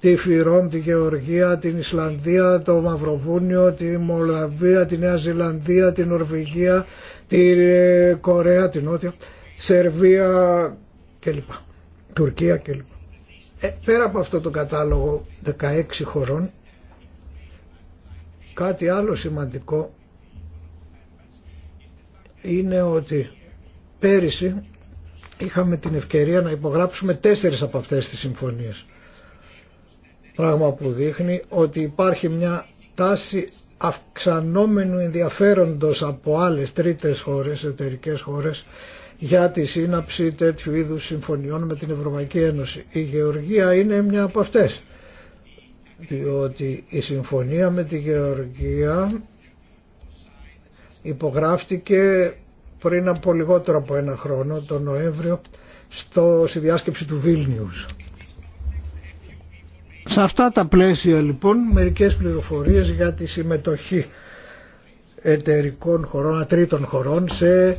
τη Φιρόμ, τη Γεωργία, την Ισλανδία, το Μαυροβούνιο, τη Μολδαβία, τη Νέα Ζηλανδία, την Ουρβηγία τη ε, Κορέα, την Νότια, Σερβία κλπ. Τουρκία κλπ. Ε, πέρα από αυτό το κατάλογο 16 χωρών, κάτι άλλο σημαντικό είναι ότι πέρυσι είχαμε την ευκαιρία να υπογράψουμε τέσσερις από αυτές τις συμφωνίες. Πράγμα που δείχνει ότι υπάρχει μια τάση αυξανόμενου ενδιαφέροντος από άλλες τρίτες χώρες, εταιρικές χώρες, για τη σύναψη τέτοιου είδους συμφωνιών με την Ευρωπαϊκή Ένωση. Η Γεωργία είναι μια από αυτές, διότι η συμφωνία με τη Γεωργία υπογράφτηκε πριν από λιγότερο από ένα χρόνο, τον Νοέμβριο, στο, στη διάσκεψη του Βίλνιους. Σε αυτά τα πλαίσια λοιπόν μερικές πληροφορίες για τη συμμετοχή εταιρικών χωρών, ατρίτων χωρών σε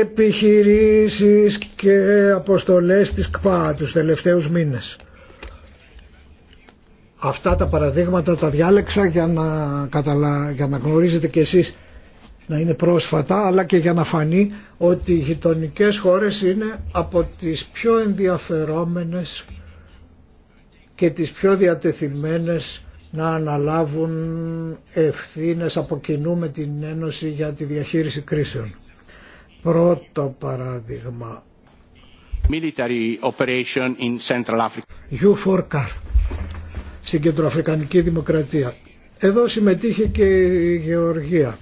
επιχειρήσεις και αποστολές της ΚΠΑ τους τελευταίους μήνες. Αυτά τα παραδείγματα τα διάλεξα για να, καταλα... για να γνωρίζετε κι εσείς να είναι πρόσφατα αλλά και για να φανεί ότι οι γειτονικέ χώρες είναι από τις πιο ενδιαφερόμενες και τις πιο διατεθειμένες να αναλάβουν ευθύνες από κοινού με την Ένωση για τη διαχείριση κρίσεων. Πρώτο παράδειγμα. Military operation in Central Africa. U4CAR στην Κεντροαφρικανική Δημοκρατία. Εδώ συμμετείχε και η Γεωργία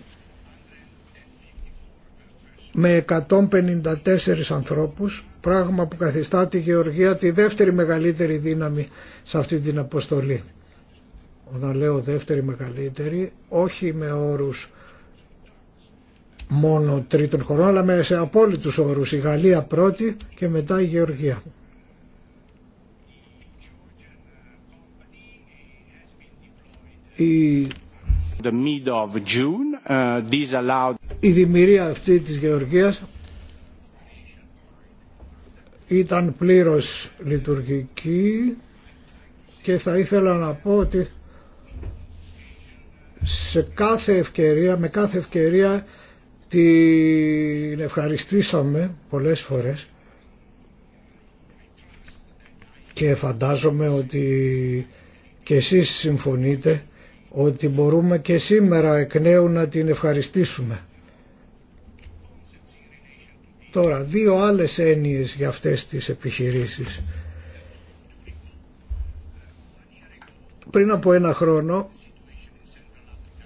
με 154 ανθρώπους πράγμα που καθιστά τη Γεωργία τη δεύτερη μεγαλύτερη δύναμη σε αυτή την αποστολή. Όταν λέω δεύτερη μεγαλύτερη, όχι με όρους μόνο τρίτων χωρών, αλλά με σε απόλυτους όρους. Η Γαλλία πρώτη και μετά η Γεωργία. Η uh, Η δημιουργία αυτή της Γεωργίας ήταν πλήρως λειτουργική και θα ήθελα να πω ότι σε κάθε ευκαιρία, με κάθε ευκαιρία την ευχαριστήσαμε πολλές φορές και φαντάζομαι ότι και εσείς συμφωνείτε ότι μπορούμε και σήμερα εκ νέου να την ευχαριστήσουμε. Τώρα, δύο άλλες έννοιες για αυτές τις επιχειρήσεις. Πριν από ένα χρόνο,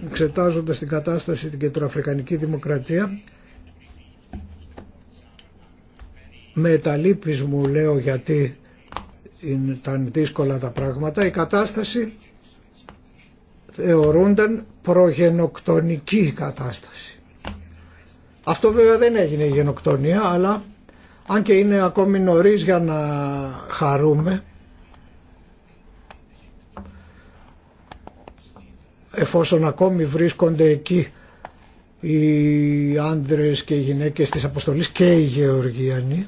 εξετάζοντας την κατάσταση στην Κεντροαφρικανική Δημοκρατία, με τα λύπης μου λέω γιατί ήταν δύσκολα τα πράγματα, η κατάσταση θεωρούνταν προγενοκτονική κατάσταση. Αυτό βέβαια δεν έγινε η γενοκτονία, αλλά αν και είναι ακόμη νωρίς για να χαρούμε, εφόσον ακόμη βρίσκονται εκεί οι άντρες και οι γυναίκες της αποστολής και οι γεωργιανοί,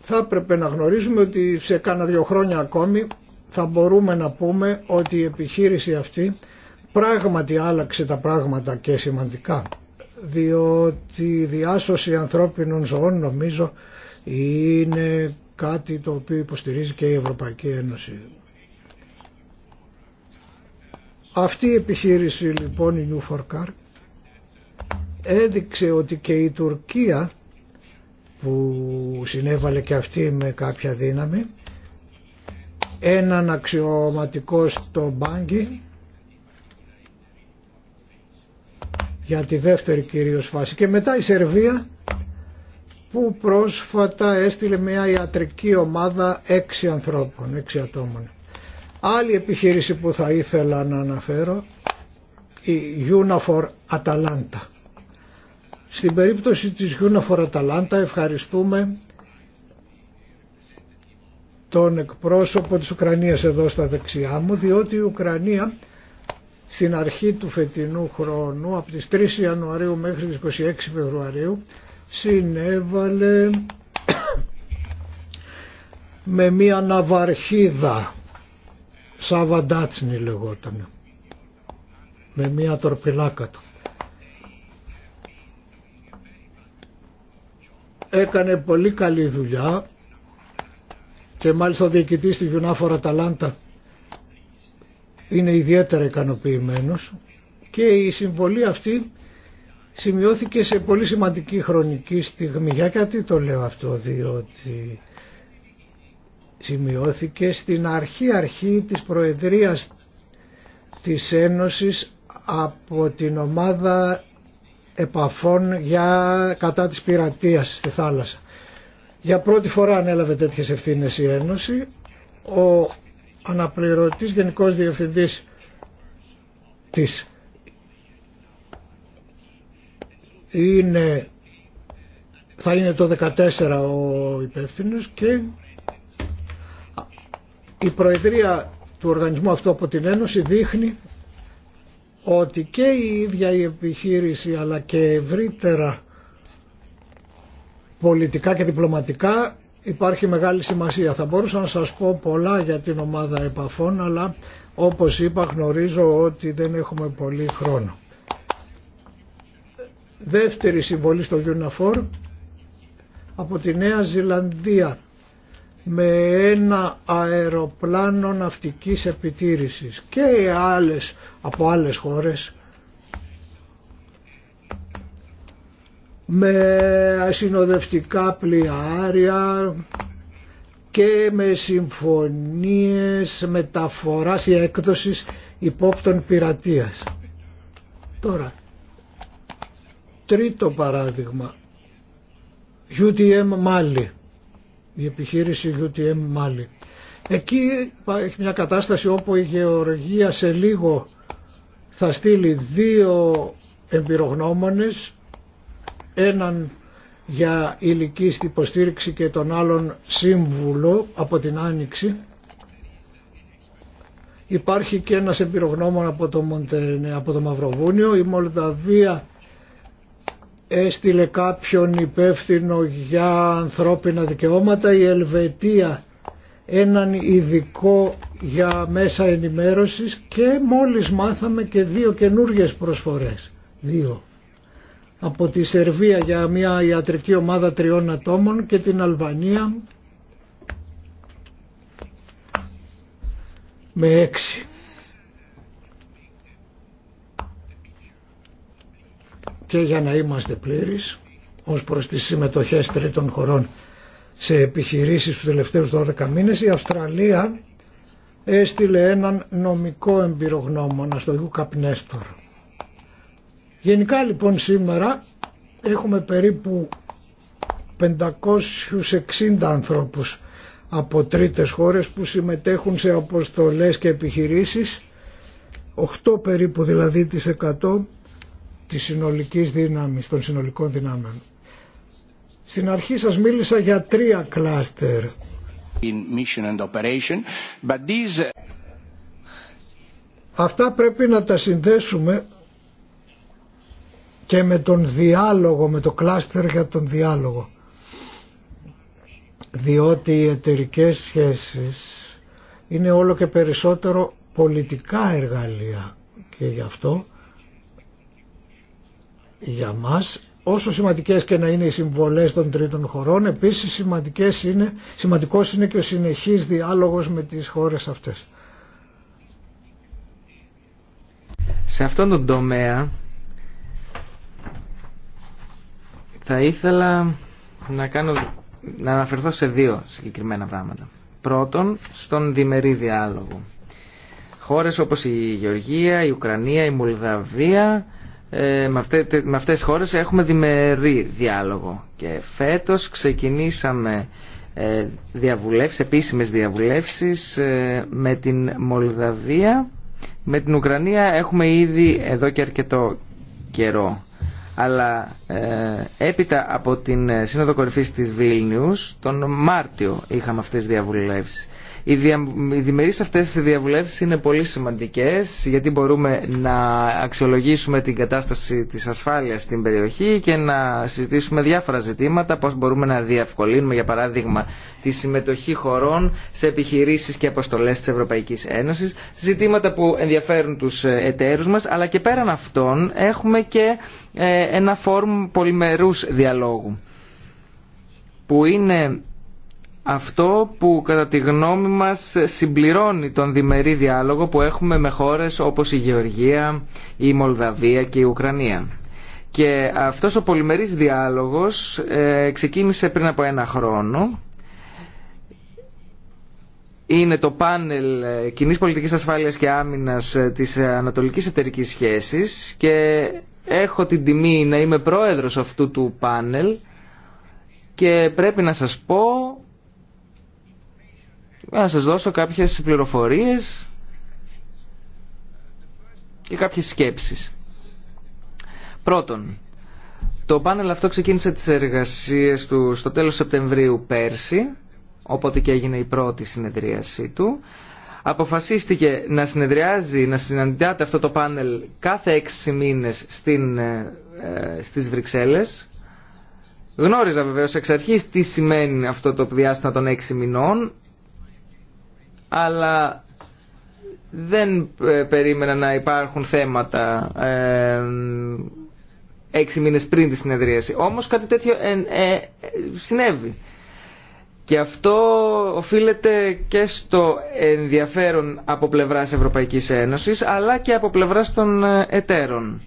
θα έπρεπε να γνωρίζουμε ότι σε κάνα δύο χρόνια ακόμη θα μπορούμε να πούμε ότι η επιχείρηση αυτή Πράγματι άλλαξε τα πράγματα και σημαντικά, διότι η διάσωση ανθρώπινων ζωών νομίζω είναι κάτι το οποίο υποστηρίζει και η Ευρωπαϊκή Ένωση. Αυτή η επιχείρηση λοιπόν η New Car έδειξε ότι και η Τουρκία που συνέβαλε και αυτή με κάποια δύναμη έναν αξιωματικό στο Μπάγκι για τη δεύτερη κυρίως φάση. Και μετά η Σερβία που πρόσφατα έστειλε μια ιατρική ομάδα έξι ανθρώπων, έξι ατόμων. Άλλη επιχείρηση που θα ήθελα να αναφέρω, η Unifor Atalanta. Στην περίπτωση της Unifor Atalanta ευχαριστούμε τον εκπρόσωπο της Ουκρανίας εδώ στα δεξιά μου, διότι η Ουκρανία στην αρχή του φετινού χρόνου από τις 3 Ιανουαρίου μέχρι τις 26 Φεβρουαρίου συνέβαλε με μία ναυαρχίδα Σαβαντάτσνη λεγόταν με μία τορπιλάκα του έκανε πολύ καλή δουλειά και μάλιστα ο διοικητής του Γιουνάφορα Ταλάντα είναι ιδιαίτερα ικανοποιημένος και η συμβολή αυτή σημειώθηκε σε πολύ σημαντική χρονική στιγμή. Για γιατί το λέω αυτό, διότι σημειώθηκε στην αρχή αρχή της Προεδρίας της Ένωσης από την ομάδα επαφών για, κατά της πειρατείας στη θάλασσα. Για πρώτη φορά ανέλαβε τέτοιες ευθύνες η Ένωση. Ο αναπληρωτής Γενικός Διευθυντής της είναι, θα είναι το 14 ο υπεύθυνο και η Προεδρία του οργανισμού αυτού από την Ένωση δείχνει ότι και η ίδια η επιχείρηση αλλά και ευρύτερα πολιτικά και διπλωματικά υπάρχει μεγάλη σημασία. Θα μπορούσα να σας πω πολλά για την ομάδα επαφών, αλλά όπως είπα γνωρίζω ότι δεν έχουμε πολύ χρόνο. Δεύτερη συμβολή στο UNAFOR από τη Νέα Ζηλανδία με ένα αεροπλάνο ναυτικής επιτήρησης και άλλες, από άλλες χώρες με ασυνοδευτικά πλοιάρια και με συμφωνίες μεταφοράς ή έκδοσης υπόπτων πειρατείας. Τώρα, τρίτο παράδειγμα, UTM Mali, η επιχείρηση UTM Mali. Εκεί υπάρχει μια κατάσταση όπου η Γεωργία σε λίγο θα στείλει δύο εμπειρογνώμονες έναν για ηλική υποστήριξη και τον άλλον σύμβουλο από την Άνοιξη. Υπάρχει και ένας εμπειρογνώμων από το, ναι, από το Μαυροβούνιο. Η Μολδαβία έστειλε κάποιον υπεύθυνο για ανθρώπινα δικαιώματα. Η Ελβετία έναν ειδικό για μέσα ενημέρωσης και μόλις μάθαμε και δύο καινούργιες προσφορές. Δύο από τη Σερβία για μια ιατρική ομάδα τριών ατόμων και την Αλβανία με έξι. Και για να είμαστε πλήρεις ως προς τις συμμετοχές τρίτων χωρών σε επιχειρήσεις του τελευταίους 12 μήνες η Αυστραλία έστειλε έναν νομικό εμπειρογνώμονα στο Ιούκα Καπνέστορ Γενικά λοιπόν σήμερα έχουμε περίπου 560 ανθρώπους από τρίτες χώρες που συμμετέχουν σε αποστολές και επιχειρήσεις 8 περίπου δηλαδή της 100 της συνολικής δύναμης, των συνολικών δυνάμεων. Στην αρχή σας μίλησα για τρία κλάστερ. In mission and operation, but these... Αυτά πρέπει να τα συνδέσουμε και με τον διάλογο, με το κλάστερ για τον διάλογο. Διότι οι εταιρικέ σχέσεις είναι όλο και περισσότερο πολιτικά εργαλεία και γι' αυτό για μας όσο σημαντικές και να είναι οι συμβολές των τρίτων χωρών επίσης σημαντικές είναι, σημαντικός είναι και ο συνεχής διάλογος με τις χώρες αυτές. Σε αυτόν τον τομέα Θα ήθελα να, κάνω, να αναφερθώ σε δύο συγκεκριμένα πράγματα. Πρώτον, στον διμερή διάλογο. Χώρες όπως η Γεωργία, η Ουκρανία, η Μολδαβία, ε, με, αυτές, αυτές χώρες έχουμε διμερή διάλογο. Και φέτος ξεκινήσαμε ε, διαβουλεύσεις, επίσημες διαβουλεύσεις ε, με την Μολδαβία. Με την Ουκρανία έχουμε ήδη εδώ και αρκετό καιρό αλλά ε, έπειτα από την ε, Σύνοδο Κορυφής της Βίλνιους τον Μάρτιο είχαμε αυτές τις διαβουλεύσεις οι, δια, οι διμερείς αυτές οι διαβουλεύσεις είναι πολύ σημαντικές γιατί μπορούμε να αξιολογήσουμε την κατάσταση της ασφάλειας στην περιοχή και να συζητήσουμε διάφορα ζητήματα, πώς μπορούμε να διευκολύνουμε για παράδειγμα τη συμμετοχή χωρών σε επιχειρήσεις και αποστολές της Ευρωπαϊκής Ένωσης, ζητήματα που ενδιαφέρουν τους εταίρους μας, αλλά και πέραν αυτών έχουμε και ε, ένα φόρουμ πολυμερούς διαλόγου που είναι αυτό που κατά τη γνώμη μας συμπληρώνει τον διμερή διάλογο που έχουμε με χώρες όπως η Γεωργία, η Μολδαβία και η Ουκρανία. Και αυτός ο πολυμερής διάλογος ε, ξεκίνησε πριν από ένα χρόνο. Είναι το πάνελ ε, κοινή πολιτικής ασφάλειας και άμυνας ε, της Ανατολικής Εταιρικής Σχέσης και έχω την τιμή να είμαι πρόεδρος αυτού του πάνελ και πρέπει να σας πω να σας δώσω κάποιες πληροφορίες και κάποιες σκέψεις. Πρώτον, το πάνελ αυτό ξεκίνησε τις εργασίες του στο τέλος Σεπτεμβρίου πέρσι, οπότε και έγινε η πρώτη συνεδρίασή του. Αποφασίστηκε να συνεδριάζει, να συναντιάται αυτό το πάνελ κάθε έξι μήνες στην, ε, στις Βρυξέλλες. Γνώριζα βεβαίως εξ αρχής τι σημαίνει αυτό το διάστημα των έξι μηνών, αλλά δεν ε, περίμενα να υπάρχουν θέματα ε, έξι μήνες πριν τη συνεδρίαση. Όμως κάτι τέτοιο ε, συνέβη. Και αυτό οφείλεται και στο ενδιαφέρον από πλευράς Ευρωπαϊκής Ένωσης αλλά και από πλευράς των εταίρων.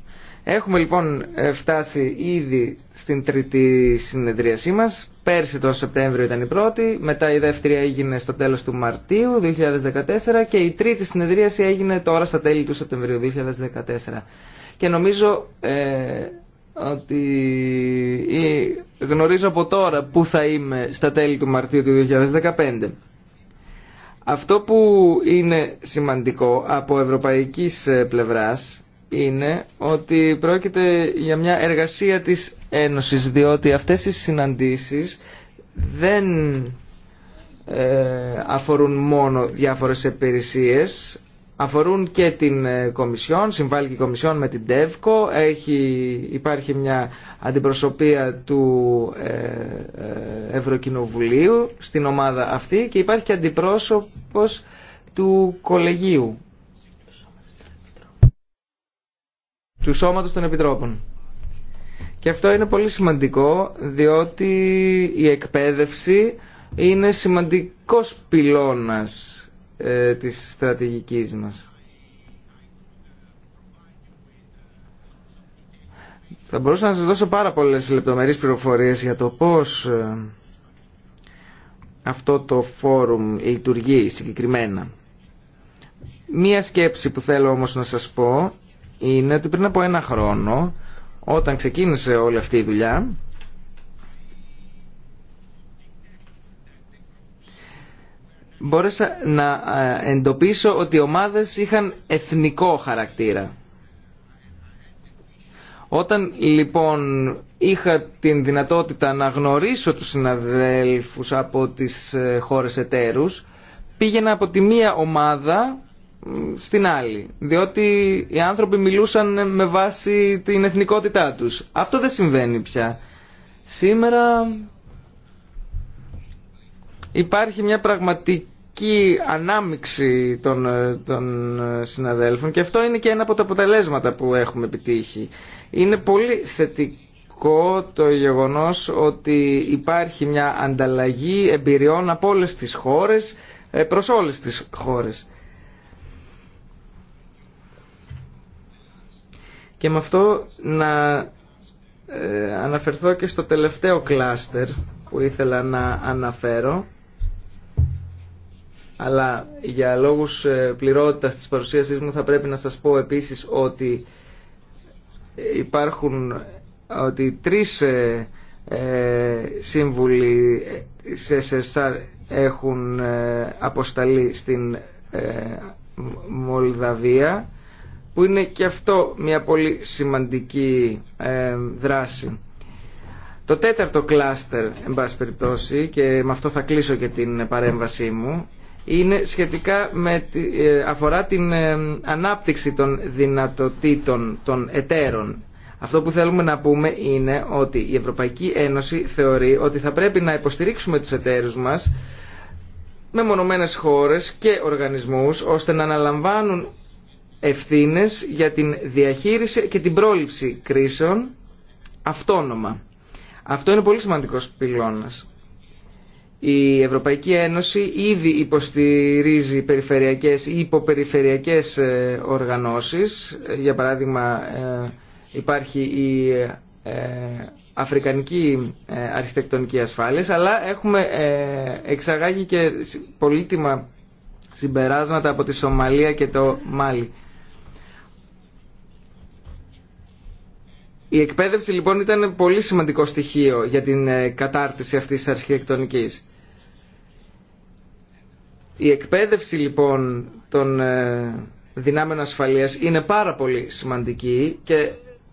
Έχουμε λοιπόν ε, φτάσει ήδη στην τρίτη συνεδρίασή μας. Πέρσι το Σεπτέμβριο ήταν η πρώτη, μετά η δεύτερη έγινε στο τέλος του Μαρτίου 2014 και η τρίτη συνεδρίαση έγινε τώρα στα τέλη του Σεπτεμβρίου 2014. Και νομίζω ε, ότι γνωρίζω από τώρα που θα είμαι στα τέλη του Μαρτίου του 2015. Αυτό που είναι σημαντικό από ευρωπαϊκής ε, πλευράς είναι ότι πρόκειται για μια εργασία της Ένωσης διότι αυτές οι συναντήσεις δεν ε, αφορούν μόνο διάφορες επιρρησίες αφορούν και την ε, Κομισιόν, συμβάλλει και η Κομισιόν με την ΤΕΒΚΟ, έχει, υπάρχει μια αντιπροσωπεία του ε, Ευρωκοινοβουλίου στην ομάδα αυτή και υπάρχει και αντιπρόσωπος του Κολεγίου του Σώματος των Επιτρόπων. Και αυτό είναι πολύ σημαντικό διότι η εκπαίδευση είναι σημαντικός πυλώνας ε, της στρατηγικής μας. Θα μπορούσα να σας δώσω πάρα πολλές λεπτομερείς πληροφορίες για το πώς ε, αυτό το φόρουμ λειτουργεί συγκεκριμένα. Μία σκέψη που θέλω όμως να σας πω είναι ότι πριν από ένα χρόνο όταν ξεκίνησε όλη αυτή η δουλειά μπόρεσα να ε, εντοπίσω ότι οι ομάδες είχαν εθνικό χαρακτήρα. Όταν λοιπόν είχα την δυνατότητα να γνωρίσω τους συναδέλφους από τις ε, χώρες εταίρους πήγαινα από τη μία ομάδα στην άλλη. Διότι οι άνθρωποι μιλούσαν με βάση την εθνικότητά τους. Αυτό δεν συμβαίνει πια. Σήμερα υπάρχει μια πραγματική ανάμιξη των, ε, των ε, συναδέλφων και αυτό είναι και ένα από τα αποτελέσματα που έχουμε επιτύχει. Είναι πολύ θετικό το γεγονός ότι υπάρχει μια ανταλλαγή εμπειριών από όλες τις χώρες ε, προς όλες τις χώρες. Και με αυτό να ε, αναφερθώ και στο τελευταίο κλάστερ που ήθελα να αναφέρω αλλά για λόγους ε, πληρότητας της παρουσίασής μου θα πρέπει να σας πω επίσης ότι ε, υπάρχουν ότι τρεις ε, σύμβουλοι σε SSR έχουν αποσταλεί στην Μολδαβία που είναι και αυτό μια πολύ σημαντική ε, δράση. Το τέταρτο κλάστερ, εν πάση περιπτώσει, και με αυτό θα κλείσω και την παρέμβασή μου, είναι σχετικά με, ε, αφορά την ε, ανάπτυξη των δυνατοτήτων των εταίρων. Αυτό που θέλουμε να πούμε είναι ότι η Ευρωπαϊκή Ένωση θεωρεί ότι θα πρέπει να υποστηρίξουμε τους εταίρους μας με μονομένες χώρες και οργανισμούς ώστε να αναλαμβάνουν ευθύνες για την διαχείριση και την πρόληψη κρίσεων αυτόνομα. Αυτό είναι πολύ σημαντικός πυλώνας. Η Ευρωπαϊκή Ένωση ήδη υποστηρίζει περιφερειακές ή υποπεριφερειακές ε, οργανώσεις. Για παράδειγμα ε, υπάρχει η ε, Αφρικανική Αρχιτεκτονική Ασφάλειας, αλλά ασφαλεια αλλα εξαγάγει και πολύτιμα συμπεράσματα από τη Σομαλία και το Μάλι. Η εκπαίδευση λοιπόν ήταν πολύ σημαντικό στοιχείο για την ε, κατάρτιση αυτής της αρχιτεκτονικής. Η εκπαίδευση λοιπόν των ε, δυνάμεων ασφαλείας είναι πάρα πολύ σημαντική και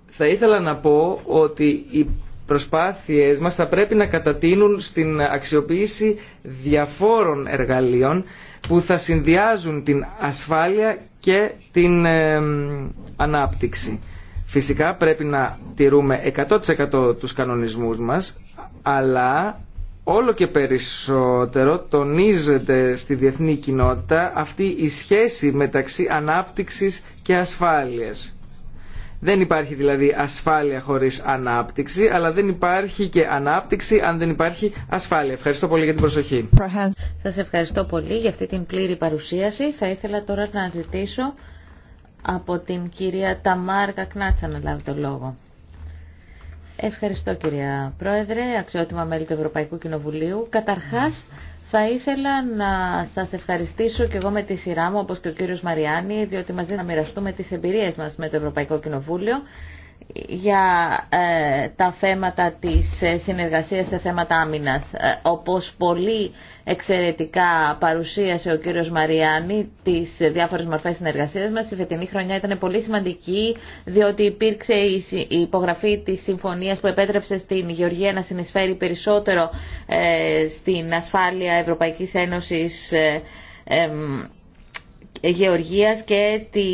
θα ήθελα να πω ότι οι προσπάθειές μας θα πρέπει να κατατείνουν στην αξιοποίηση διαφόρων εργαλείων που θα συνδυάζουν την ασφάλεια και την ε, ανάπτυξη. Φυσικά πρέπει να τηρούμε 100% τους κανονισμούς μας, αλλά όλο και περισσότερο τονίζεται στη διεθνή κοινότητα αυτή η σχέση μεταξύ ανάπτυξης και ασφάλειας. Δεν υπάρχει δηλαδή ασφάλεια χωρίς ανάπτυξη, αλλά δεν υπάρχει και ανάπτυξη αν δεν υπάρχει ασφάλεια. Ευχαριστώ πολύ για την προσοχή. Σας ευχαριστώ πολύ για αυτή την πλήρη παρουσίαση. Θα ήθελα τώρα να ζητήσω από την κυρία Ταμάρκα Κνάτσα να λάβει το λόγο. Ευχαριστώ κυρία Πρόεδρε, αξιότιμα μέλη του Ευρωπαϊκού Κοινοβουλίου. Καταρχάς θα ήθελα να σας ευχαριστήσω και εγώ με τη σειρά μου όπως και ο κύριος Μαριάννη διότι μαζί να μοιραστούμε τις εμπειρίες μας με το Ευρωπαϊκό Κοινοβούλιο για ε, τα θέματα της ε, συνεργασίας σε θέματα άμυνας. Ε, όπως πολύ εξαιρετικά παρουσίασε ο κύριος Μαριάννη τις διάφορες μορφές συνεργασίας μας, η φετινή χρονιά ήταν πολύ σημαντική διότι υπήρξε η υπογραφή της συμφωνίας που επέτρεψε στην Γεωργία να συνεισφέρει περισσότερο στην ασφάλεια Ευρωπαϊκής Ένωσης Γεωργίας και τη,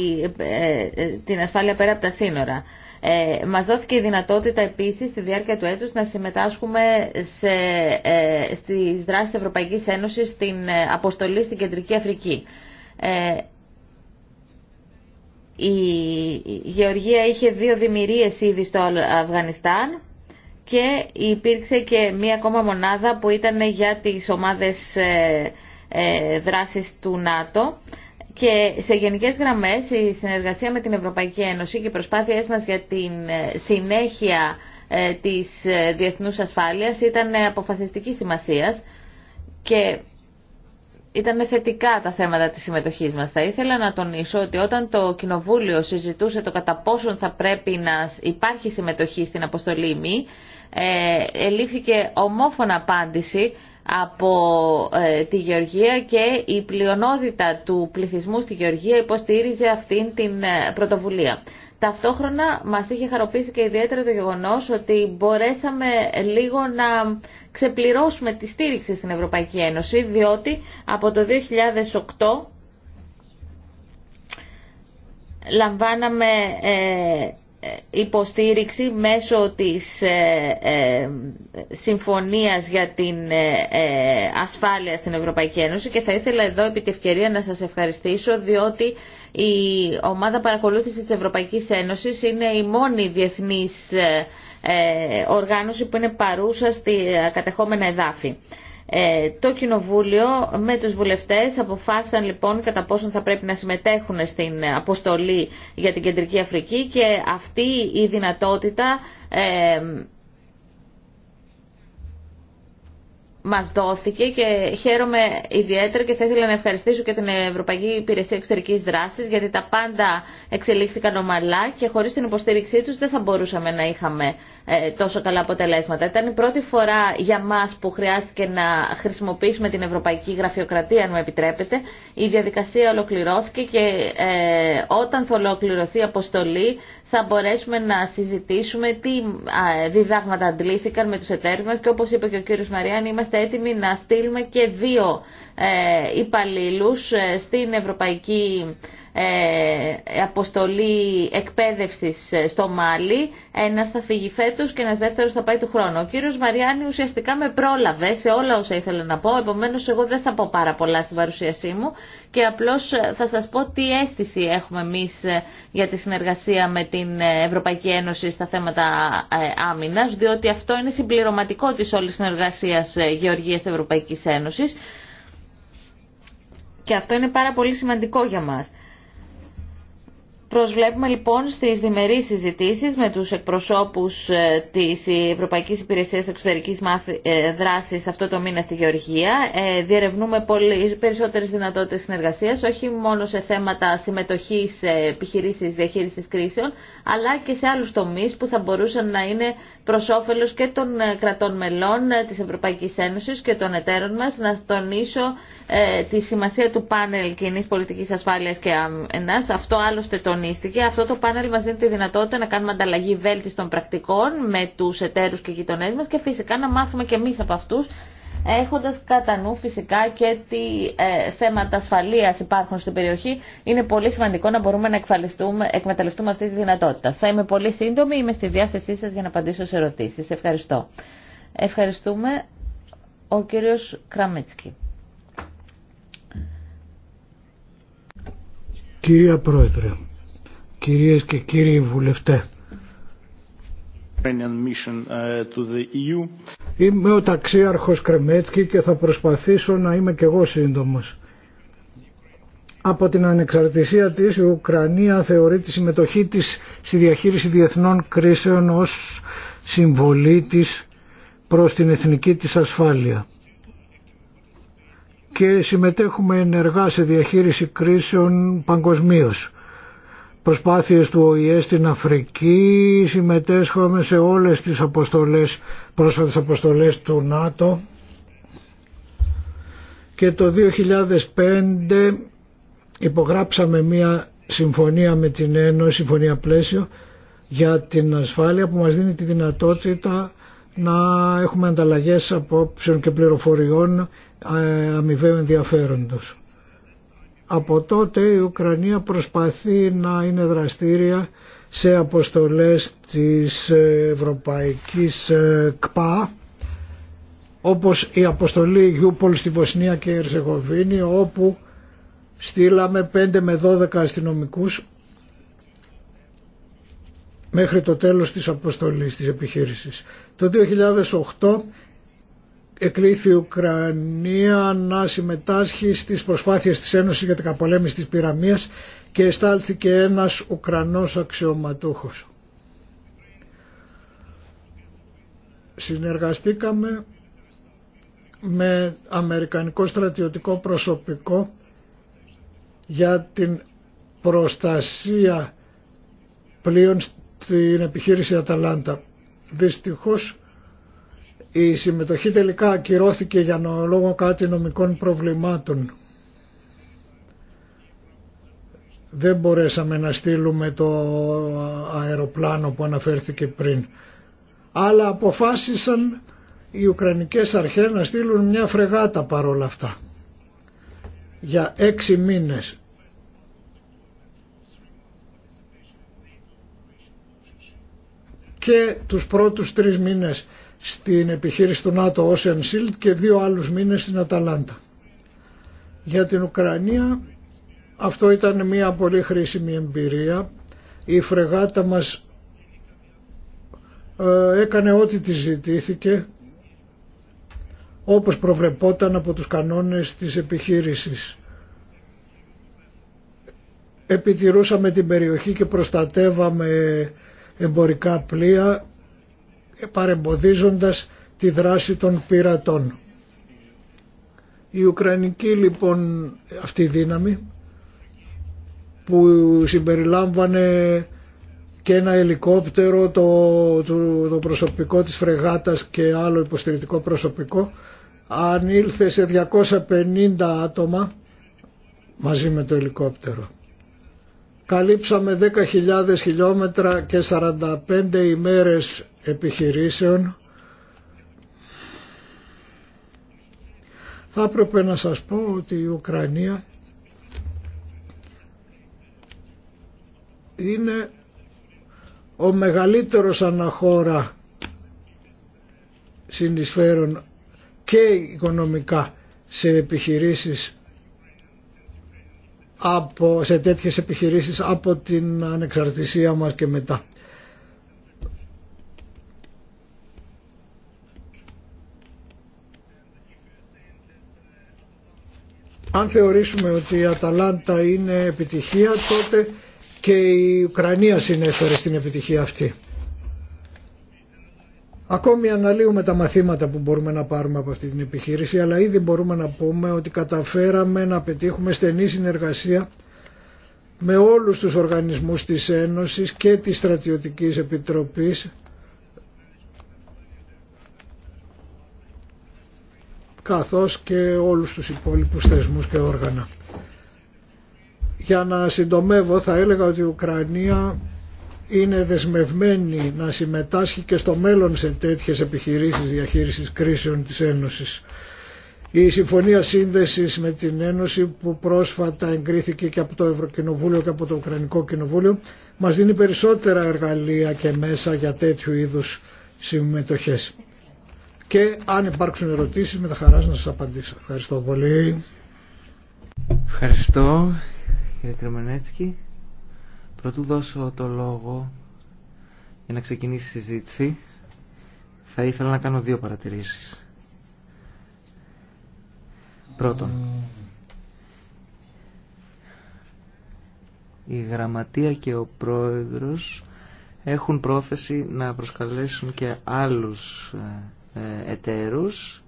την ασφάλεια πέρα από τα σύνορα. Ε, μας δόθηκε η δυνατότητα επίσης στη διάρκεια του έτους να συμμετάσχουμε σε, ε, στις δράσεις Ευρωπαϊκής Ένωσης στην ε, αποστολή στην Κεντρική Αφρική. Ε, η Γεωργία είχε δύο δημιουργίες ήδη στο Αφγανιστάν και υπήρξε και μία ακόμα μονάδα που ήταν για τις ομάδες ε, δράσης του ΝΑΤΟ. Και σε γενικές γραμμές η συνεργασία με την Ευρωπαϊκή Ένωση και οι προσπάθειές μας για την ε, συνέχεια ε, της ε, διεθνούς ασφάλειας ήταν αποφασιστική σημασίας και ήταν θετικά τα θέματα της συμμετοχή μας. Θα ήθελα να τονίσω ότι όταν το Κοινοβούλιο συζητούσε το κατά πόσον θα πρέπει να υπάρχει συμμετοχή στην αποστολή μη, ελήφθηκε ομόφωνα απάντηση από ε, τη Γεωργία και η πλειονότητα του πληθυσμού στη Γεωργία υποστήριζε αυτήν την ε, πρωτοβουλία. Ταυτόχρονα μας είχε χαροποιήσει και ιδιαίτερα το γεγονός ότι μπορέσαμε λίγο να ξεπληρώσουμε τη στήριξη στην Ευρωπαϊκή Ένωση, διότι από το 2008 λαμβάναμε ε, υποστήριξη μέσω της ε, ε, συμφωνίας για την ε, ασφάλεια στην Ευρωπαϊκή Ένωση και θα ήθελα εδώ επί ευκαιρία να σας ευχαριστήσω διότι η ομάδα παρακολούθησης της Ευρωπαϊκής Ένωσης είναι η μόνη διεθνής οργάνωση που είναι παρούσα στη κατεχόμενα εδάφη. Ε, το Κοινοβούλιο με τους βουλευτές αποφάσισαν λοιπόν κατά πόσον θα πρέπει να συμμετέχουν στην αποστολή για την Κεντρική Αφρική και αυτή η δυνατότητα ε, Μα δόθηκε και χαίρομαι ιδιαίτερα και θα ήθελα να ευχαριστήσω και την Ευρωπαϊκή Υπηρεσία Εξωτερική δράση γιατί τα πάντα εξελίχθηκαν ομαλά και χωρί την υποστήριξή του δεν θα μπορούσαμε να είχαμε ε, τόσο καλά αποτελέσματα. Ήταν η πρώτη φορά για μα που χρειάστηκε να χρησιμοποιήσουμε την Ευρωπαϊκή Γραφειοκρατία, αν μου επιτρέπετε. Η διαδικασία ολοκληρώθηκε και ε, όταν θα ολοκληρωθεί η αποστολή θα μπορέσουμε να συζητήσουμε τι διδάγματα αντλήθηκαν με τους εταίρους μας και όπως είπε και ο κύριος Μαρίαν είμαστε έτοιμοι να στείλουμε και δύο ε, υπαλλήλους ε, στην Ευρωπαϊκή ε, αποστολή εκπαίδευσης ε, στο Μάλι. Ένας θα φύγει φέτος και ένας δεύτερο θα πάει του χρόνου. Ο κύριος Μαριάννη ουσιαστικά με πρόλαβε σε όλα όσα ήθελα να πω, επομένως εγώ δεν θα πω πάρα πολλά στην παρουσίασή μου και απλώς ε, θα σας πω τι αίσθηση έχουμε εμείς για τη συνεργασία με την Ευρωπαϊκή Ένωση στα θέματα άμυνας, διότι αυτό είναι συμπληρωματικό της όλης συνεργασίας Γεωργίας Ευρωπαϊκής Ένωσης και αυτό είναι πάρα πολύ σημαντικό για μας. Προσβλέπουμε λοιπόν στις διμερείς συζητήσεις με τους εκπροσώπους ε, της Ευρωπαϊκής Υπηρεσίας Εξωτερικής ε, Δράσης αυτό το μήνα στη Γεωργία. Ε, διερευνούμε πολύ, περισσότερες δυνατότητες συνεργασίας, όχι μόνο σε θέματα συμμετοχής επιχειρήσει επιχειρήσεις διαχείρισης κρίσεων, αλλά και σε άλλους τομείς που θα μπορούσαν να είναι προς όφελος και των ε, κρατών μελών ε, της Ευρωπαϊκής Ένωσης και των εταίρων μας να τονίσω ε, τη σημασία του πάνελ κοινή πολιτικής ασφάλειας και άμυνας. Αυτό άλλωστε τονίστηκε. Αυτό το πάνελ μας δίνει τη δυνατότητα να κάνουμε ανταλλαγή βέλτιστων πρακτικών με τους εταίρους και γειτονές μας και φυσικά να μάθουμε και εμείς από αυτούς έχοντας κατά νου φυσικά και τι ε, θέματα ασφαλείας υπάρχουν στην περιοχή. Είναι πολύ σημαντικό να μπορούμε να εκμεταλλευτούμε αυτή τη δυνατότητα. Θα είμαι πολύ σύντομη, είμαι στη διάθεσή σας για να απαντήσω σε ερωτήσεις. Ευχαριστώ. Ευχαριστούμε ο κύριος Κραμίτσκι. Κυρία Πρόεδρε, κυρίες και κύριοι βουλευτές, Uh, e είμαι ο ταξίαρχος Κρεμέτσκι και θα προσπαθήσω να είμαι και εγώ σύντομος. Από την ανεξαρτησία της η Ουκρανία θεωρεί τη συμμετοχή της στη διαχείριση διεθνών κρίσεων ως συμβολή της προς την εθνική της ασφάλεια. Και συμμετέχουμε ενεργά σε διαχείριση κρίσεων παγκοσμίως προσπάθειες του ΟΗΕ στην Αφρική, συμμετέσχομαι σε όλες τις αποστολές, πρόσφατες αποστολές του ΝΑΤΟ και το 2005 υπογράψαμε μία συμφωνία με την Ένωση, συμφωνία πλαίσιο για την ασφάλεια που μας δίνει τη δυνατότητα να έχουμε ανταλλαγές απόψεων και πληροφοριών ε, αμοιβαίου ενδιαφέροντος. Από τότε η Ουκρανία προσπαθεί να είναι δραστήρια σε αποστολές της Ευρωπαϊκής ε, ΚΠΑ όπως η αποστολή Γιούπολ στη Βοσνία και Ερζεγοβίνη όπου στείλαμε 5 με 12 αστυνομικούς μέχρι το τέλος της αποστολής της επιχείρησης. Το 2008 εκλήθη η Ουκρανία να συμμετάσχει στις προσπάθειες της Ένωσης για την καπολέμηση της πυραμίας και εστάλθηκε ένας Ουκρανός αξιωματούχος. Συνεργαστήκαμε με αμερικανικό στρατιωτικό προσωπικό για την προστασία πλοίων στην επιχείρηση Αταλάντα. Δυστυχώς η συμμετοχή τελικά ακυρώθηκε για λόγω κάτι νομικών προβλημάτων. Δεν μπορέσαμε να στείλουμε το αεροπλάνο που αναφέρθηκε πριν. Αλλά αποφάσισαν οι Ουκρανικές αρχές να στείλουν μια φρεγάτα παρόλα αυτά. Για έξι μήνες. Και τους πρώτους τρεις μήνες στην επιχείρηση του ΝΑΤΟ Ocean Shield και δύο άλλους μήνες στην Αταλάντα. Για την Ουκρανία αυτό ήταν μια πολύ χρήσιμη εμπειρία. Η φρεγάτα μας ε, έκανε ό,τι τη ζητήθηκε όπως προβλεπόταν από τους κανόνες της επιχείρησης. Επιτηρούσαμε την περιοχή και προστατεύαμε εμπορικά πλοία παρεμποδίζοντας τη δράση των πειρατών. Η Ουκρανική λοιπόν αυτή δύναμη που συμπεριλάμβανε και ένα ελικόπτερο, το, το, το προσωπικό της φρεγάτας και άλλο υποστηρικτικό προσωπικό ανήλθε σε 250 άτομα μαζί με το ελικόπτερο. Καλύψαμε 10.000 χιλιόμετρα και 45 ημέρες επιχειρήσεων θα έπρεπε να σας πω ότι η Ουκρανία είναι ο μεγαλύτερος αναχώρα συνεισφέρον και οικονομικά σε επιχειρήσεις από, σε τέτοιες επιχειρήσεις από την ανεξαρτησία μας και μετά. Αν θεωρήσουμε ότι η Αταλάντα είναι επιτυχία τότε και η Ουκρανία συνέφερε στην επιτυχία αυτή. Ακόμη αναλύουμε τα μαθήματα που μπορούμε να πάρουμε από αυτή την επιχείρηση, αλλά ήδη μπορούμε να πούμε ότι καταφέραμε να πετύχουμε στενή συνεργασία με όλους τους οργανισμούς της Ένωσης και της Στρατιωτικής Επιτροπής καθώς και όλους τους υπόλοιπους θεσμούς και όργανα. Για να συντομεύω θα έλεγα ότι η Ουκρανία είναι δεσμευμένη να συμμετάσχει και στο μέλλον σε τέτοιες επιχειρήσεις διαχείρισης κρίσεων της Ένωσης. Η Συμφωνία Σύνδεσης με την Ένωση που πρόσφατα εγκρίθηκε και από το Ευρωκοινοβούλιο και από το Ουκρανικό Κοινοβούλιο μας δίνει περισσότερα εργαλεία και μέσα για τέτοιου είδους συμμετοχές και αν υπάρξουν ερωτήσεις με τα χαρά να σας απαντήσω. Ευχαριστώ πολύ. Ευχαριστώ κύριε Κρεμενέτσκι. Πρωτού δώσω το λόγο για να ξεκινήσει η συζήτηση θα ήθελα να κάνω δύο παρατηρήσεις. Πρώτον, η Γραμματεία και ο Πρόεδρος έχουν πρόθεση να προσκαλέσουν και άλλους ε, ε, εταίρους.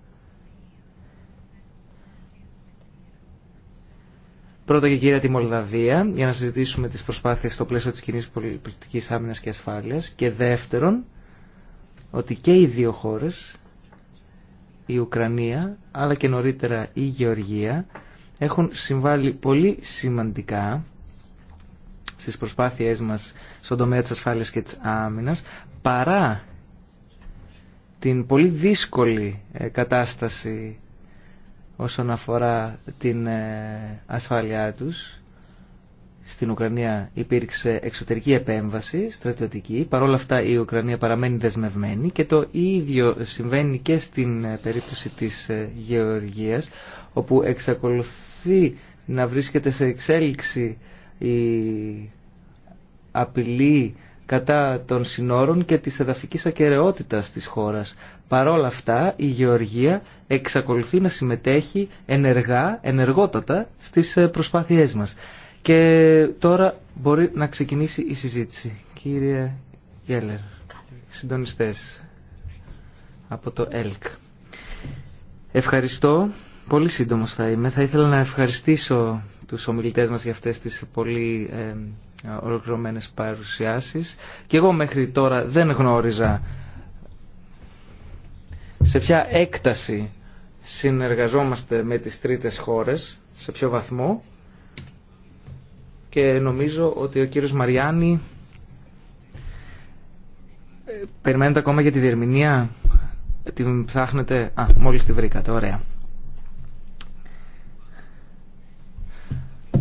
Πρώτα και κύρια τη Μολδαβία, για να συζητήσουμε τις προσπάθειες στο πλαίσιο της κοινή πολιτικής άμυνας και ασφάλειας. Και δεύτερον, ότι και οι δύο χώρες, η Ουκρανία, αλλά και νωρίτερα η Γεωργία, έχουν συμβάλει πολύ σημαντικά στις προσπάθειές μας στον τομέα της ασφάλειας και της άμυνας, παρά την πολύ δύσκολη ε, κατάσταση όσον αφορά την ε, ασφάλειά τους. Στην Ουκρανία υπήρξε εξωτερική επέμβαση, στρατιωτική. Παρόλα αυτά η Ουκρανία παραμένει δεσμευμένη και το ίδιο συμβαίνει και στην ε, περίπτωση της Γεωργίας, όπου εξακολουθεί να βρίσκεται σε εξέλιξη η απειλή κατά των συνόρων και της εδαφικής ακαιρεότητας της χώρας. Παρόλα αυτά η Γεωργία εξακολουθεί να συμμετέχει ενεργά, ενεργότατα στις ε, προσπάθειές μας. Και τώρα μπορεί να ξεκινήσει η συζήτηση. Κύριε Γέλλερ, συντονιστές από το ΕΛΚ. Ευχαριστώ. Πολύ σύντομος θα είμαι. Θα ήθελα να ευχαριστήσω τους ομιλητές μας για αυτές τις πολύ ε, ολοκληρωμένες παρουσιάσεις και εγώ μέχρι τώρα δεν γνώριζα σε ποια έκταση συνεργαζόμαστε με τις τρίτες χώρες, σε ποιο βαθμό και νομίζω ότι ο κύριος Μαριάννη ε, περιμένετε ακόμα για τη διερμηνία την ψάχνετε α, μόλις τη βρήκατε, ωραία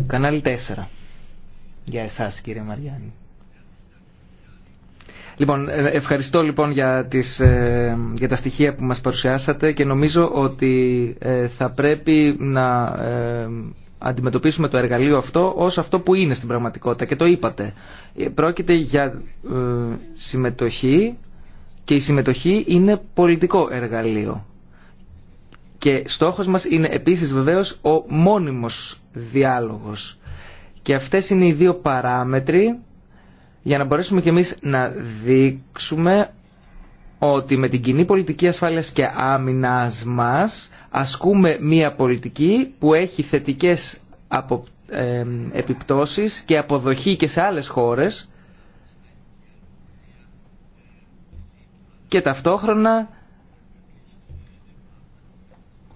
κανάλι 4 για εσάς κύριε Μαριάννη. Λοιπόν, ε, ευχαριστώ λοιπόν για, τις, ε, για τα στοιχεία που μας παρουσιάσατε και νομίζω ότι ε, θα πρέπει να αντιμετωπίσουμε το εργαλείο αυτό ως αυτό που είναι στην πραγματικότητα και το είπατε. Πρόκειται για συμμετοχή και η συμμετοχή είναι πολιτικό εργαλείο. Και στόχος μας είναι επίσης βεβαίως ο μόνιμος διάλογος και αυτές είναι οι δύο παράμετροι για να μπορέσουμε και εμείς να δείξουμε ότι με την κοινή πολιτική ασφάλειας και άμυνας μας ασκούμε μία πολιτική που έχει θετικές απο, επιπτώσεις και αποδοχή και σε άλλες χώρες και ταυτόχρονα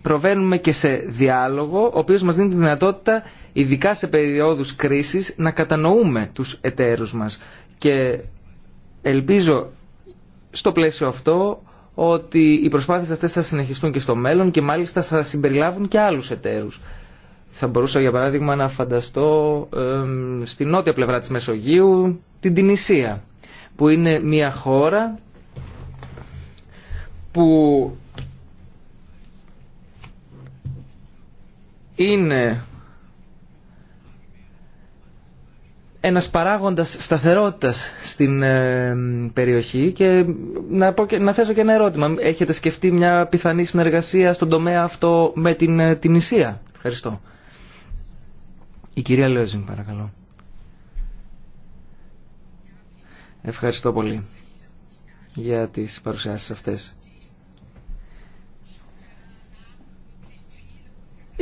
προβαίνουμε και σε διάλογο, ο οποίος μας δίνει τη δυνατότητα, ειδικά σε περιόδους κρίσης, να κατανοούμε τους εταίρους μας. Και ελπίζω στο πλαίσιο αυτό ότι οι προσπάθειες αυτές θα συνεχιστούν και στο μέλλον και μάλιστα θα συμπεριλάβουν και άλλους εταίρους. Θα μπορούσα για παράδειγμα να φανταστώ στην στη νότια πλευρά της Μεσογείου την Τινησία που είναι μια χώρα που είναι ένας παράγοντας σταθερότητας στην ε, περιοχή και να, θέσω και ένα ερώτημα. Έχετε σκεφτεί μια πιθανή συνεργασία στον τομέα αυτό με την, ε, την Ισία. Ευχαριστώ. Η κυρία Λέζιν παρακαλώ. Ευχαριστώ πολύ για τις παρουσιάσεις αυτές.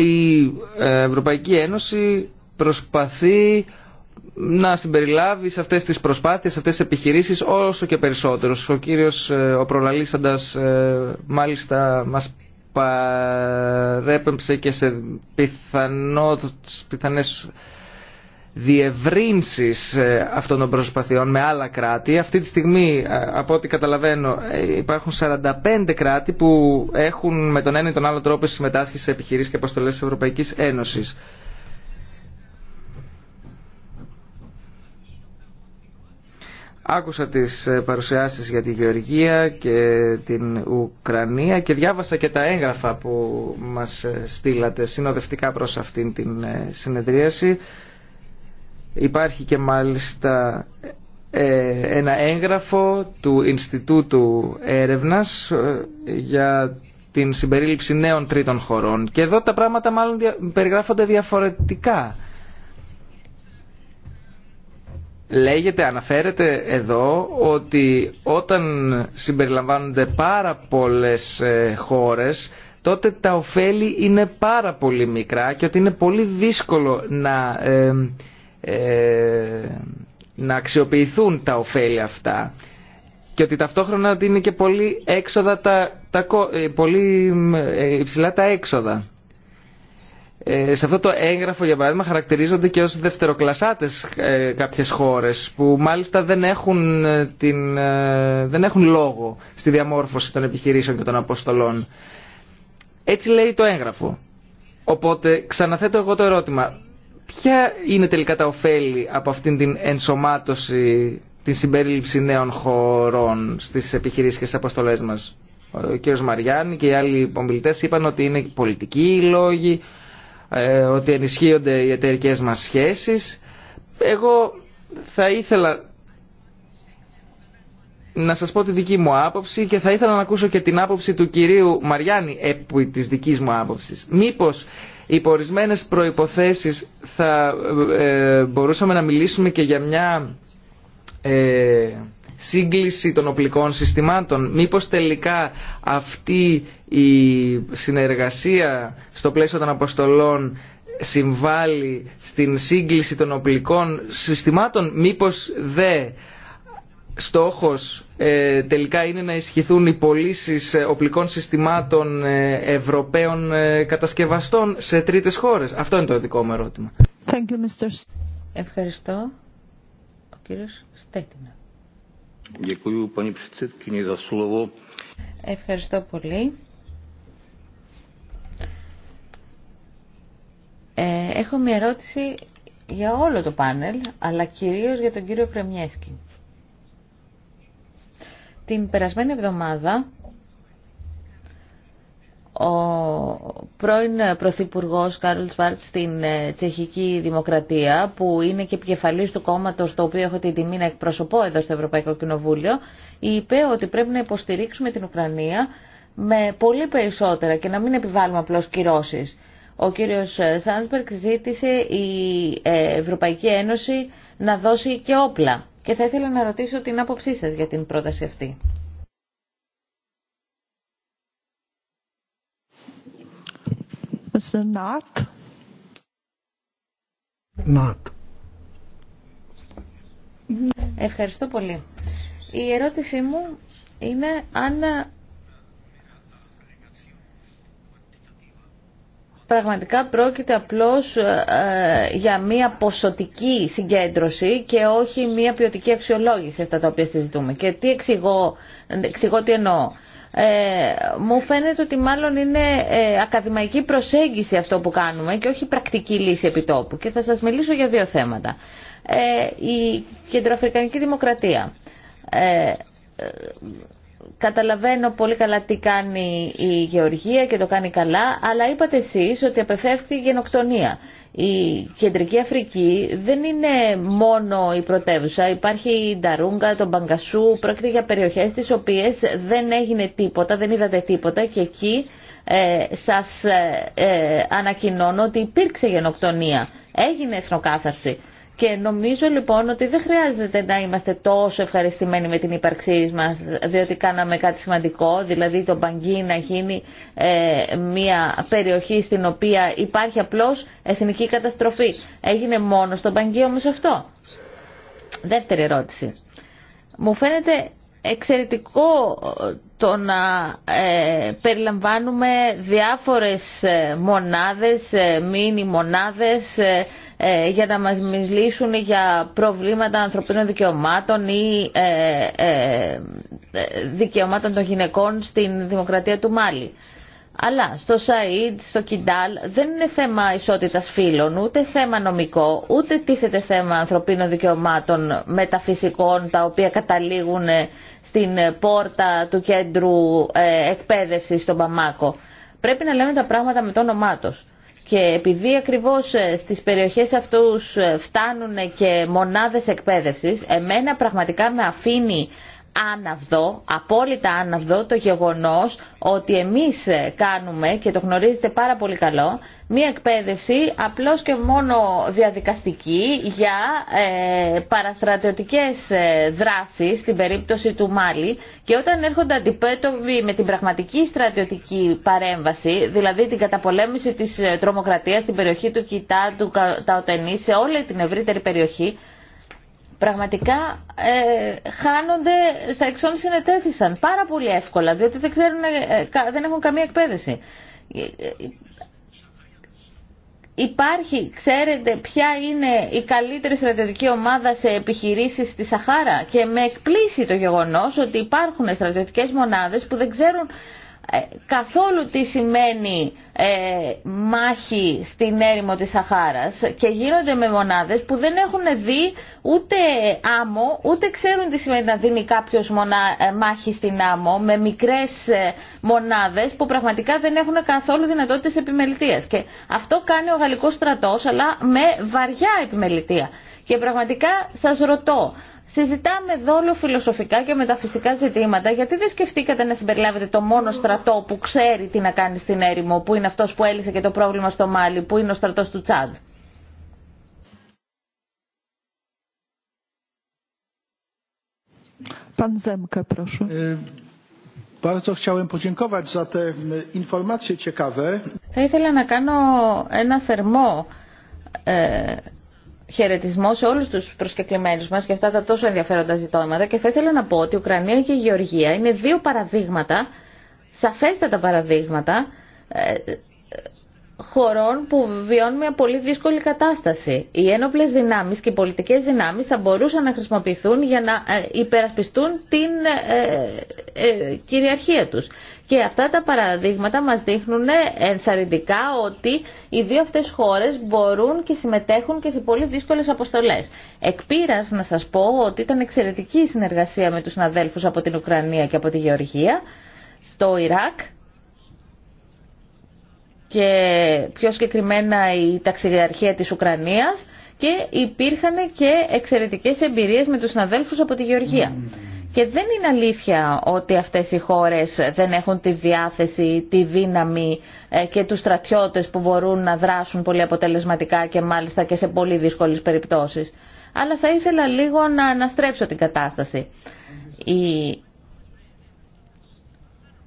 η ε, Ευρωπαϊκή Ένωση προσπαθεί να συμπεριλάβει σε αυτές τις προσπάθειες, σε αυτές τις επιχειρήσεις όσο και περισσότερο. Ο κύριος ε, ο προλαλήσαντας ε, μάλιστα μας παρέπεμψε και σε πιθανό, πιθανές διευρύνσεις ε, αυτών των προσπαθειών με άλλα κράτη. Αυτή τη στιγμή, ε, από ό,τι καταλαβαίνω, ε, υπάρχουν 45 κράτη που έχουν με τον ένα ή τον άλλο τρόπο συμμετάσχει σε επιχειρήσεις και αποστολές της Ευρωπαϊκής Ένωσης. Άκουσα τις παρουσιάσεις για τη Γεωργία και την Ουκρανία και διάβασα και τα έγγραφα που μας στείλατε συνοδευτικά προς αυτήν την συνεδρίαση. Υπάρχει και μάλιστα ε, ένα έγγραφο του Ινστιτούτου Έρευνας ε, για την συμπερίληψη νέων τρίτων χωρών. Και εδώ τα πράγματα μάλλον περιγράφονται διαφορετικά. Λέγεται, αναφέρεται εδώ ότι όταν συμπεριλαμβάνονται πάρα πολλές ε, χώρες τότε τα ωφέλη είναι πάρα πολύ μικρά και ότι είναι πολύ δύσκολο να ε, να αξιοποιηθούν τα ωφέλη αυτά και ότι ταυτόχρονα είναι και πολύ, έξοδα τα, ε, πολύ ε, υψηλά τα έξοδα. σε αυτό το έγγραφο, για παράδειγμα, χαρακτηρίζονται και ως δευτεροκλασάτες ε, κάποιες χώρες που μάλιστα δεν έχουν, την, δεν έχουν λόγο στη διαμόρφωση των επιχειρήσεων και των αποστολών. Έτσι λέει το έγγραφο. Οπότε ξαναθέτω εγώ το ερώτημα. Ποια είναι τελικά τα ωφέλη από αυτήν την ενσωμάτωση, την συμπερίληψη νέων χωρών στις επιχειρήσεις και στις αποστολές μας. Ο κύριος Μαριάννη και οι άλλοι ομιλητές είπαν ότι είναι πολιτικοί οι λόγοι, ε, ότι ενισχύονται οι εταιρικέ μας σχέσεις. Εγώ θα ήθελα να σας πω τη δική μου άποψη και θα ήθελα να ακούσω και την άποψη του κυρίου Μαριάννη επί της δικής μου άποψης. Μήπως υπό ορισμένε προϋποθέσεις θα ε, μπορούσαμε να μιλήσουμε και για μια ε, σύγκληση των οπλικών συστημάτων. Μήπως τελικά αυτή η συνεργασία στο πλαίσιο των αποστολών συμβάλλει στην σύγκληση των οπλικών συστημάτων, μήπως δε στόχος ε, τελικά είναι να ισχυθούν οι πωλήσει ε, οπλικών συστημάτων ε, Ευρωπαίων κατασκευαστών σε τρίτες χώρες. Αυτό είναι το δικό μου ερώτημα. Thank you, Mr. Ευχαριστώ. Ο κύριος Στέτινα. Ευχαριστώ πολύ. έχω μια ερώτηση για όλο το πάνελ, αλλά κυρίως για τον κύριο Κρεμιέσκη. Την περασμένη εβδομάδα ο πρώην Πρωθυπουργό Κάρλ Σβάρτ στην ε, Τσεχική Δημοκρατία, που είναι και επικεφαλή του κόμματο το οποίο έχω την τιμή να εκπροσωπώ εδώ στο Ευρωπαϊκό Κοινοβούλιο, είπε ότι πρέπει να υποστηρίξουμε την Ουκρανία με πολύ περισσότερα και να μην επιβάλλουμε απλώ κυρώσει. Ο κύριος Σάντσπερκ ζήτησε η ε, Ευρωπαϊκή Ένωση να δώσει και όπλα και θα ήθελα να ρωτήσω την άποψή σας για την πρόταση αυτή. Ευχαριστώ πολύ. Η ερώτησή μου είναι αν Πραγματικά πρόκειται απλώς ε, για μία ποσοτική συγκέντρωση και όχι μία ποιοτική αξιολόγηση αυτά τα οποία συζητούμε. Και τι εξηγώ, εξηγώ τι εννοώ. Ε, μου φαίνεται ότι μάλλον είναι ε, ακαδημαϊκή προσέγγιση αυτό που κάνουμε και όχι πρακτική λύση επιτόπου. Και θα σας μιλήσω για δύο θέματα. Ε, η κεντροαφρικανική δημοκρατία Καταλαβαίνω πολύ καλά τι κάνει η Γεωργία και το κάνει καλά, αλλά είπατε εσείς ότι απεφεύχθηκε η γενοκτονία. Η Κεντρική Αφρική δεν είναι μόνο η πρωτεύουσα. Υπάρχει η Νταρούγκα, το Μπαγκασού, πρόκειται για περιοχές τις οποίες δεν έγινε τίποτα, δεν είδατε τίποτα και εκεί ε, σας ε, ε, ανακοινώνω ότι υπήρξε γενοκτονία, έγινε εθνοκάθαρση. Και νομίζω λοιπόν ότι δεν χρειάζεται να είμαστε τόσο ευχαριστημένοι με την ύπαρξή μας, διότι κάναμε κάτι σημαντικό, δηλαδή το Μπαγκί να γίνει ε, μια περιοχή στην οποία υπάρχει απλώς εθνική καταστροφή. Έγινε μόνο στο Μπαγκί όμως αυτό. Δεύτερη ερώτηση. Μου φαίνεται εξαιρετικό ε, το να ε, περιλαμβάνουμε διάφορες ε, μονάδες, μίνι μονάδες, ε, για να μας μιλήσουν για προβλήματα ανθρωπίνων δικαιωμάτων ή ε, ε, δικαιωμάτων των γυναικών στην δημοκρατία του Μάλι. Αλλά στο ΣΑΙΔ, στο Κιντάλ δεν είναι θέμα ισότητας φύλων, ούτε θέμα νομικό, ούτε τίθεται θέμα ανθρωπίνων δικαιωμάτων μεταφυσικών τα οποία καταλήγουν στην πόρτα του κέντρου εκπαίδευσης στον Παμάκο. Πρέπει να λέμε τα πράγματα με το όνομά τους. Και επειδή ακριβώς ε, στις περιοχές αυτούς ε, φτάνουν και μονάδες εκπαίδευσης, εμένα πραγματικά με αφήνει άναυδο, απόλυτα άναυδο το γεγονός ότι εμείς κάνουμε και το γνωρίζετε πάρα πολύ καλό μία εκπαίδευση απλώς και μόνο διαδικαστική για ε, παραστρατιωτικές ε, δράσεις στην περίπτωση του Μάλι και όταν έρχονται αντιπέτωποι με την πραγματική στρατιωτική παρέμβαση δηλαδή την καταπολέμηση της ε, τρομοκρατίας στην περιοχή του Κιτά, του Καταοτενή, σε όλη την ευρύτερη περιοχή πραγματικά ε, χάνονται στα εξών συνετέθησαν πάρα πολύ εύκολα, διότι δεν, ξέρουν, ε, δεν έχουν καμία εκπαίδευση. Υπάρχει, ξέρετε, ποια είναι η καλύτερη στρατιωτική ομάδα σε επιχειρήσεις στη Σαχάρα και με εκπλήσει το γεγονός ότι υπάρχουν στρατιωτικές μονάδες που δεν ξέρουν ε, καθόλου τι σημαίνει ε, μάχη στην έρημο της Σαχάρας και γίνονται με μονάδες που δεν έχουν δει ούτε άμμο, ούτε ξέρουν τι σημαίνει να δίνει κάποιος μονά, ε, μάχη στην άμμο με μικρές ε, μονάδες που πραγματικά δεν έχουν καθόλου δυνατότητες επιμελητίας. Και αυτό κάνει ο γαλλικός στρατός αλλά με βαριά επιμελητία. Και πραγματικά σας ρωτώ, Συζητάμε δόλο φιλοσοφικά και μεταφυσικά ζητήματα. Γιατί δεν σκεφτήκατε να συμπεριλάβετε το μόνο στρατό που ξέρει τι να κάνει στην έρημο, που είναι αυτό που έλυσε και το πρόβλημα στο Μάλι, που είναι ο στρατό του Τσάντ. Θα ήθελα να κάνω ένα θερμό ε, χαιρετισμό σε όλους τους προσκεκλημένους μας για αυτά τα τόσο ενδιαφέροντα ζητώματα και θα ήθελα να πω ότι η Ουκρανία και η Γεωργία είναι δύο παραδείγματα, σαφέστατα παραδείγματα, ε, χωρών που βιώνουν μια πολύ δύσκολη κατάσταση. Οι ένοπλες δυνάμεις και οι πολιτικές δυνάμεις θα μπορούσαν να χρησιμοποιηθούν για να ε, υπερασπιστούν την ε, κυριαρχία τους. Και αυτά τα παραδείγματα μας δείχνουν ενθαρρυντικά ότι οι δύο αυτές χώρες μπορούν και συμμετέχουν και σε πολύ δύσκολες αποστολές. Εκ να σας πω ότι ήταν εξαιρετική η συνεργασία με τους συναδέλφους από την Ουκρανία και από τη Γεωργία στο Ιράκ και πιο συγκεκριμένα η ταξιδιαρχία της Ουκρανίας και υπήρχαν και εξαιρετικές εμπειρίες με τους συναδέλφους από τη Γεωργία. Mm. Και δεν είναι αλήθεια ότι αυτές οι χώρες δεν έχουν τη διάθεση, τη δύναμη ε, και τους στρατιώτες που μπορούν να δράσουν πολύ αποτελεσματικά και μάλιστα και σε πολύ δύσκολες περιπτώσεις. Αλλά θα ήθελα λίγο να αναστρέψω την κατάσταση. Η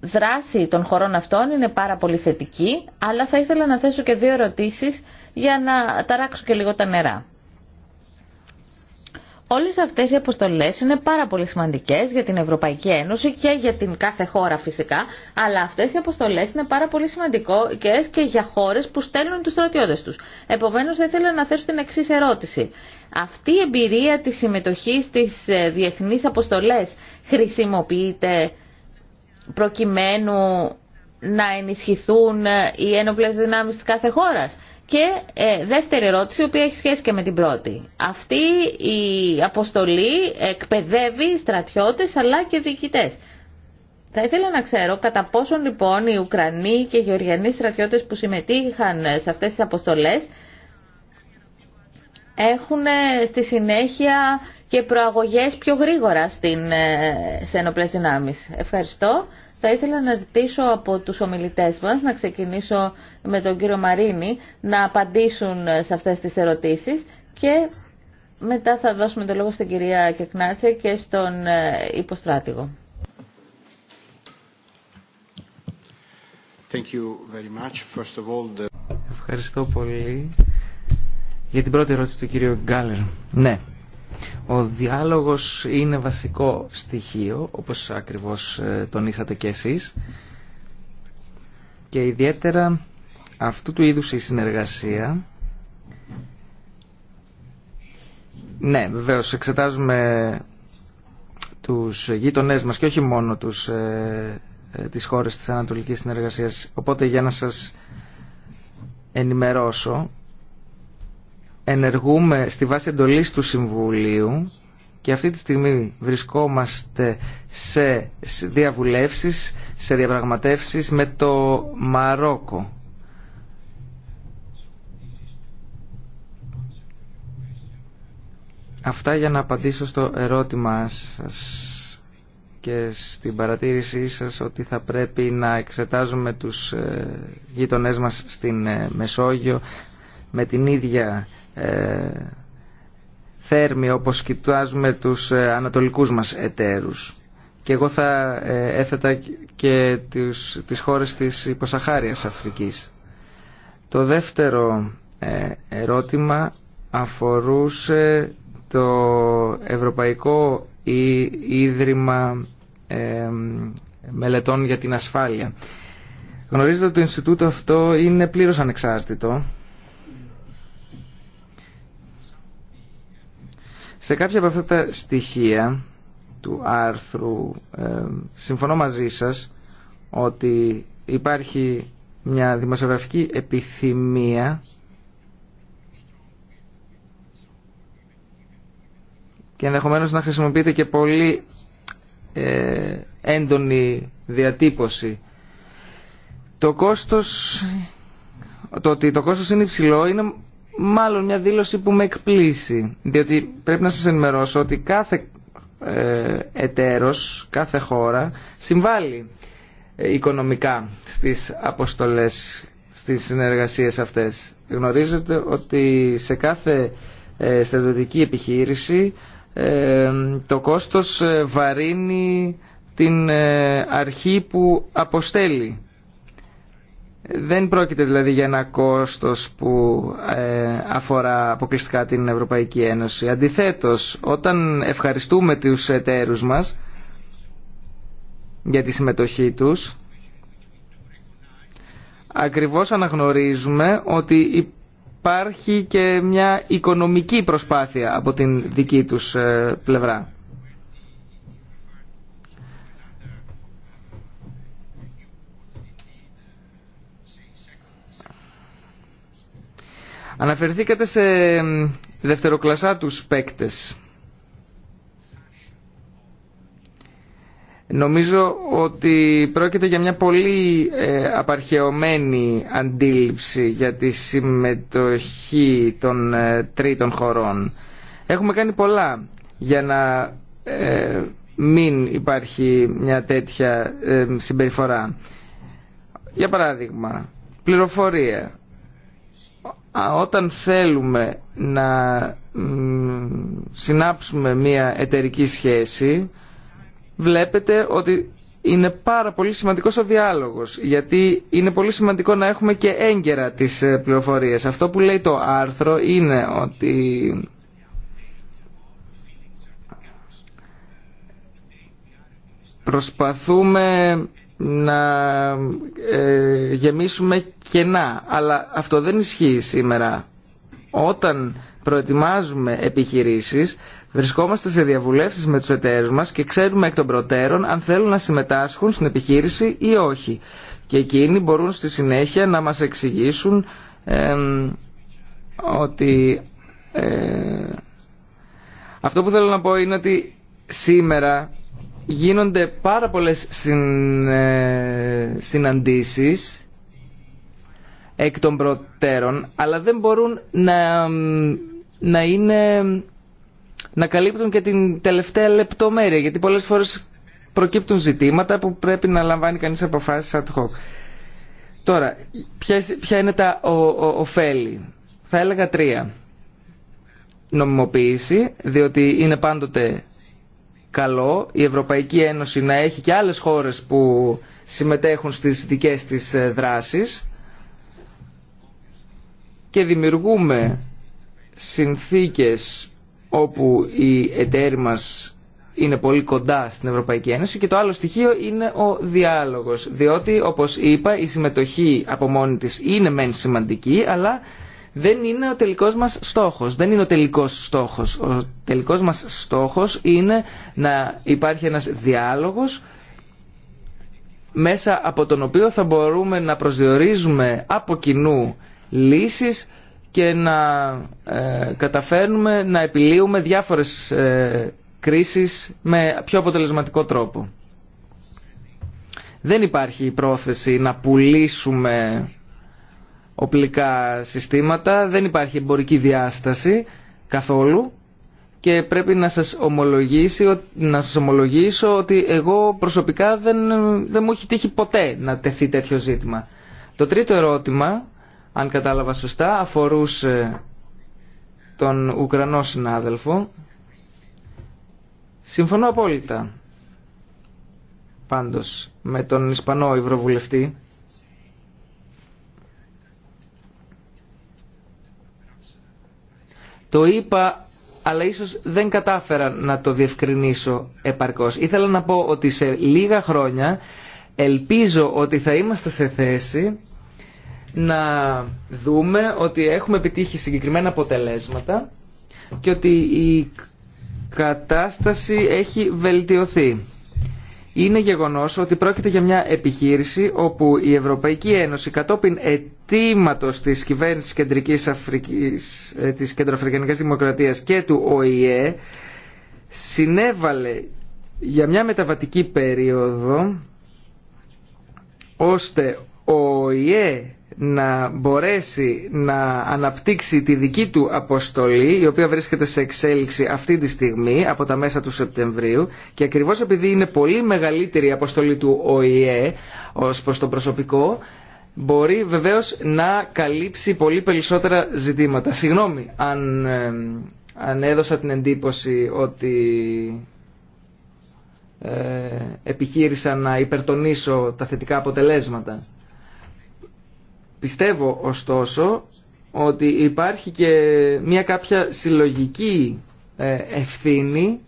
δράση των χωρών αυτών είναι πάρα πολύ θετική, αλλά θα ήθελα να θέσω και δύο ερωτήσεις για να ταράξω και λίγο τα νερά. Όλες αυτές οι αποστολές είναι πάρα πολύ σημαντικές για την Ευρωπαϊκή Ένωση και για την κάθε χώρα φυσικά, αλλά αυτές οι αποστολές είναι πάρα πολύ σημαντικές και για χώρες που στέλνουν τους στρατιώτες τους. Επομένως, θα ήθελα να θέσω την εξή ερώτηση. Αυτή η εμπειρία της συμμετοχής στις ε, διεθνείς αποστολές χρησιμοποιείται προκειμένου να ενισχυθούν ε, οι ένοπλες δυνάμεις της κάθε χώρας και ε, δεύτερη ερώτηση, η οποία έχει σχέση και με την πρώτη. Αυτή η αποστολή εκπαιδεύει στρατιώτες αλλά και διοικητές. Θα ήθελα να ξέρω κατά πόσον λοιπόν οι Ουκρανοί και οι Γεωργιανοί στρατιώτες που συμμετείχαν σε αυτές τις αποστολές έχουν ε, στη συνέχεια και προαγωγές πιο γρήγορα στην, ε, σε ενοπλές Ευχαριστώ. Θα ήθελα να ζητήσω από τους ομιλητές μας, να ξεκινήσω με τον κύριο Μαρίνη, να απαντήσουν σε αυτές τις ερωτήσεις και μετά θα δώσουμε το λόγο στην κυρία Κεκνάτσε και στον ε, υποστράτηγο. Thank you very much. First of all, Ευχαριστώ πολύ για την πρώτη ερώτηση του κύριου Γκάλερ. Ναι, ο διάλογος είναι βασικό στοιχείο, όπως ακριβώς ε, τονίσατε και εσείς, και ιδιαίτερα αυτού του είδους η συνεργασία ναι βεβαίως εξετάζουμε τους γείτονές μας και όχι μόνο τους, ε, ε τις χώρες της Ανατολικής Συνεργασίας οπότε για να σας ενημερώσω ενεργούμε στη βάση εντολής του Συμβουλίου και αυτή τη στιγμή βρισκόμαστε σε διαβουλεύσεις, σε διαπραγματεύσεις με το Μαρόκο. Αυτά για να απαντήσω στο ερώτημα σας και στην παρατήρησή σας ότι θα πρέπει να εξετάζουμε τους ε, γείτονές μας στην ε, Μεσόγειο με την ίδια ε, θέρμη όπως κοιτάζουμε τους ε, ανατολικούς μας εταίρους. Και εγώ θα ε, έθετα και τις, τις χώρες της υποσαχάριας Αφρικής. Το δεύτερο ερώτημα αφορούσε το Ευρωπαϊκό Ίδρυμα Μελετών για την Ασφάλεια. Γνωρίζετε ότι το Ινστιτούτο αυτό είναι πλήρως ανεξάρτητο Σε κάποια από αυτά τα στοιχεία του άρθρου ε, συμφωνώ μαζί σας ότι υπάρχει μια δημοσιογραφική επιθυμία και ενδεχομένως να χρησιμοποιείται και πολύ ε, έντονη διατύπωση. Το κόστος, το ότι το κόστος είναι υψηλό είναι μάλλον μια δήλωση που με εκπλήσει. Διότι πρέπει να σας ενημερώσω ότι κάθε ε, κάθε χώρα συμβάλλει ε, οικονομικά στις αποστολές, στις συνεργασίες αυτές. Γνωρίζετε ότι σε κάθε ε, στρατιωτική επιχείρηση ε, το κόστος ε, βαρύνει την αρχή που αποστέλει δεν πρόκειται δηλαδή για ένα κόστος που ε, αφορά αποκλειστικά την Ευρωπαϊκή Ένωση. Αντιθέτως, όταν ευχαριστούμε τους εταίρους μας για τη συμμετοχή τους, ακριβώς αναγνωρίζουμε ότι υπάρχει και μια οικονομική προσπάθεια από την δική τους ε, πλευρά. Αναφερθήκατε σε δευτεροκλασσάτους παίκτες. Νομίζω ότι πρόκειται για μια πολύ ε, απαρχαιωμένη αντίληψη για τη συμμετοχή των ε, τρίτων χωρών. Έχουμε κάνει πολλά για να ε, μην υπάρχει μια τέτοια συμπεριφορά. Για παράδειγμα, πληροφορία α όταν θέλουμε να συνάψουμε μια εταιρική σχέση βλέπετε ότι είναι πάρα πολύ σημαντικός ο διάλογος γιατί είναι πολύ σημαντικό να έχουμε και έγκαιρα τις ε, πληροφορίες. Αυτό που λέει το άρθρο είναι ότι προσπαθούμε να ε, γεμίσουμε κενά. Αλλά αυτό δεν ισχύει σήμερα. Όταν προετοιμάζουμε επιχειρήσεις, βρισκόμαστε σε διαβουλεύσεις με τους εταίρους μας και ξέρουμε εκ των προτέρων αν θέλουν να συμμετάσχουν στην επιχείρηση ή όχι. Και εκείνοι μπορούν στη συνέχεια να μας εξηγήσουν ότι... Ε, αυτό που θέλω να πω είναι ότι σήμερα γίνονται πάρα πολλές ε, συναντήσεις εκ των προτέρων, αλλά δεν μπορούν να, να είναι να καλύπτουν και την τελευταία λεπτομέρεια, γιατί πολλές φορές προκύπτουν ζητήματα που πρέπει να λαμβάνει κανείς αποφάσεις ad hoc. Τώρα, ποια είναι τα ο, ο, ωφέλη. Θα έλεγα τρία. Νομιμοποίηση, διότι είναι πάντοτε καλό η Ευρωπαϊκή Ένωση να έχει και άλλες χώρες που συμμετέχουν στις δικές της ε, δράσεις και δημιουργούμε συνθήκες όπου οι εταίροι μας είναι πολύ κοντά στην Ευρωπαϊκή Ένωση και το άλλο στοιχείο είναι ο διάλογος διότι όπως είπα η συμμετοχή από μόνη της είναι μεν σημαντική αλλά δεν είναι ο τελικός μας στόχος. Δεν είναι ο τελικός στόχος. Ο τελικός μας στόχος είναι να υπάρχει ένας διάλογος μέσα από τον οποίο θα μπορούμε να προσδιορίζουμε από κοινού λύσεις και να ε, καταφέρνουμε να επιλύουμε διάφορες ε, κρίσεις με πιο αποτελεσματικό τρόπο. Δεν υπάρχει η πρόθεση να πουλήσουμε οπλικά συστήματα, δεν υπάρχει εμπορική διάσταση καθόλου και πρέπει να σας, να σας ομολογήσω ότι εγώ προσωπικά δεν, δεν μου έχει τύχει ποτέ να τεθεί τέτοιο ζήτημα. Το τρίτο ερώτημα, αν κατάλαβα σωστά, αφορούσε τον Ουκρανό συνάδελφο. Συμφωνώ απόλυτα πάντως με τον Ισπανό Ευρωβουλευτή Το είπα αλλά ίσως δεν κατάφερα να το διευκρινίσω επαρκώς. Ήθελα να πω ότι σε λίγα χρόνια ελπίζω ότι θα είμαστε σε θέση να δούμε ότι έχουμε επιτύχει συγκεκριμένα αποτελέσματα και ότι η κατάσταση έχει βελτιωθεί. Είναι γεγονός ότι πρόκειται για μια επιχείρηση όπου η Ευρωπαϊκή Ένωση κατόπιν αιτήματος της κυβέρνησης Κεντρικής Αφρικής, ε, της Κεντροαφρικανικής Δημοκρατίας και του ΟΗΕ συνέβαλε για μια μεταβατική περίοδο ώστε ο ΟΗΕ να μπορέσει να αναπτύξει τη δική του αποστολή η οποία βρίσκεται σε εξέλιξη αυτή τη στιγμή από τα μέσα του Σεπτεμβρίου και ακριβώς επειδή είναι πολύ μεγαλύτερη η αποστολή του ΟΗΕ ως προς το προσωπικό μπορεί βεβαίως να καλύψει πολύ περισσότερα ζητήματα. Συγγνώμη ε, αν, έδωσα την εντύπωση ότι ε, επιχείρησα να υπερτονίσω τα θετικά αποτελέσματα. Πιστεύω ωστόσο ότι υπάρχει και μια κάποια συλλογική ε, ευθύνη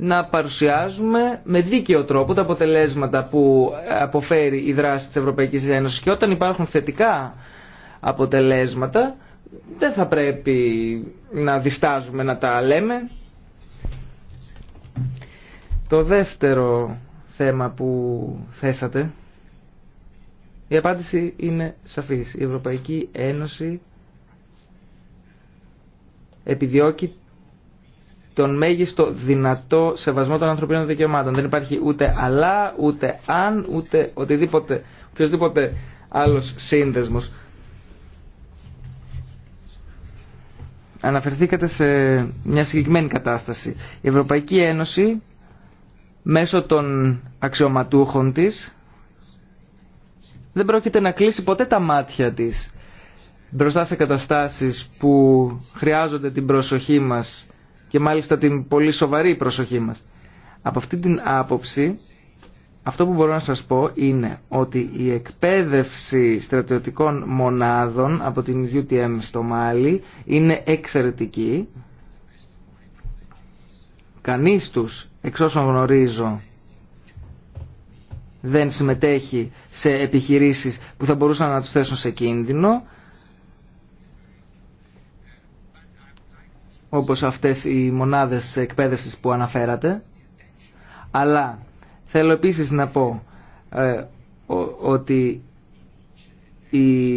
να παρουσιάζουμε με δίκαιο τρόπο τα αποτελέσματα που αποφέρει η δράση της Ευρωπαϊκής Ένωσης και όταν υπάρχουν θετικά αποτελέσματα δεν θα πρέπει να διστάζουμε να τα λέμε. Το δεύτερο θέμα που θέσατε, η απάντηση είναι σαφής. Η Ευρωπαϊκή Ένωση επιδιώκει τον μέγιστο δυνατό σεβασμό των ανθρωπίνων δικαιωμάτων. Δεν υπάρχει ούτε αλλά, ούτε αν, ούτε οτιδήποτε, οποιοδήποτε άλλος σύνδεσμος. Αναφερθήκατε σε μια συγκεκριμένη κατάσταση. Η Ευρωπαϊκή Ένωση μέσω των αξιωματούχων της δεν πρόκειται να κλείσει ποτέ τα μάτια της μπροστά σε καταστάσεις που χρειάζονται την προσοχή μας και μάλιστα την πολύ σοβαρή προσοχή μας. Από αυτή την άποψη, αυτό που μπορώ να σας πω είναι ότι η εκπαίδευση στρατιωτικών μονάδων από την UTM στο Μάλι είναι εξαιρετική. Κανείς τους, εξ όσων γνωρίζω, δεν συμμετέχει σε επιχειρήσεις που θα μπορούσαν να τους θέσουν σε κίνδυνο όπως αυτές οι μονάδες εκπαίδευσης που αναφέρατε. Αλλά θέλω επίσης να πω ε, ότι η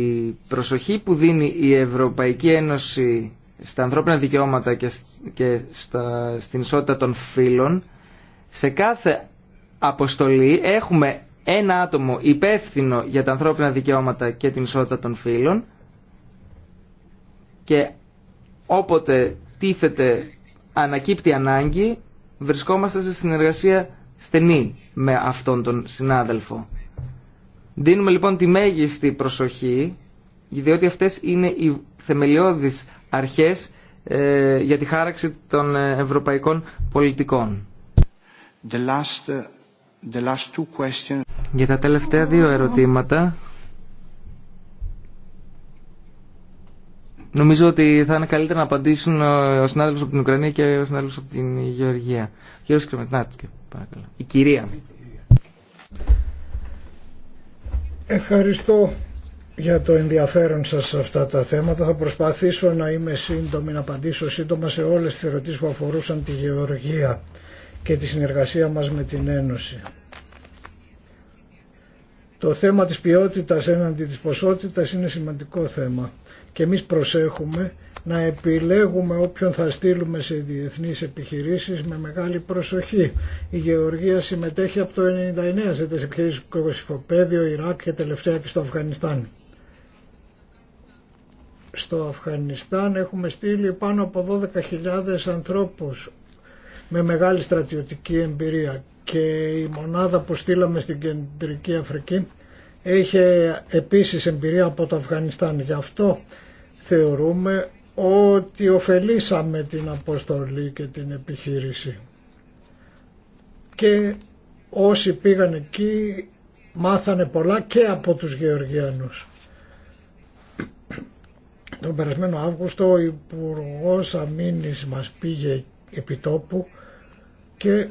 προσοχή που δίνει η Ευρωπαϊκή Ένωση στα ανθρώπινα δικαιώματα και, και στην ισότητα των φύλων σε κάθε αποστολή έχουμε ένα άτομο υπεύθυνο για τα ανθρώπινα δικαιώματα και την ισότητα των φύλων και όποτε τίθεται, ανακύπτει ανάγκη, βρισκόμαστε σε συνεργασία στενή με αυτόν τον συνάδελφο. Δίνουμε λοιπόν τη μέγιστη προσοχή, διότι αυτές είναι οι θεμελιώδεις αρχές ε, για τη χάραξη των ευρωπαϊκών πολιτικών. The last, Για τα τελευταία δύο ερωτήματα... Νομίζω ότι θα είναι καλύτερα να απαντήσουν ε, ο συνάδελφος από την Ουκρανία και ο συνάδελφος από την Γεωργία. Ο κύριος παρακαλώ. Η κυρία. Ευχαριστώ για το ενδιαφέρον σας σε αυτά τα θέματα. Θα προσπαθήσω να είμαι σύντομη, να απαντήσω σύντομα σε όλες τις ερωτήσεις που αφορούσαν τη Γεωργία και τη συνεργασία μας με την Ένωση. Το θέμα της ποιότητας έναντι της ποσότητας είναι σημαντικό θέμα και εμείς προσέχουμε να επιλέγουμε όποιον θα στείλουμε σε διεθνείς επιχειρήσεις με μεγάλη προσοχή. Η Γεωργία συμμετέχει από το 1999 σε τις επιχειρήσεις του Κοσυφοπέδιο, Ιράκ και τελευταία και στο Αφγανιστάν. Στο Αφγανιστάν έχουμε στείλει πάνω από 12.000 ανθρώπους με μεγάλη στρατιωτική εμπειρία και η μονάδα που στείλαμε στην Κεντρική Αφρική Είχε επίσης εμπειρία από το Αφγανιστάν. Γι' αυτό θεωρούμε ότι ωφελήσαμε την αποστολή και την επιχείρηση. Και όσοι πήγαν εκεί μάθανε πολλά και από τους Γεωργιανούς. Τον περασμένο Αύγουστο ο υπουργό Αμήνης μας πήγε επί τόπου και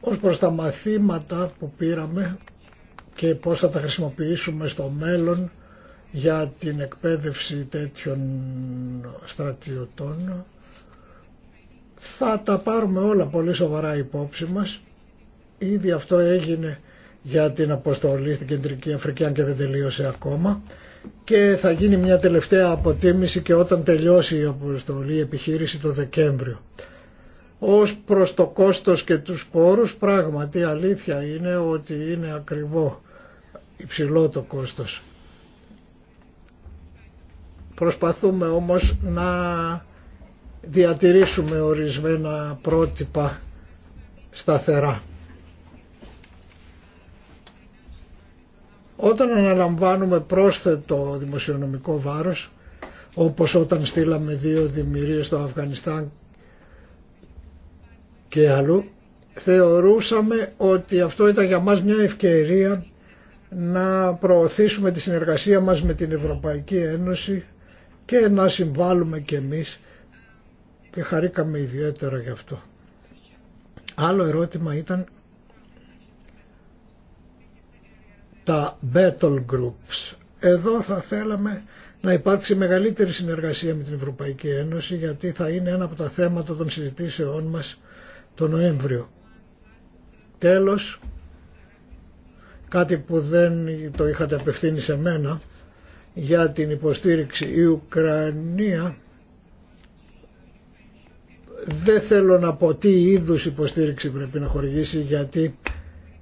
ως προς τα μαθήματα που πήραμε και πώς θα τα χρησιμοποιήσουμε στο μέλλον για την εκπαίδευση τέτοιων στρατιωτών. Θα τα πάρουμε όλα πολύ σοβαρά υπόψη μας. Ήδη αυτό έγινε για την αποστολή στην Κεντρική Αφρική, αν και δεν τελείωσε ακόμα. Και θα γίνει μια τελευταία αποτίμηση και όταν τελειώσει η αποστολή επιχείρηση το Δεκέμβριο ως προς το κόστος και τους πόρους πράγματι αλήθεια είναι ότι είναι ακριβό υψηλό το κόστος. Προσπαθούμε όμως να διατηρήσουμε ορισμένα πρότυπα σταθερά. Όταν αναλαμβάνουμε πρόσθετο δημοσιονομικό βάρος, όπως όταν στείλαμε δύο δημιουργίες στο Αφγανιστάν και αλλού θεωρούσαμε ότι αυτό ήταν για μας μια ευκαιρία να προωθήσουμε τη συνεργασία μας με την Ευρωπαϊκή Ένωση και να συμβάλλουμε και εμείς και χαρήκαμε ιδιαίτερα γι' αυτό. Άλλο ερώτημα ήταν τα battle groups. Εδώ θα θέλαμε να υπάρξει μεγαλύτερη συνεργασία με την Ευρωπαϊκή Ένωση γιατί θα είναι ένα από τα θέματα των συζητήσεών μας το Νοέμβριο. Τέλος, κάτι που δεν το είχατε απευθύνει σε μένα, για την υποστήριξη η Ουκρανία δεν θέλω να πω τι είδους υποστήριξη πρέπει να χορηγήσει γιατί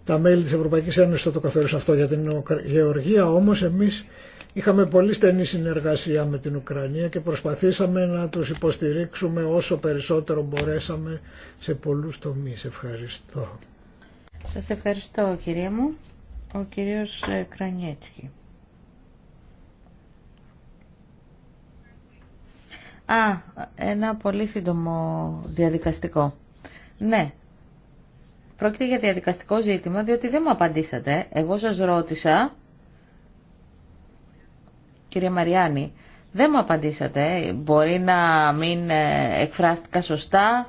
τα μέλη της Ευρωπαϊκής Ένωσης θα το καθορίσουν αυτό για την Γεωργία όμως εμείς είχαμε πολύ στενή συνεργασία με την Ουκρανία και προσπαθήσαμε να τους υποστηρίξουμε όσο περισσότερο μπορέσαμε σε πολλούς τομείς. Ευχαριστώ. Σας ευχαριστώ κυρία μου. Ο κύριος ε, Κρανιέτσκι. Α, ένα πολύ σύντομο διαδικαστικό. Ναι, Πρόκειται για διαδικαστικό ζήτημα, διότι δεν μου απαντήσατε. Εγώ σας ρώτησα, κυρία Μαριάννη, δεν μου απαντήσατε. Μπορεί να μην ε, εκφράστηκα σωστά.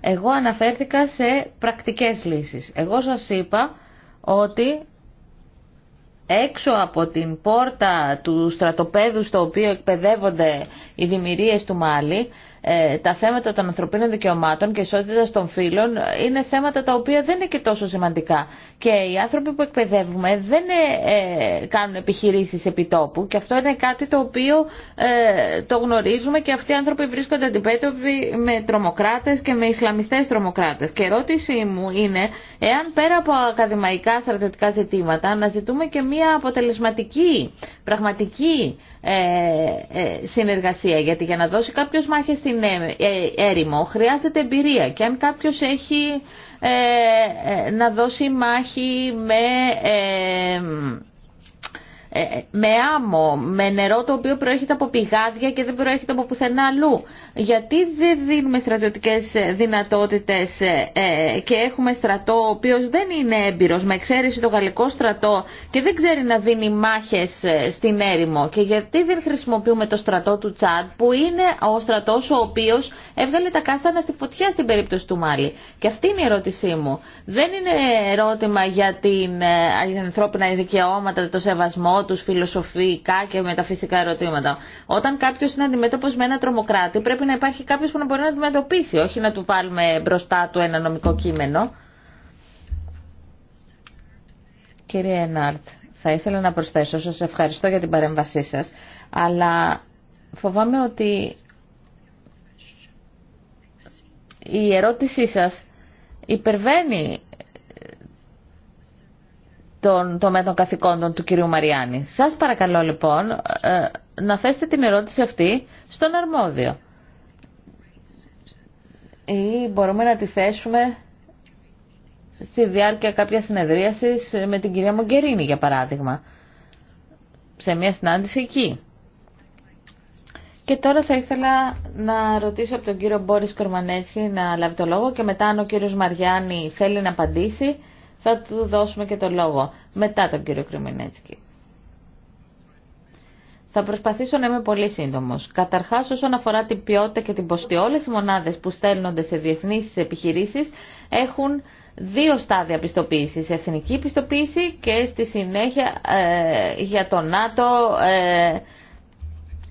Εγώ αναφέρθηκα σε πρακτικές λύσεις. Εγώ σας είπα ότι έξω από την πόρτα του στρατοπέδου στο οποίο εκπαιδεύονται οι δημιουργίες του Μάλι ε, τα θέματα των ανθρωπίνων δικαιωμάτων και ισότητα των φύλων είναι θέματα τα οποία δεν είναι και τόσο σημαντικά και οι άνθρωποι που εκπαιδεύουμε δεν ε, κάνουν επιχειρήσεις επιτόπου και αυτό είναι κάτι το οποίο ε, το γνωρίζουμε και αυτοί οι άνθρωποι βρίσκονται αντιπέτωποι με τρομοκράτες και με Ισλαμιστές τρομοκράτες. Και ερώτησή μου είναι εάν πέρα από ακαδημαϊκά στρατιωτικά ζητήματα να ζητούμε και μια αποτελεσματική, πραγματική ε, συνεργασία γιατί για να δώσει κάποιος μάχη στην έρημο χρειάζεται εμπειρία και αν κάποιος έχει ε, ε, να δώσει μάχη με ε, ε, ε, με άμμο, με νερό το οποίο προέρχεται από πηγάδια και δεν προέρχεται από πουθενά αλλού. Γιατί δεν δίνουμε στρατιωτικές δυνατότητες ε, και έχουμε στρατό ο οποίος δεν είναι έμπειρος, με εξαίρεση το γαλλικό στρατό και δεν ξέρει να δίνει μάχες στην έρημο και γιατί δεν χρησιμοποιούμε το στρατό του Τσάντ που είναι ο στρατός ο οποίος έβγαλε τα κάστανα στη φωτιά στην περίπτωση του Μάλι. Και αυτή είναι η ερώτησή μου. Δεν είναι ερώτημα για την ανθρώπινα δικαιώματα, το σεβασμό τους φιλοσοφικά και με τα φυσικά ερωτήματα. Όταν κάποιος είναι αντιμέτωπος με ένα τρομοκράτη πρέπει να υπάρχει κάποιος που να μπορεί να αντιμετωπίσει, όχι να του βάλουμε μπροστά του ένα νομικό κείμενο. Κύριε Ενάρτ, θα ήθελα να προσθέσω, σας ευχαριστώ για την παρέμβασή σας, αλλά φοβάμαι ότι η ερώτησή σας υπερβαίνει τον τομέα των καθηκόντων του κυρίου Μαριάννη. Σας παρακαλώ λοιπόν ε, να θέσετε την ερώτηση αυτή στον αρμόδιο. Ή μπορούμε να τη θέσουμε στη διάρκεια κάποια συνεδρίασης με την κυρία Μογκερίνη για παράδειγμα. Σε μια συνάντηση εκεί. Και τώρα θα ήθελα να ρωτήσω από τον κύριο Μπόρις Κορμανέτσι να λάβει το λόγο και μετά αν ο κύριος Μαριάννη θέλει να απαντήσει θα του δώσουμε και το λόγο μετά τον κύριο Κρυμινέτσκι. Θα προσπαθήσω να είμαι πολύ σύντομο. Καταρχά, όσον αφορά την ποιότητα και την ποστή, όλε οι μονάδε που στέλνονται σε διεθνεί επιχειρήσει έχουν δύο στάδια πιστοποίηση. Εθνική πιστοποίηση και στη συνέχεια ε, για το ΝΑΤΟ. Ε,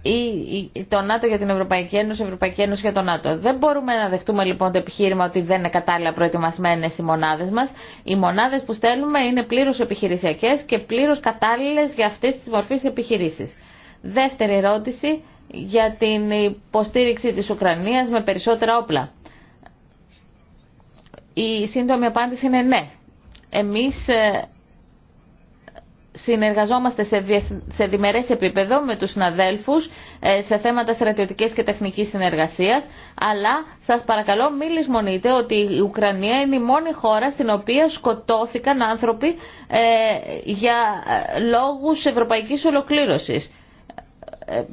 ή το ΝΑΤΟ για την Ευρωπαϊκή Ένωση, Ευρωπαϊκή Ένωση για το ΝΑΤΟ. Δεν μπορούμε να δεχτούμε λοιπόν το επιχείρημα ότι δεν είναι κατάλληλα προετοιμασμένε οι μονάδε μα. Οι μονάδε που στέλνουμε είναι πλήρω επιχειρησιακέ και πλήρω κατάλληλε για αυτέ τι μορφέ επιχειρήσει. Δεύτερη ερώτηση για την υποστήριξη της Ουκρανίας με περισσότερα όπλα. Η σύντομη απάντηση είναι ναι. Εμείς ε, συνεργαζόμαστε σε, διεθ... διμερές επίπεδο με τους συναδέλφους ε, σε θέματα στρατιωτικής και τεχνικής συνεργασίας, αλλά σας παρακαλώ μην λησμονείτε ότι η Ουκρανία είναι η μόνη χώρα στην οποία σκοτώθηκαν άνθρωποι ε, για ε, λόγους ευρωπαϊκής ολοκλήρωσης.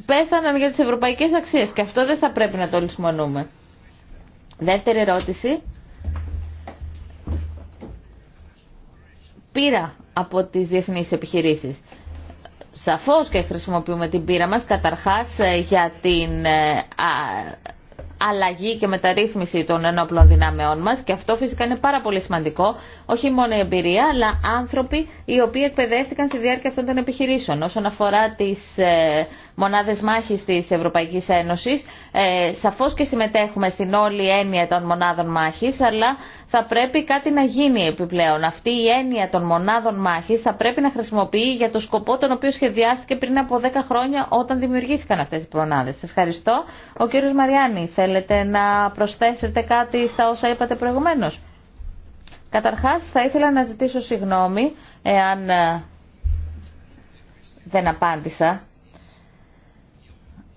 Πέθαναν για τις ευρωπαϊκές αξίες και αυτό δεν θα πρέπει να το λησμονούμε. Δεύτερη ερώτηση. Πήρα από τις διεθνείς επιχειρήσεις. Σαφώς και χρησιμοποιούμε την πείρα μας καταρχάς ε, για την ε, αλλαγή και μεταρρύθμιση των ενόπλων δυνάμεών μας και αυτό φυσικά είναι πάρα πολύ σημαντικό, όχι μόνο η εμπειρία, αλλά άνθρωποι οι οποίοι εκπαιδεύτηκαν στη διάρκεια αυτών των επιχειρήσεων. Όσον αφορά τις ε, μονάδες μάχης της Ευρωπαϊκής Ένωσης. Ε, σαφώς και συμμετέχουμε στην όλη έννοια των μονάδων μάχης, αλλά θα πρέπει κάτι να γίνει επιπλέον. Αυτή η έννοια των μονάδων μάχης θα πρέπει να χρησιμοποιεί για το σκοπό τον οποίο σχεδιάστηκε πριν από 10 χρόνια όταν δημιουργήθηκαν αυτές οι μονάδες. Ευχαριστώ. Ο κύριος Μαριάννη, θέλετε να προσθέσετε κάτι στα όσα είπατε προηγουμένως. Καταρχάς θα ήθελα να ζητήσω συγγνώμη εάν ε, δεν απάντησα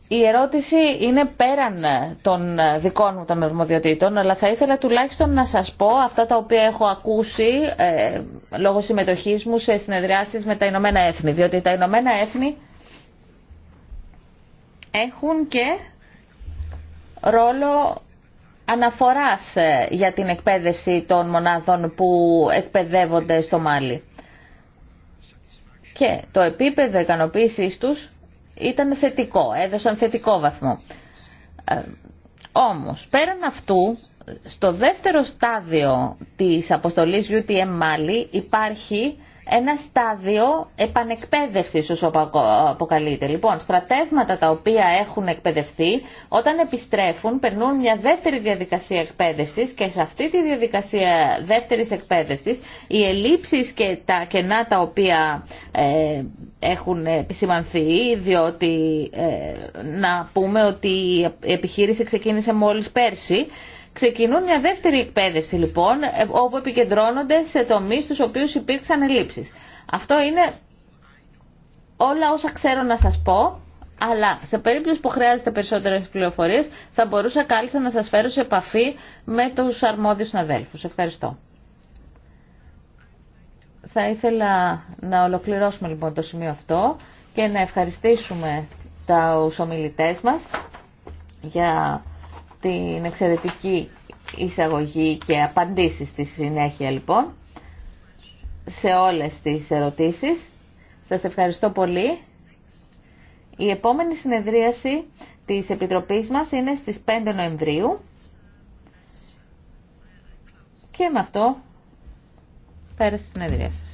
η ερώτηση είναι πέραν ε, των ε, δικών μου των ορμοδιοτήτων, αλλά θα ήθελα τουλάχιστον να σας πω αυτά τα οποία έχω ακούσει ε, λόγω συμμετοχής μου σε συνεδριάσεις με τα Ηνωμένα Έθνη, διότι τα Ηνωμένα Έθνη έχουν και ρόλο αναφοράς ε, για την εκπαίδευση των μονάδων που εκπαιδεύονται στο Μάλι. Και το επίπεδο ικανοποίησής τους ήταν θετικό, έδωσαν θετικό βαθμό. Ε, όμως, πέραν αυτού, στο δεύτερο στάδιο της αποστολής UTM Mali υπάρχει ένα στάδιο επανεκπαίδευση όσο αποκαλείται. Λοιπόν, στρατεύματα τα οποία έχουν εκπαιδευτεί, όταν επιστρέφουν περνούν μια δεύτερη διαδικασία εκπαίδευση και σε αυτή τη διαδικασία δεύτερης εκπαίδευση, οι ελλείψει και τα κενά τα οποία ε, έχουν επισημανθεί, διότι ε, να πούμε ότι η επιχείρηση ξεκίνησε μόλι πέρσι, Ξεκινούν μια δεύτερη εκπαίδευση λοιπόν, ε, όπου επικεντρώνονται σε τομείς στους οποίους υπήρξαν ελλείψεις. Αυτό είναι όλα όσα ξέρω να σας πω, αλλά σε περίπτωση που χρειάζεται περισσότερες πληροφορίες, θα μπορούσα κάλλιστα να σας φέρω σε επαφή με τους αρμόδιους συναδέλφους. Ευχαριστώ. Θα ήθελα να ολοκληρώσουμε λοιπόν το σημείο αυτό και να ευχαριστήσουμε του ομιλητέ μας για την εξαιρετική εισαγωγή και απαντήσεις στη συνέχεια λοιπόν σε όλες τις ερωτήσεις. Σας ευχαριστώ πολύ. Η επόμενη συνεδρίαση της Επιτροπής μας είναι στις 5 Νοεμβρίου και με αυτό πέρασε τη συνεδρίαση.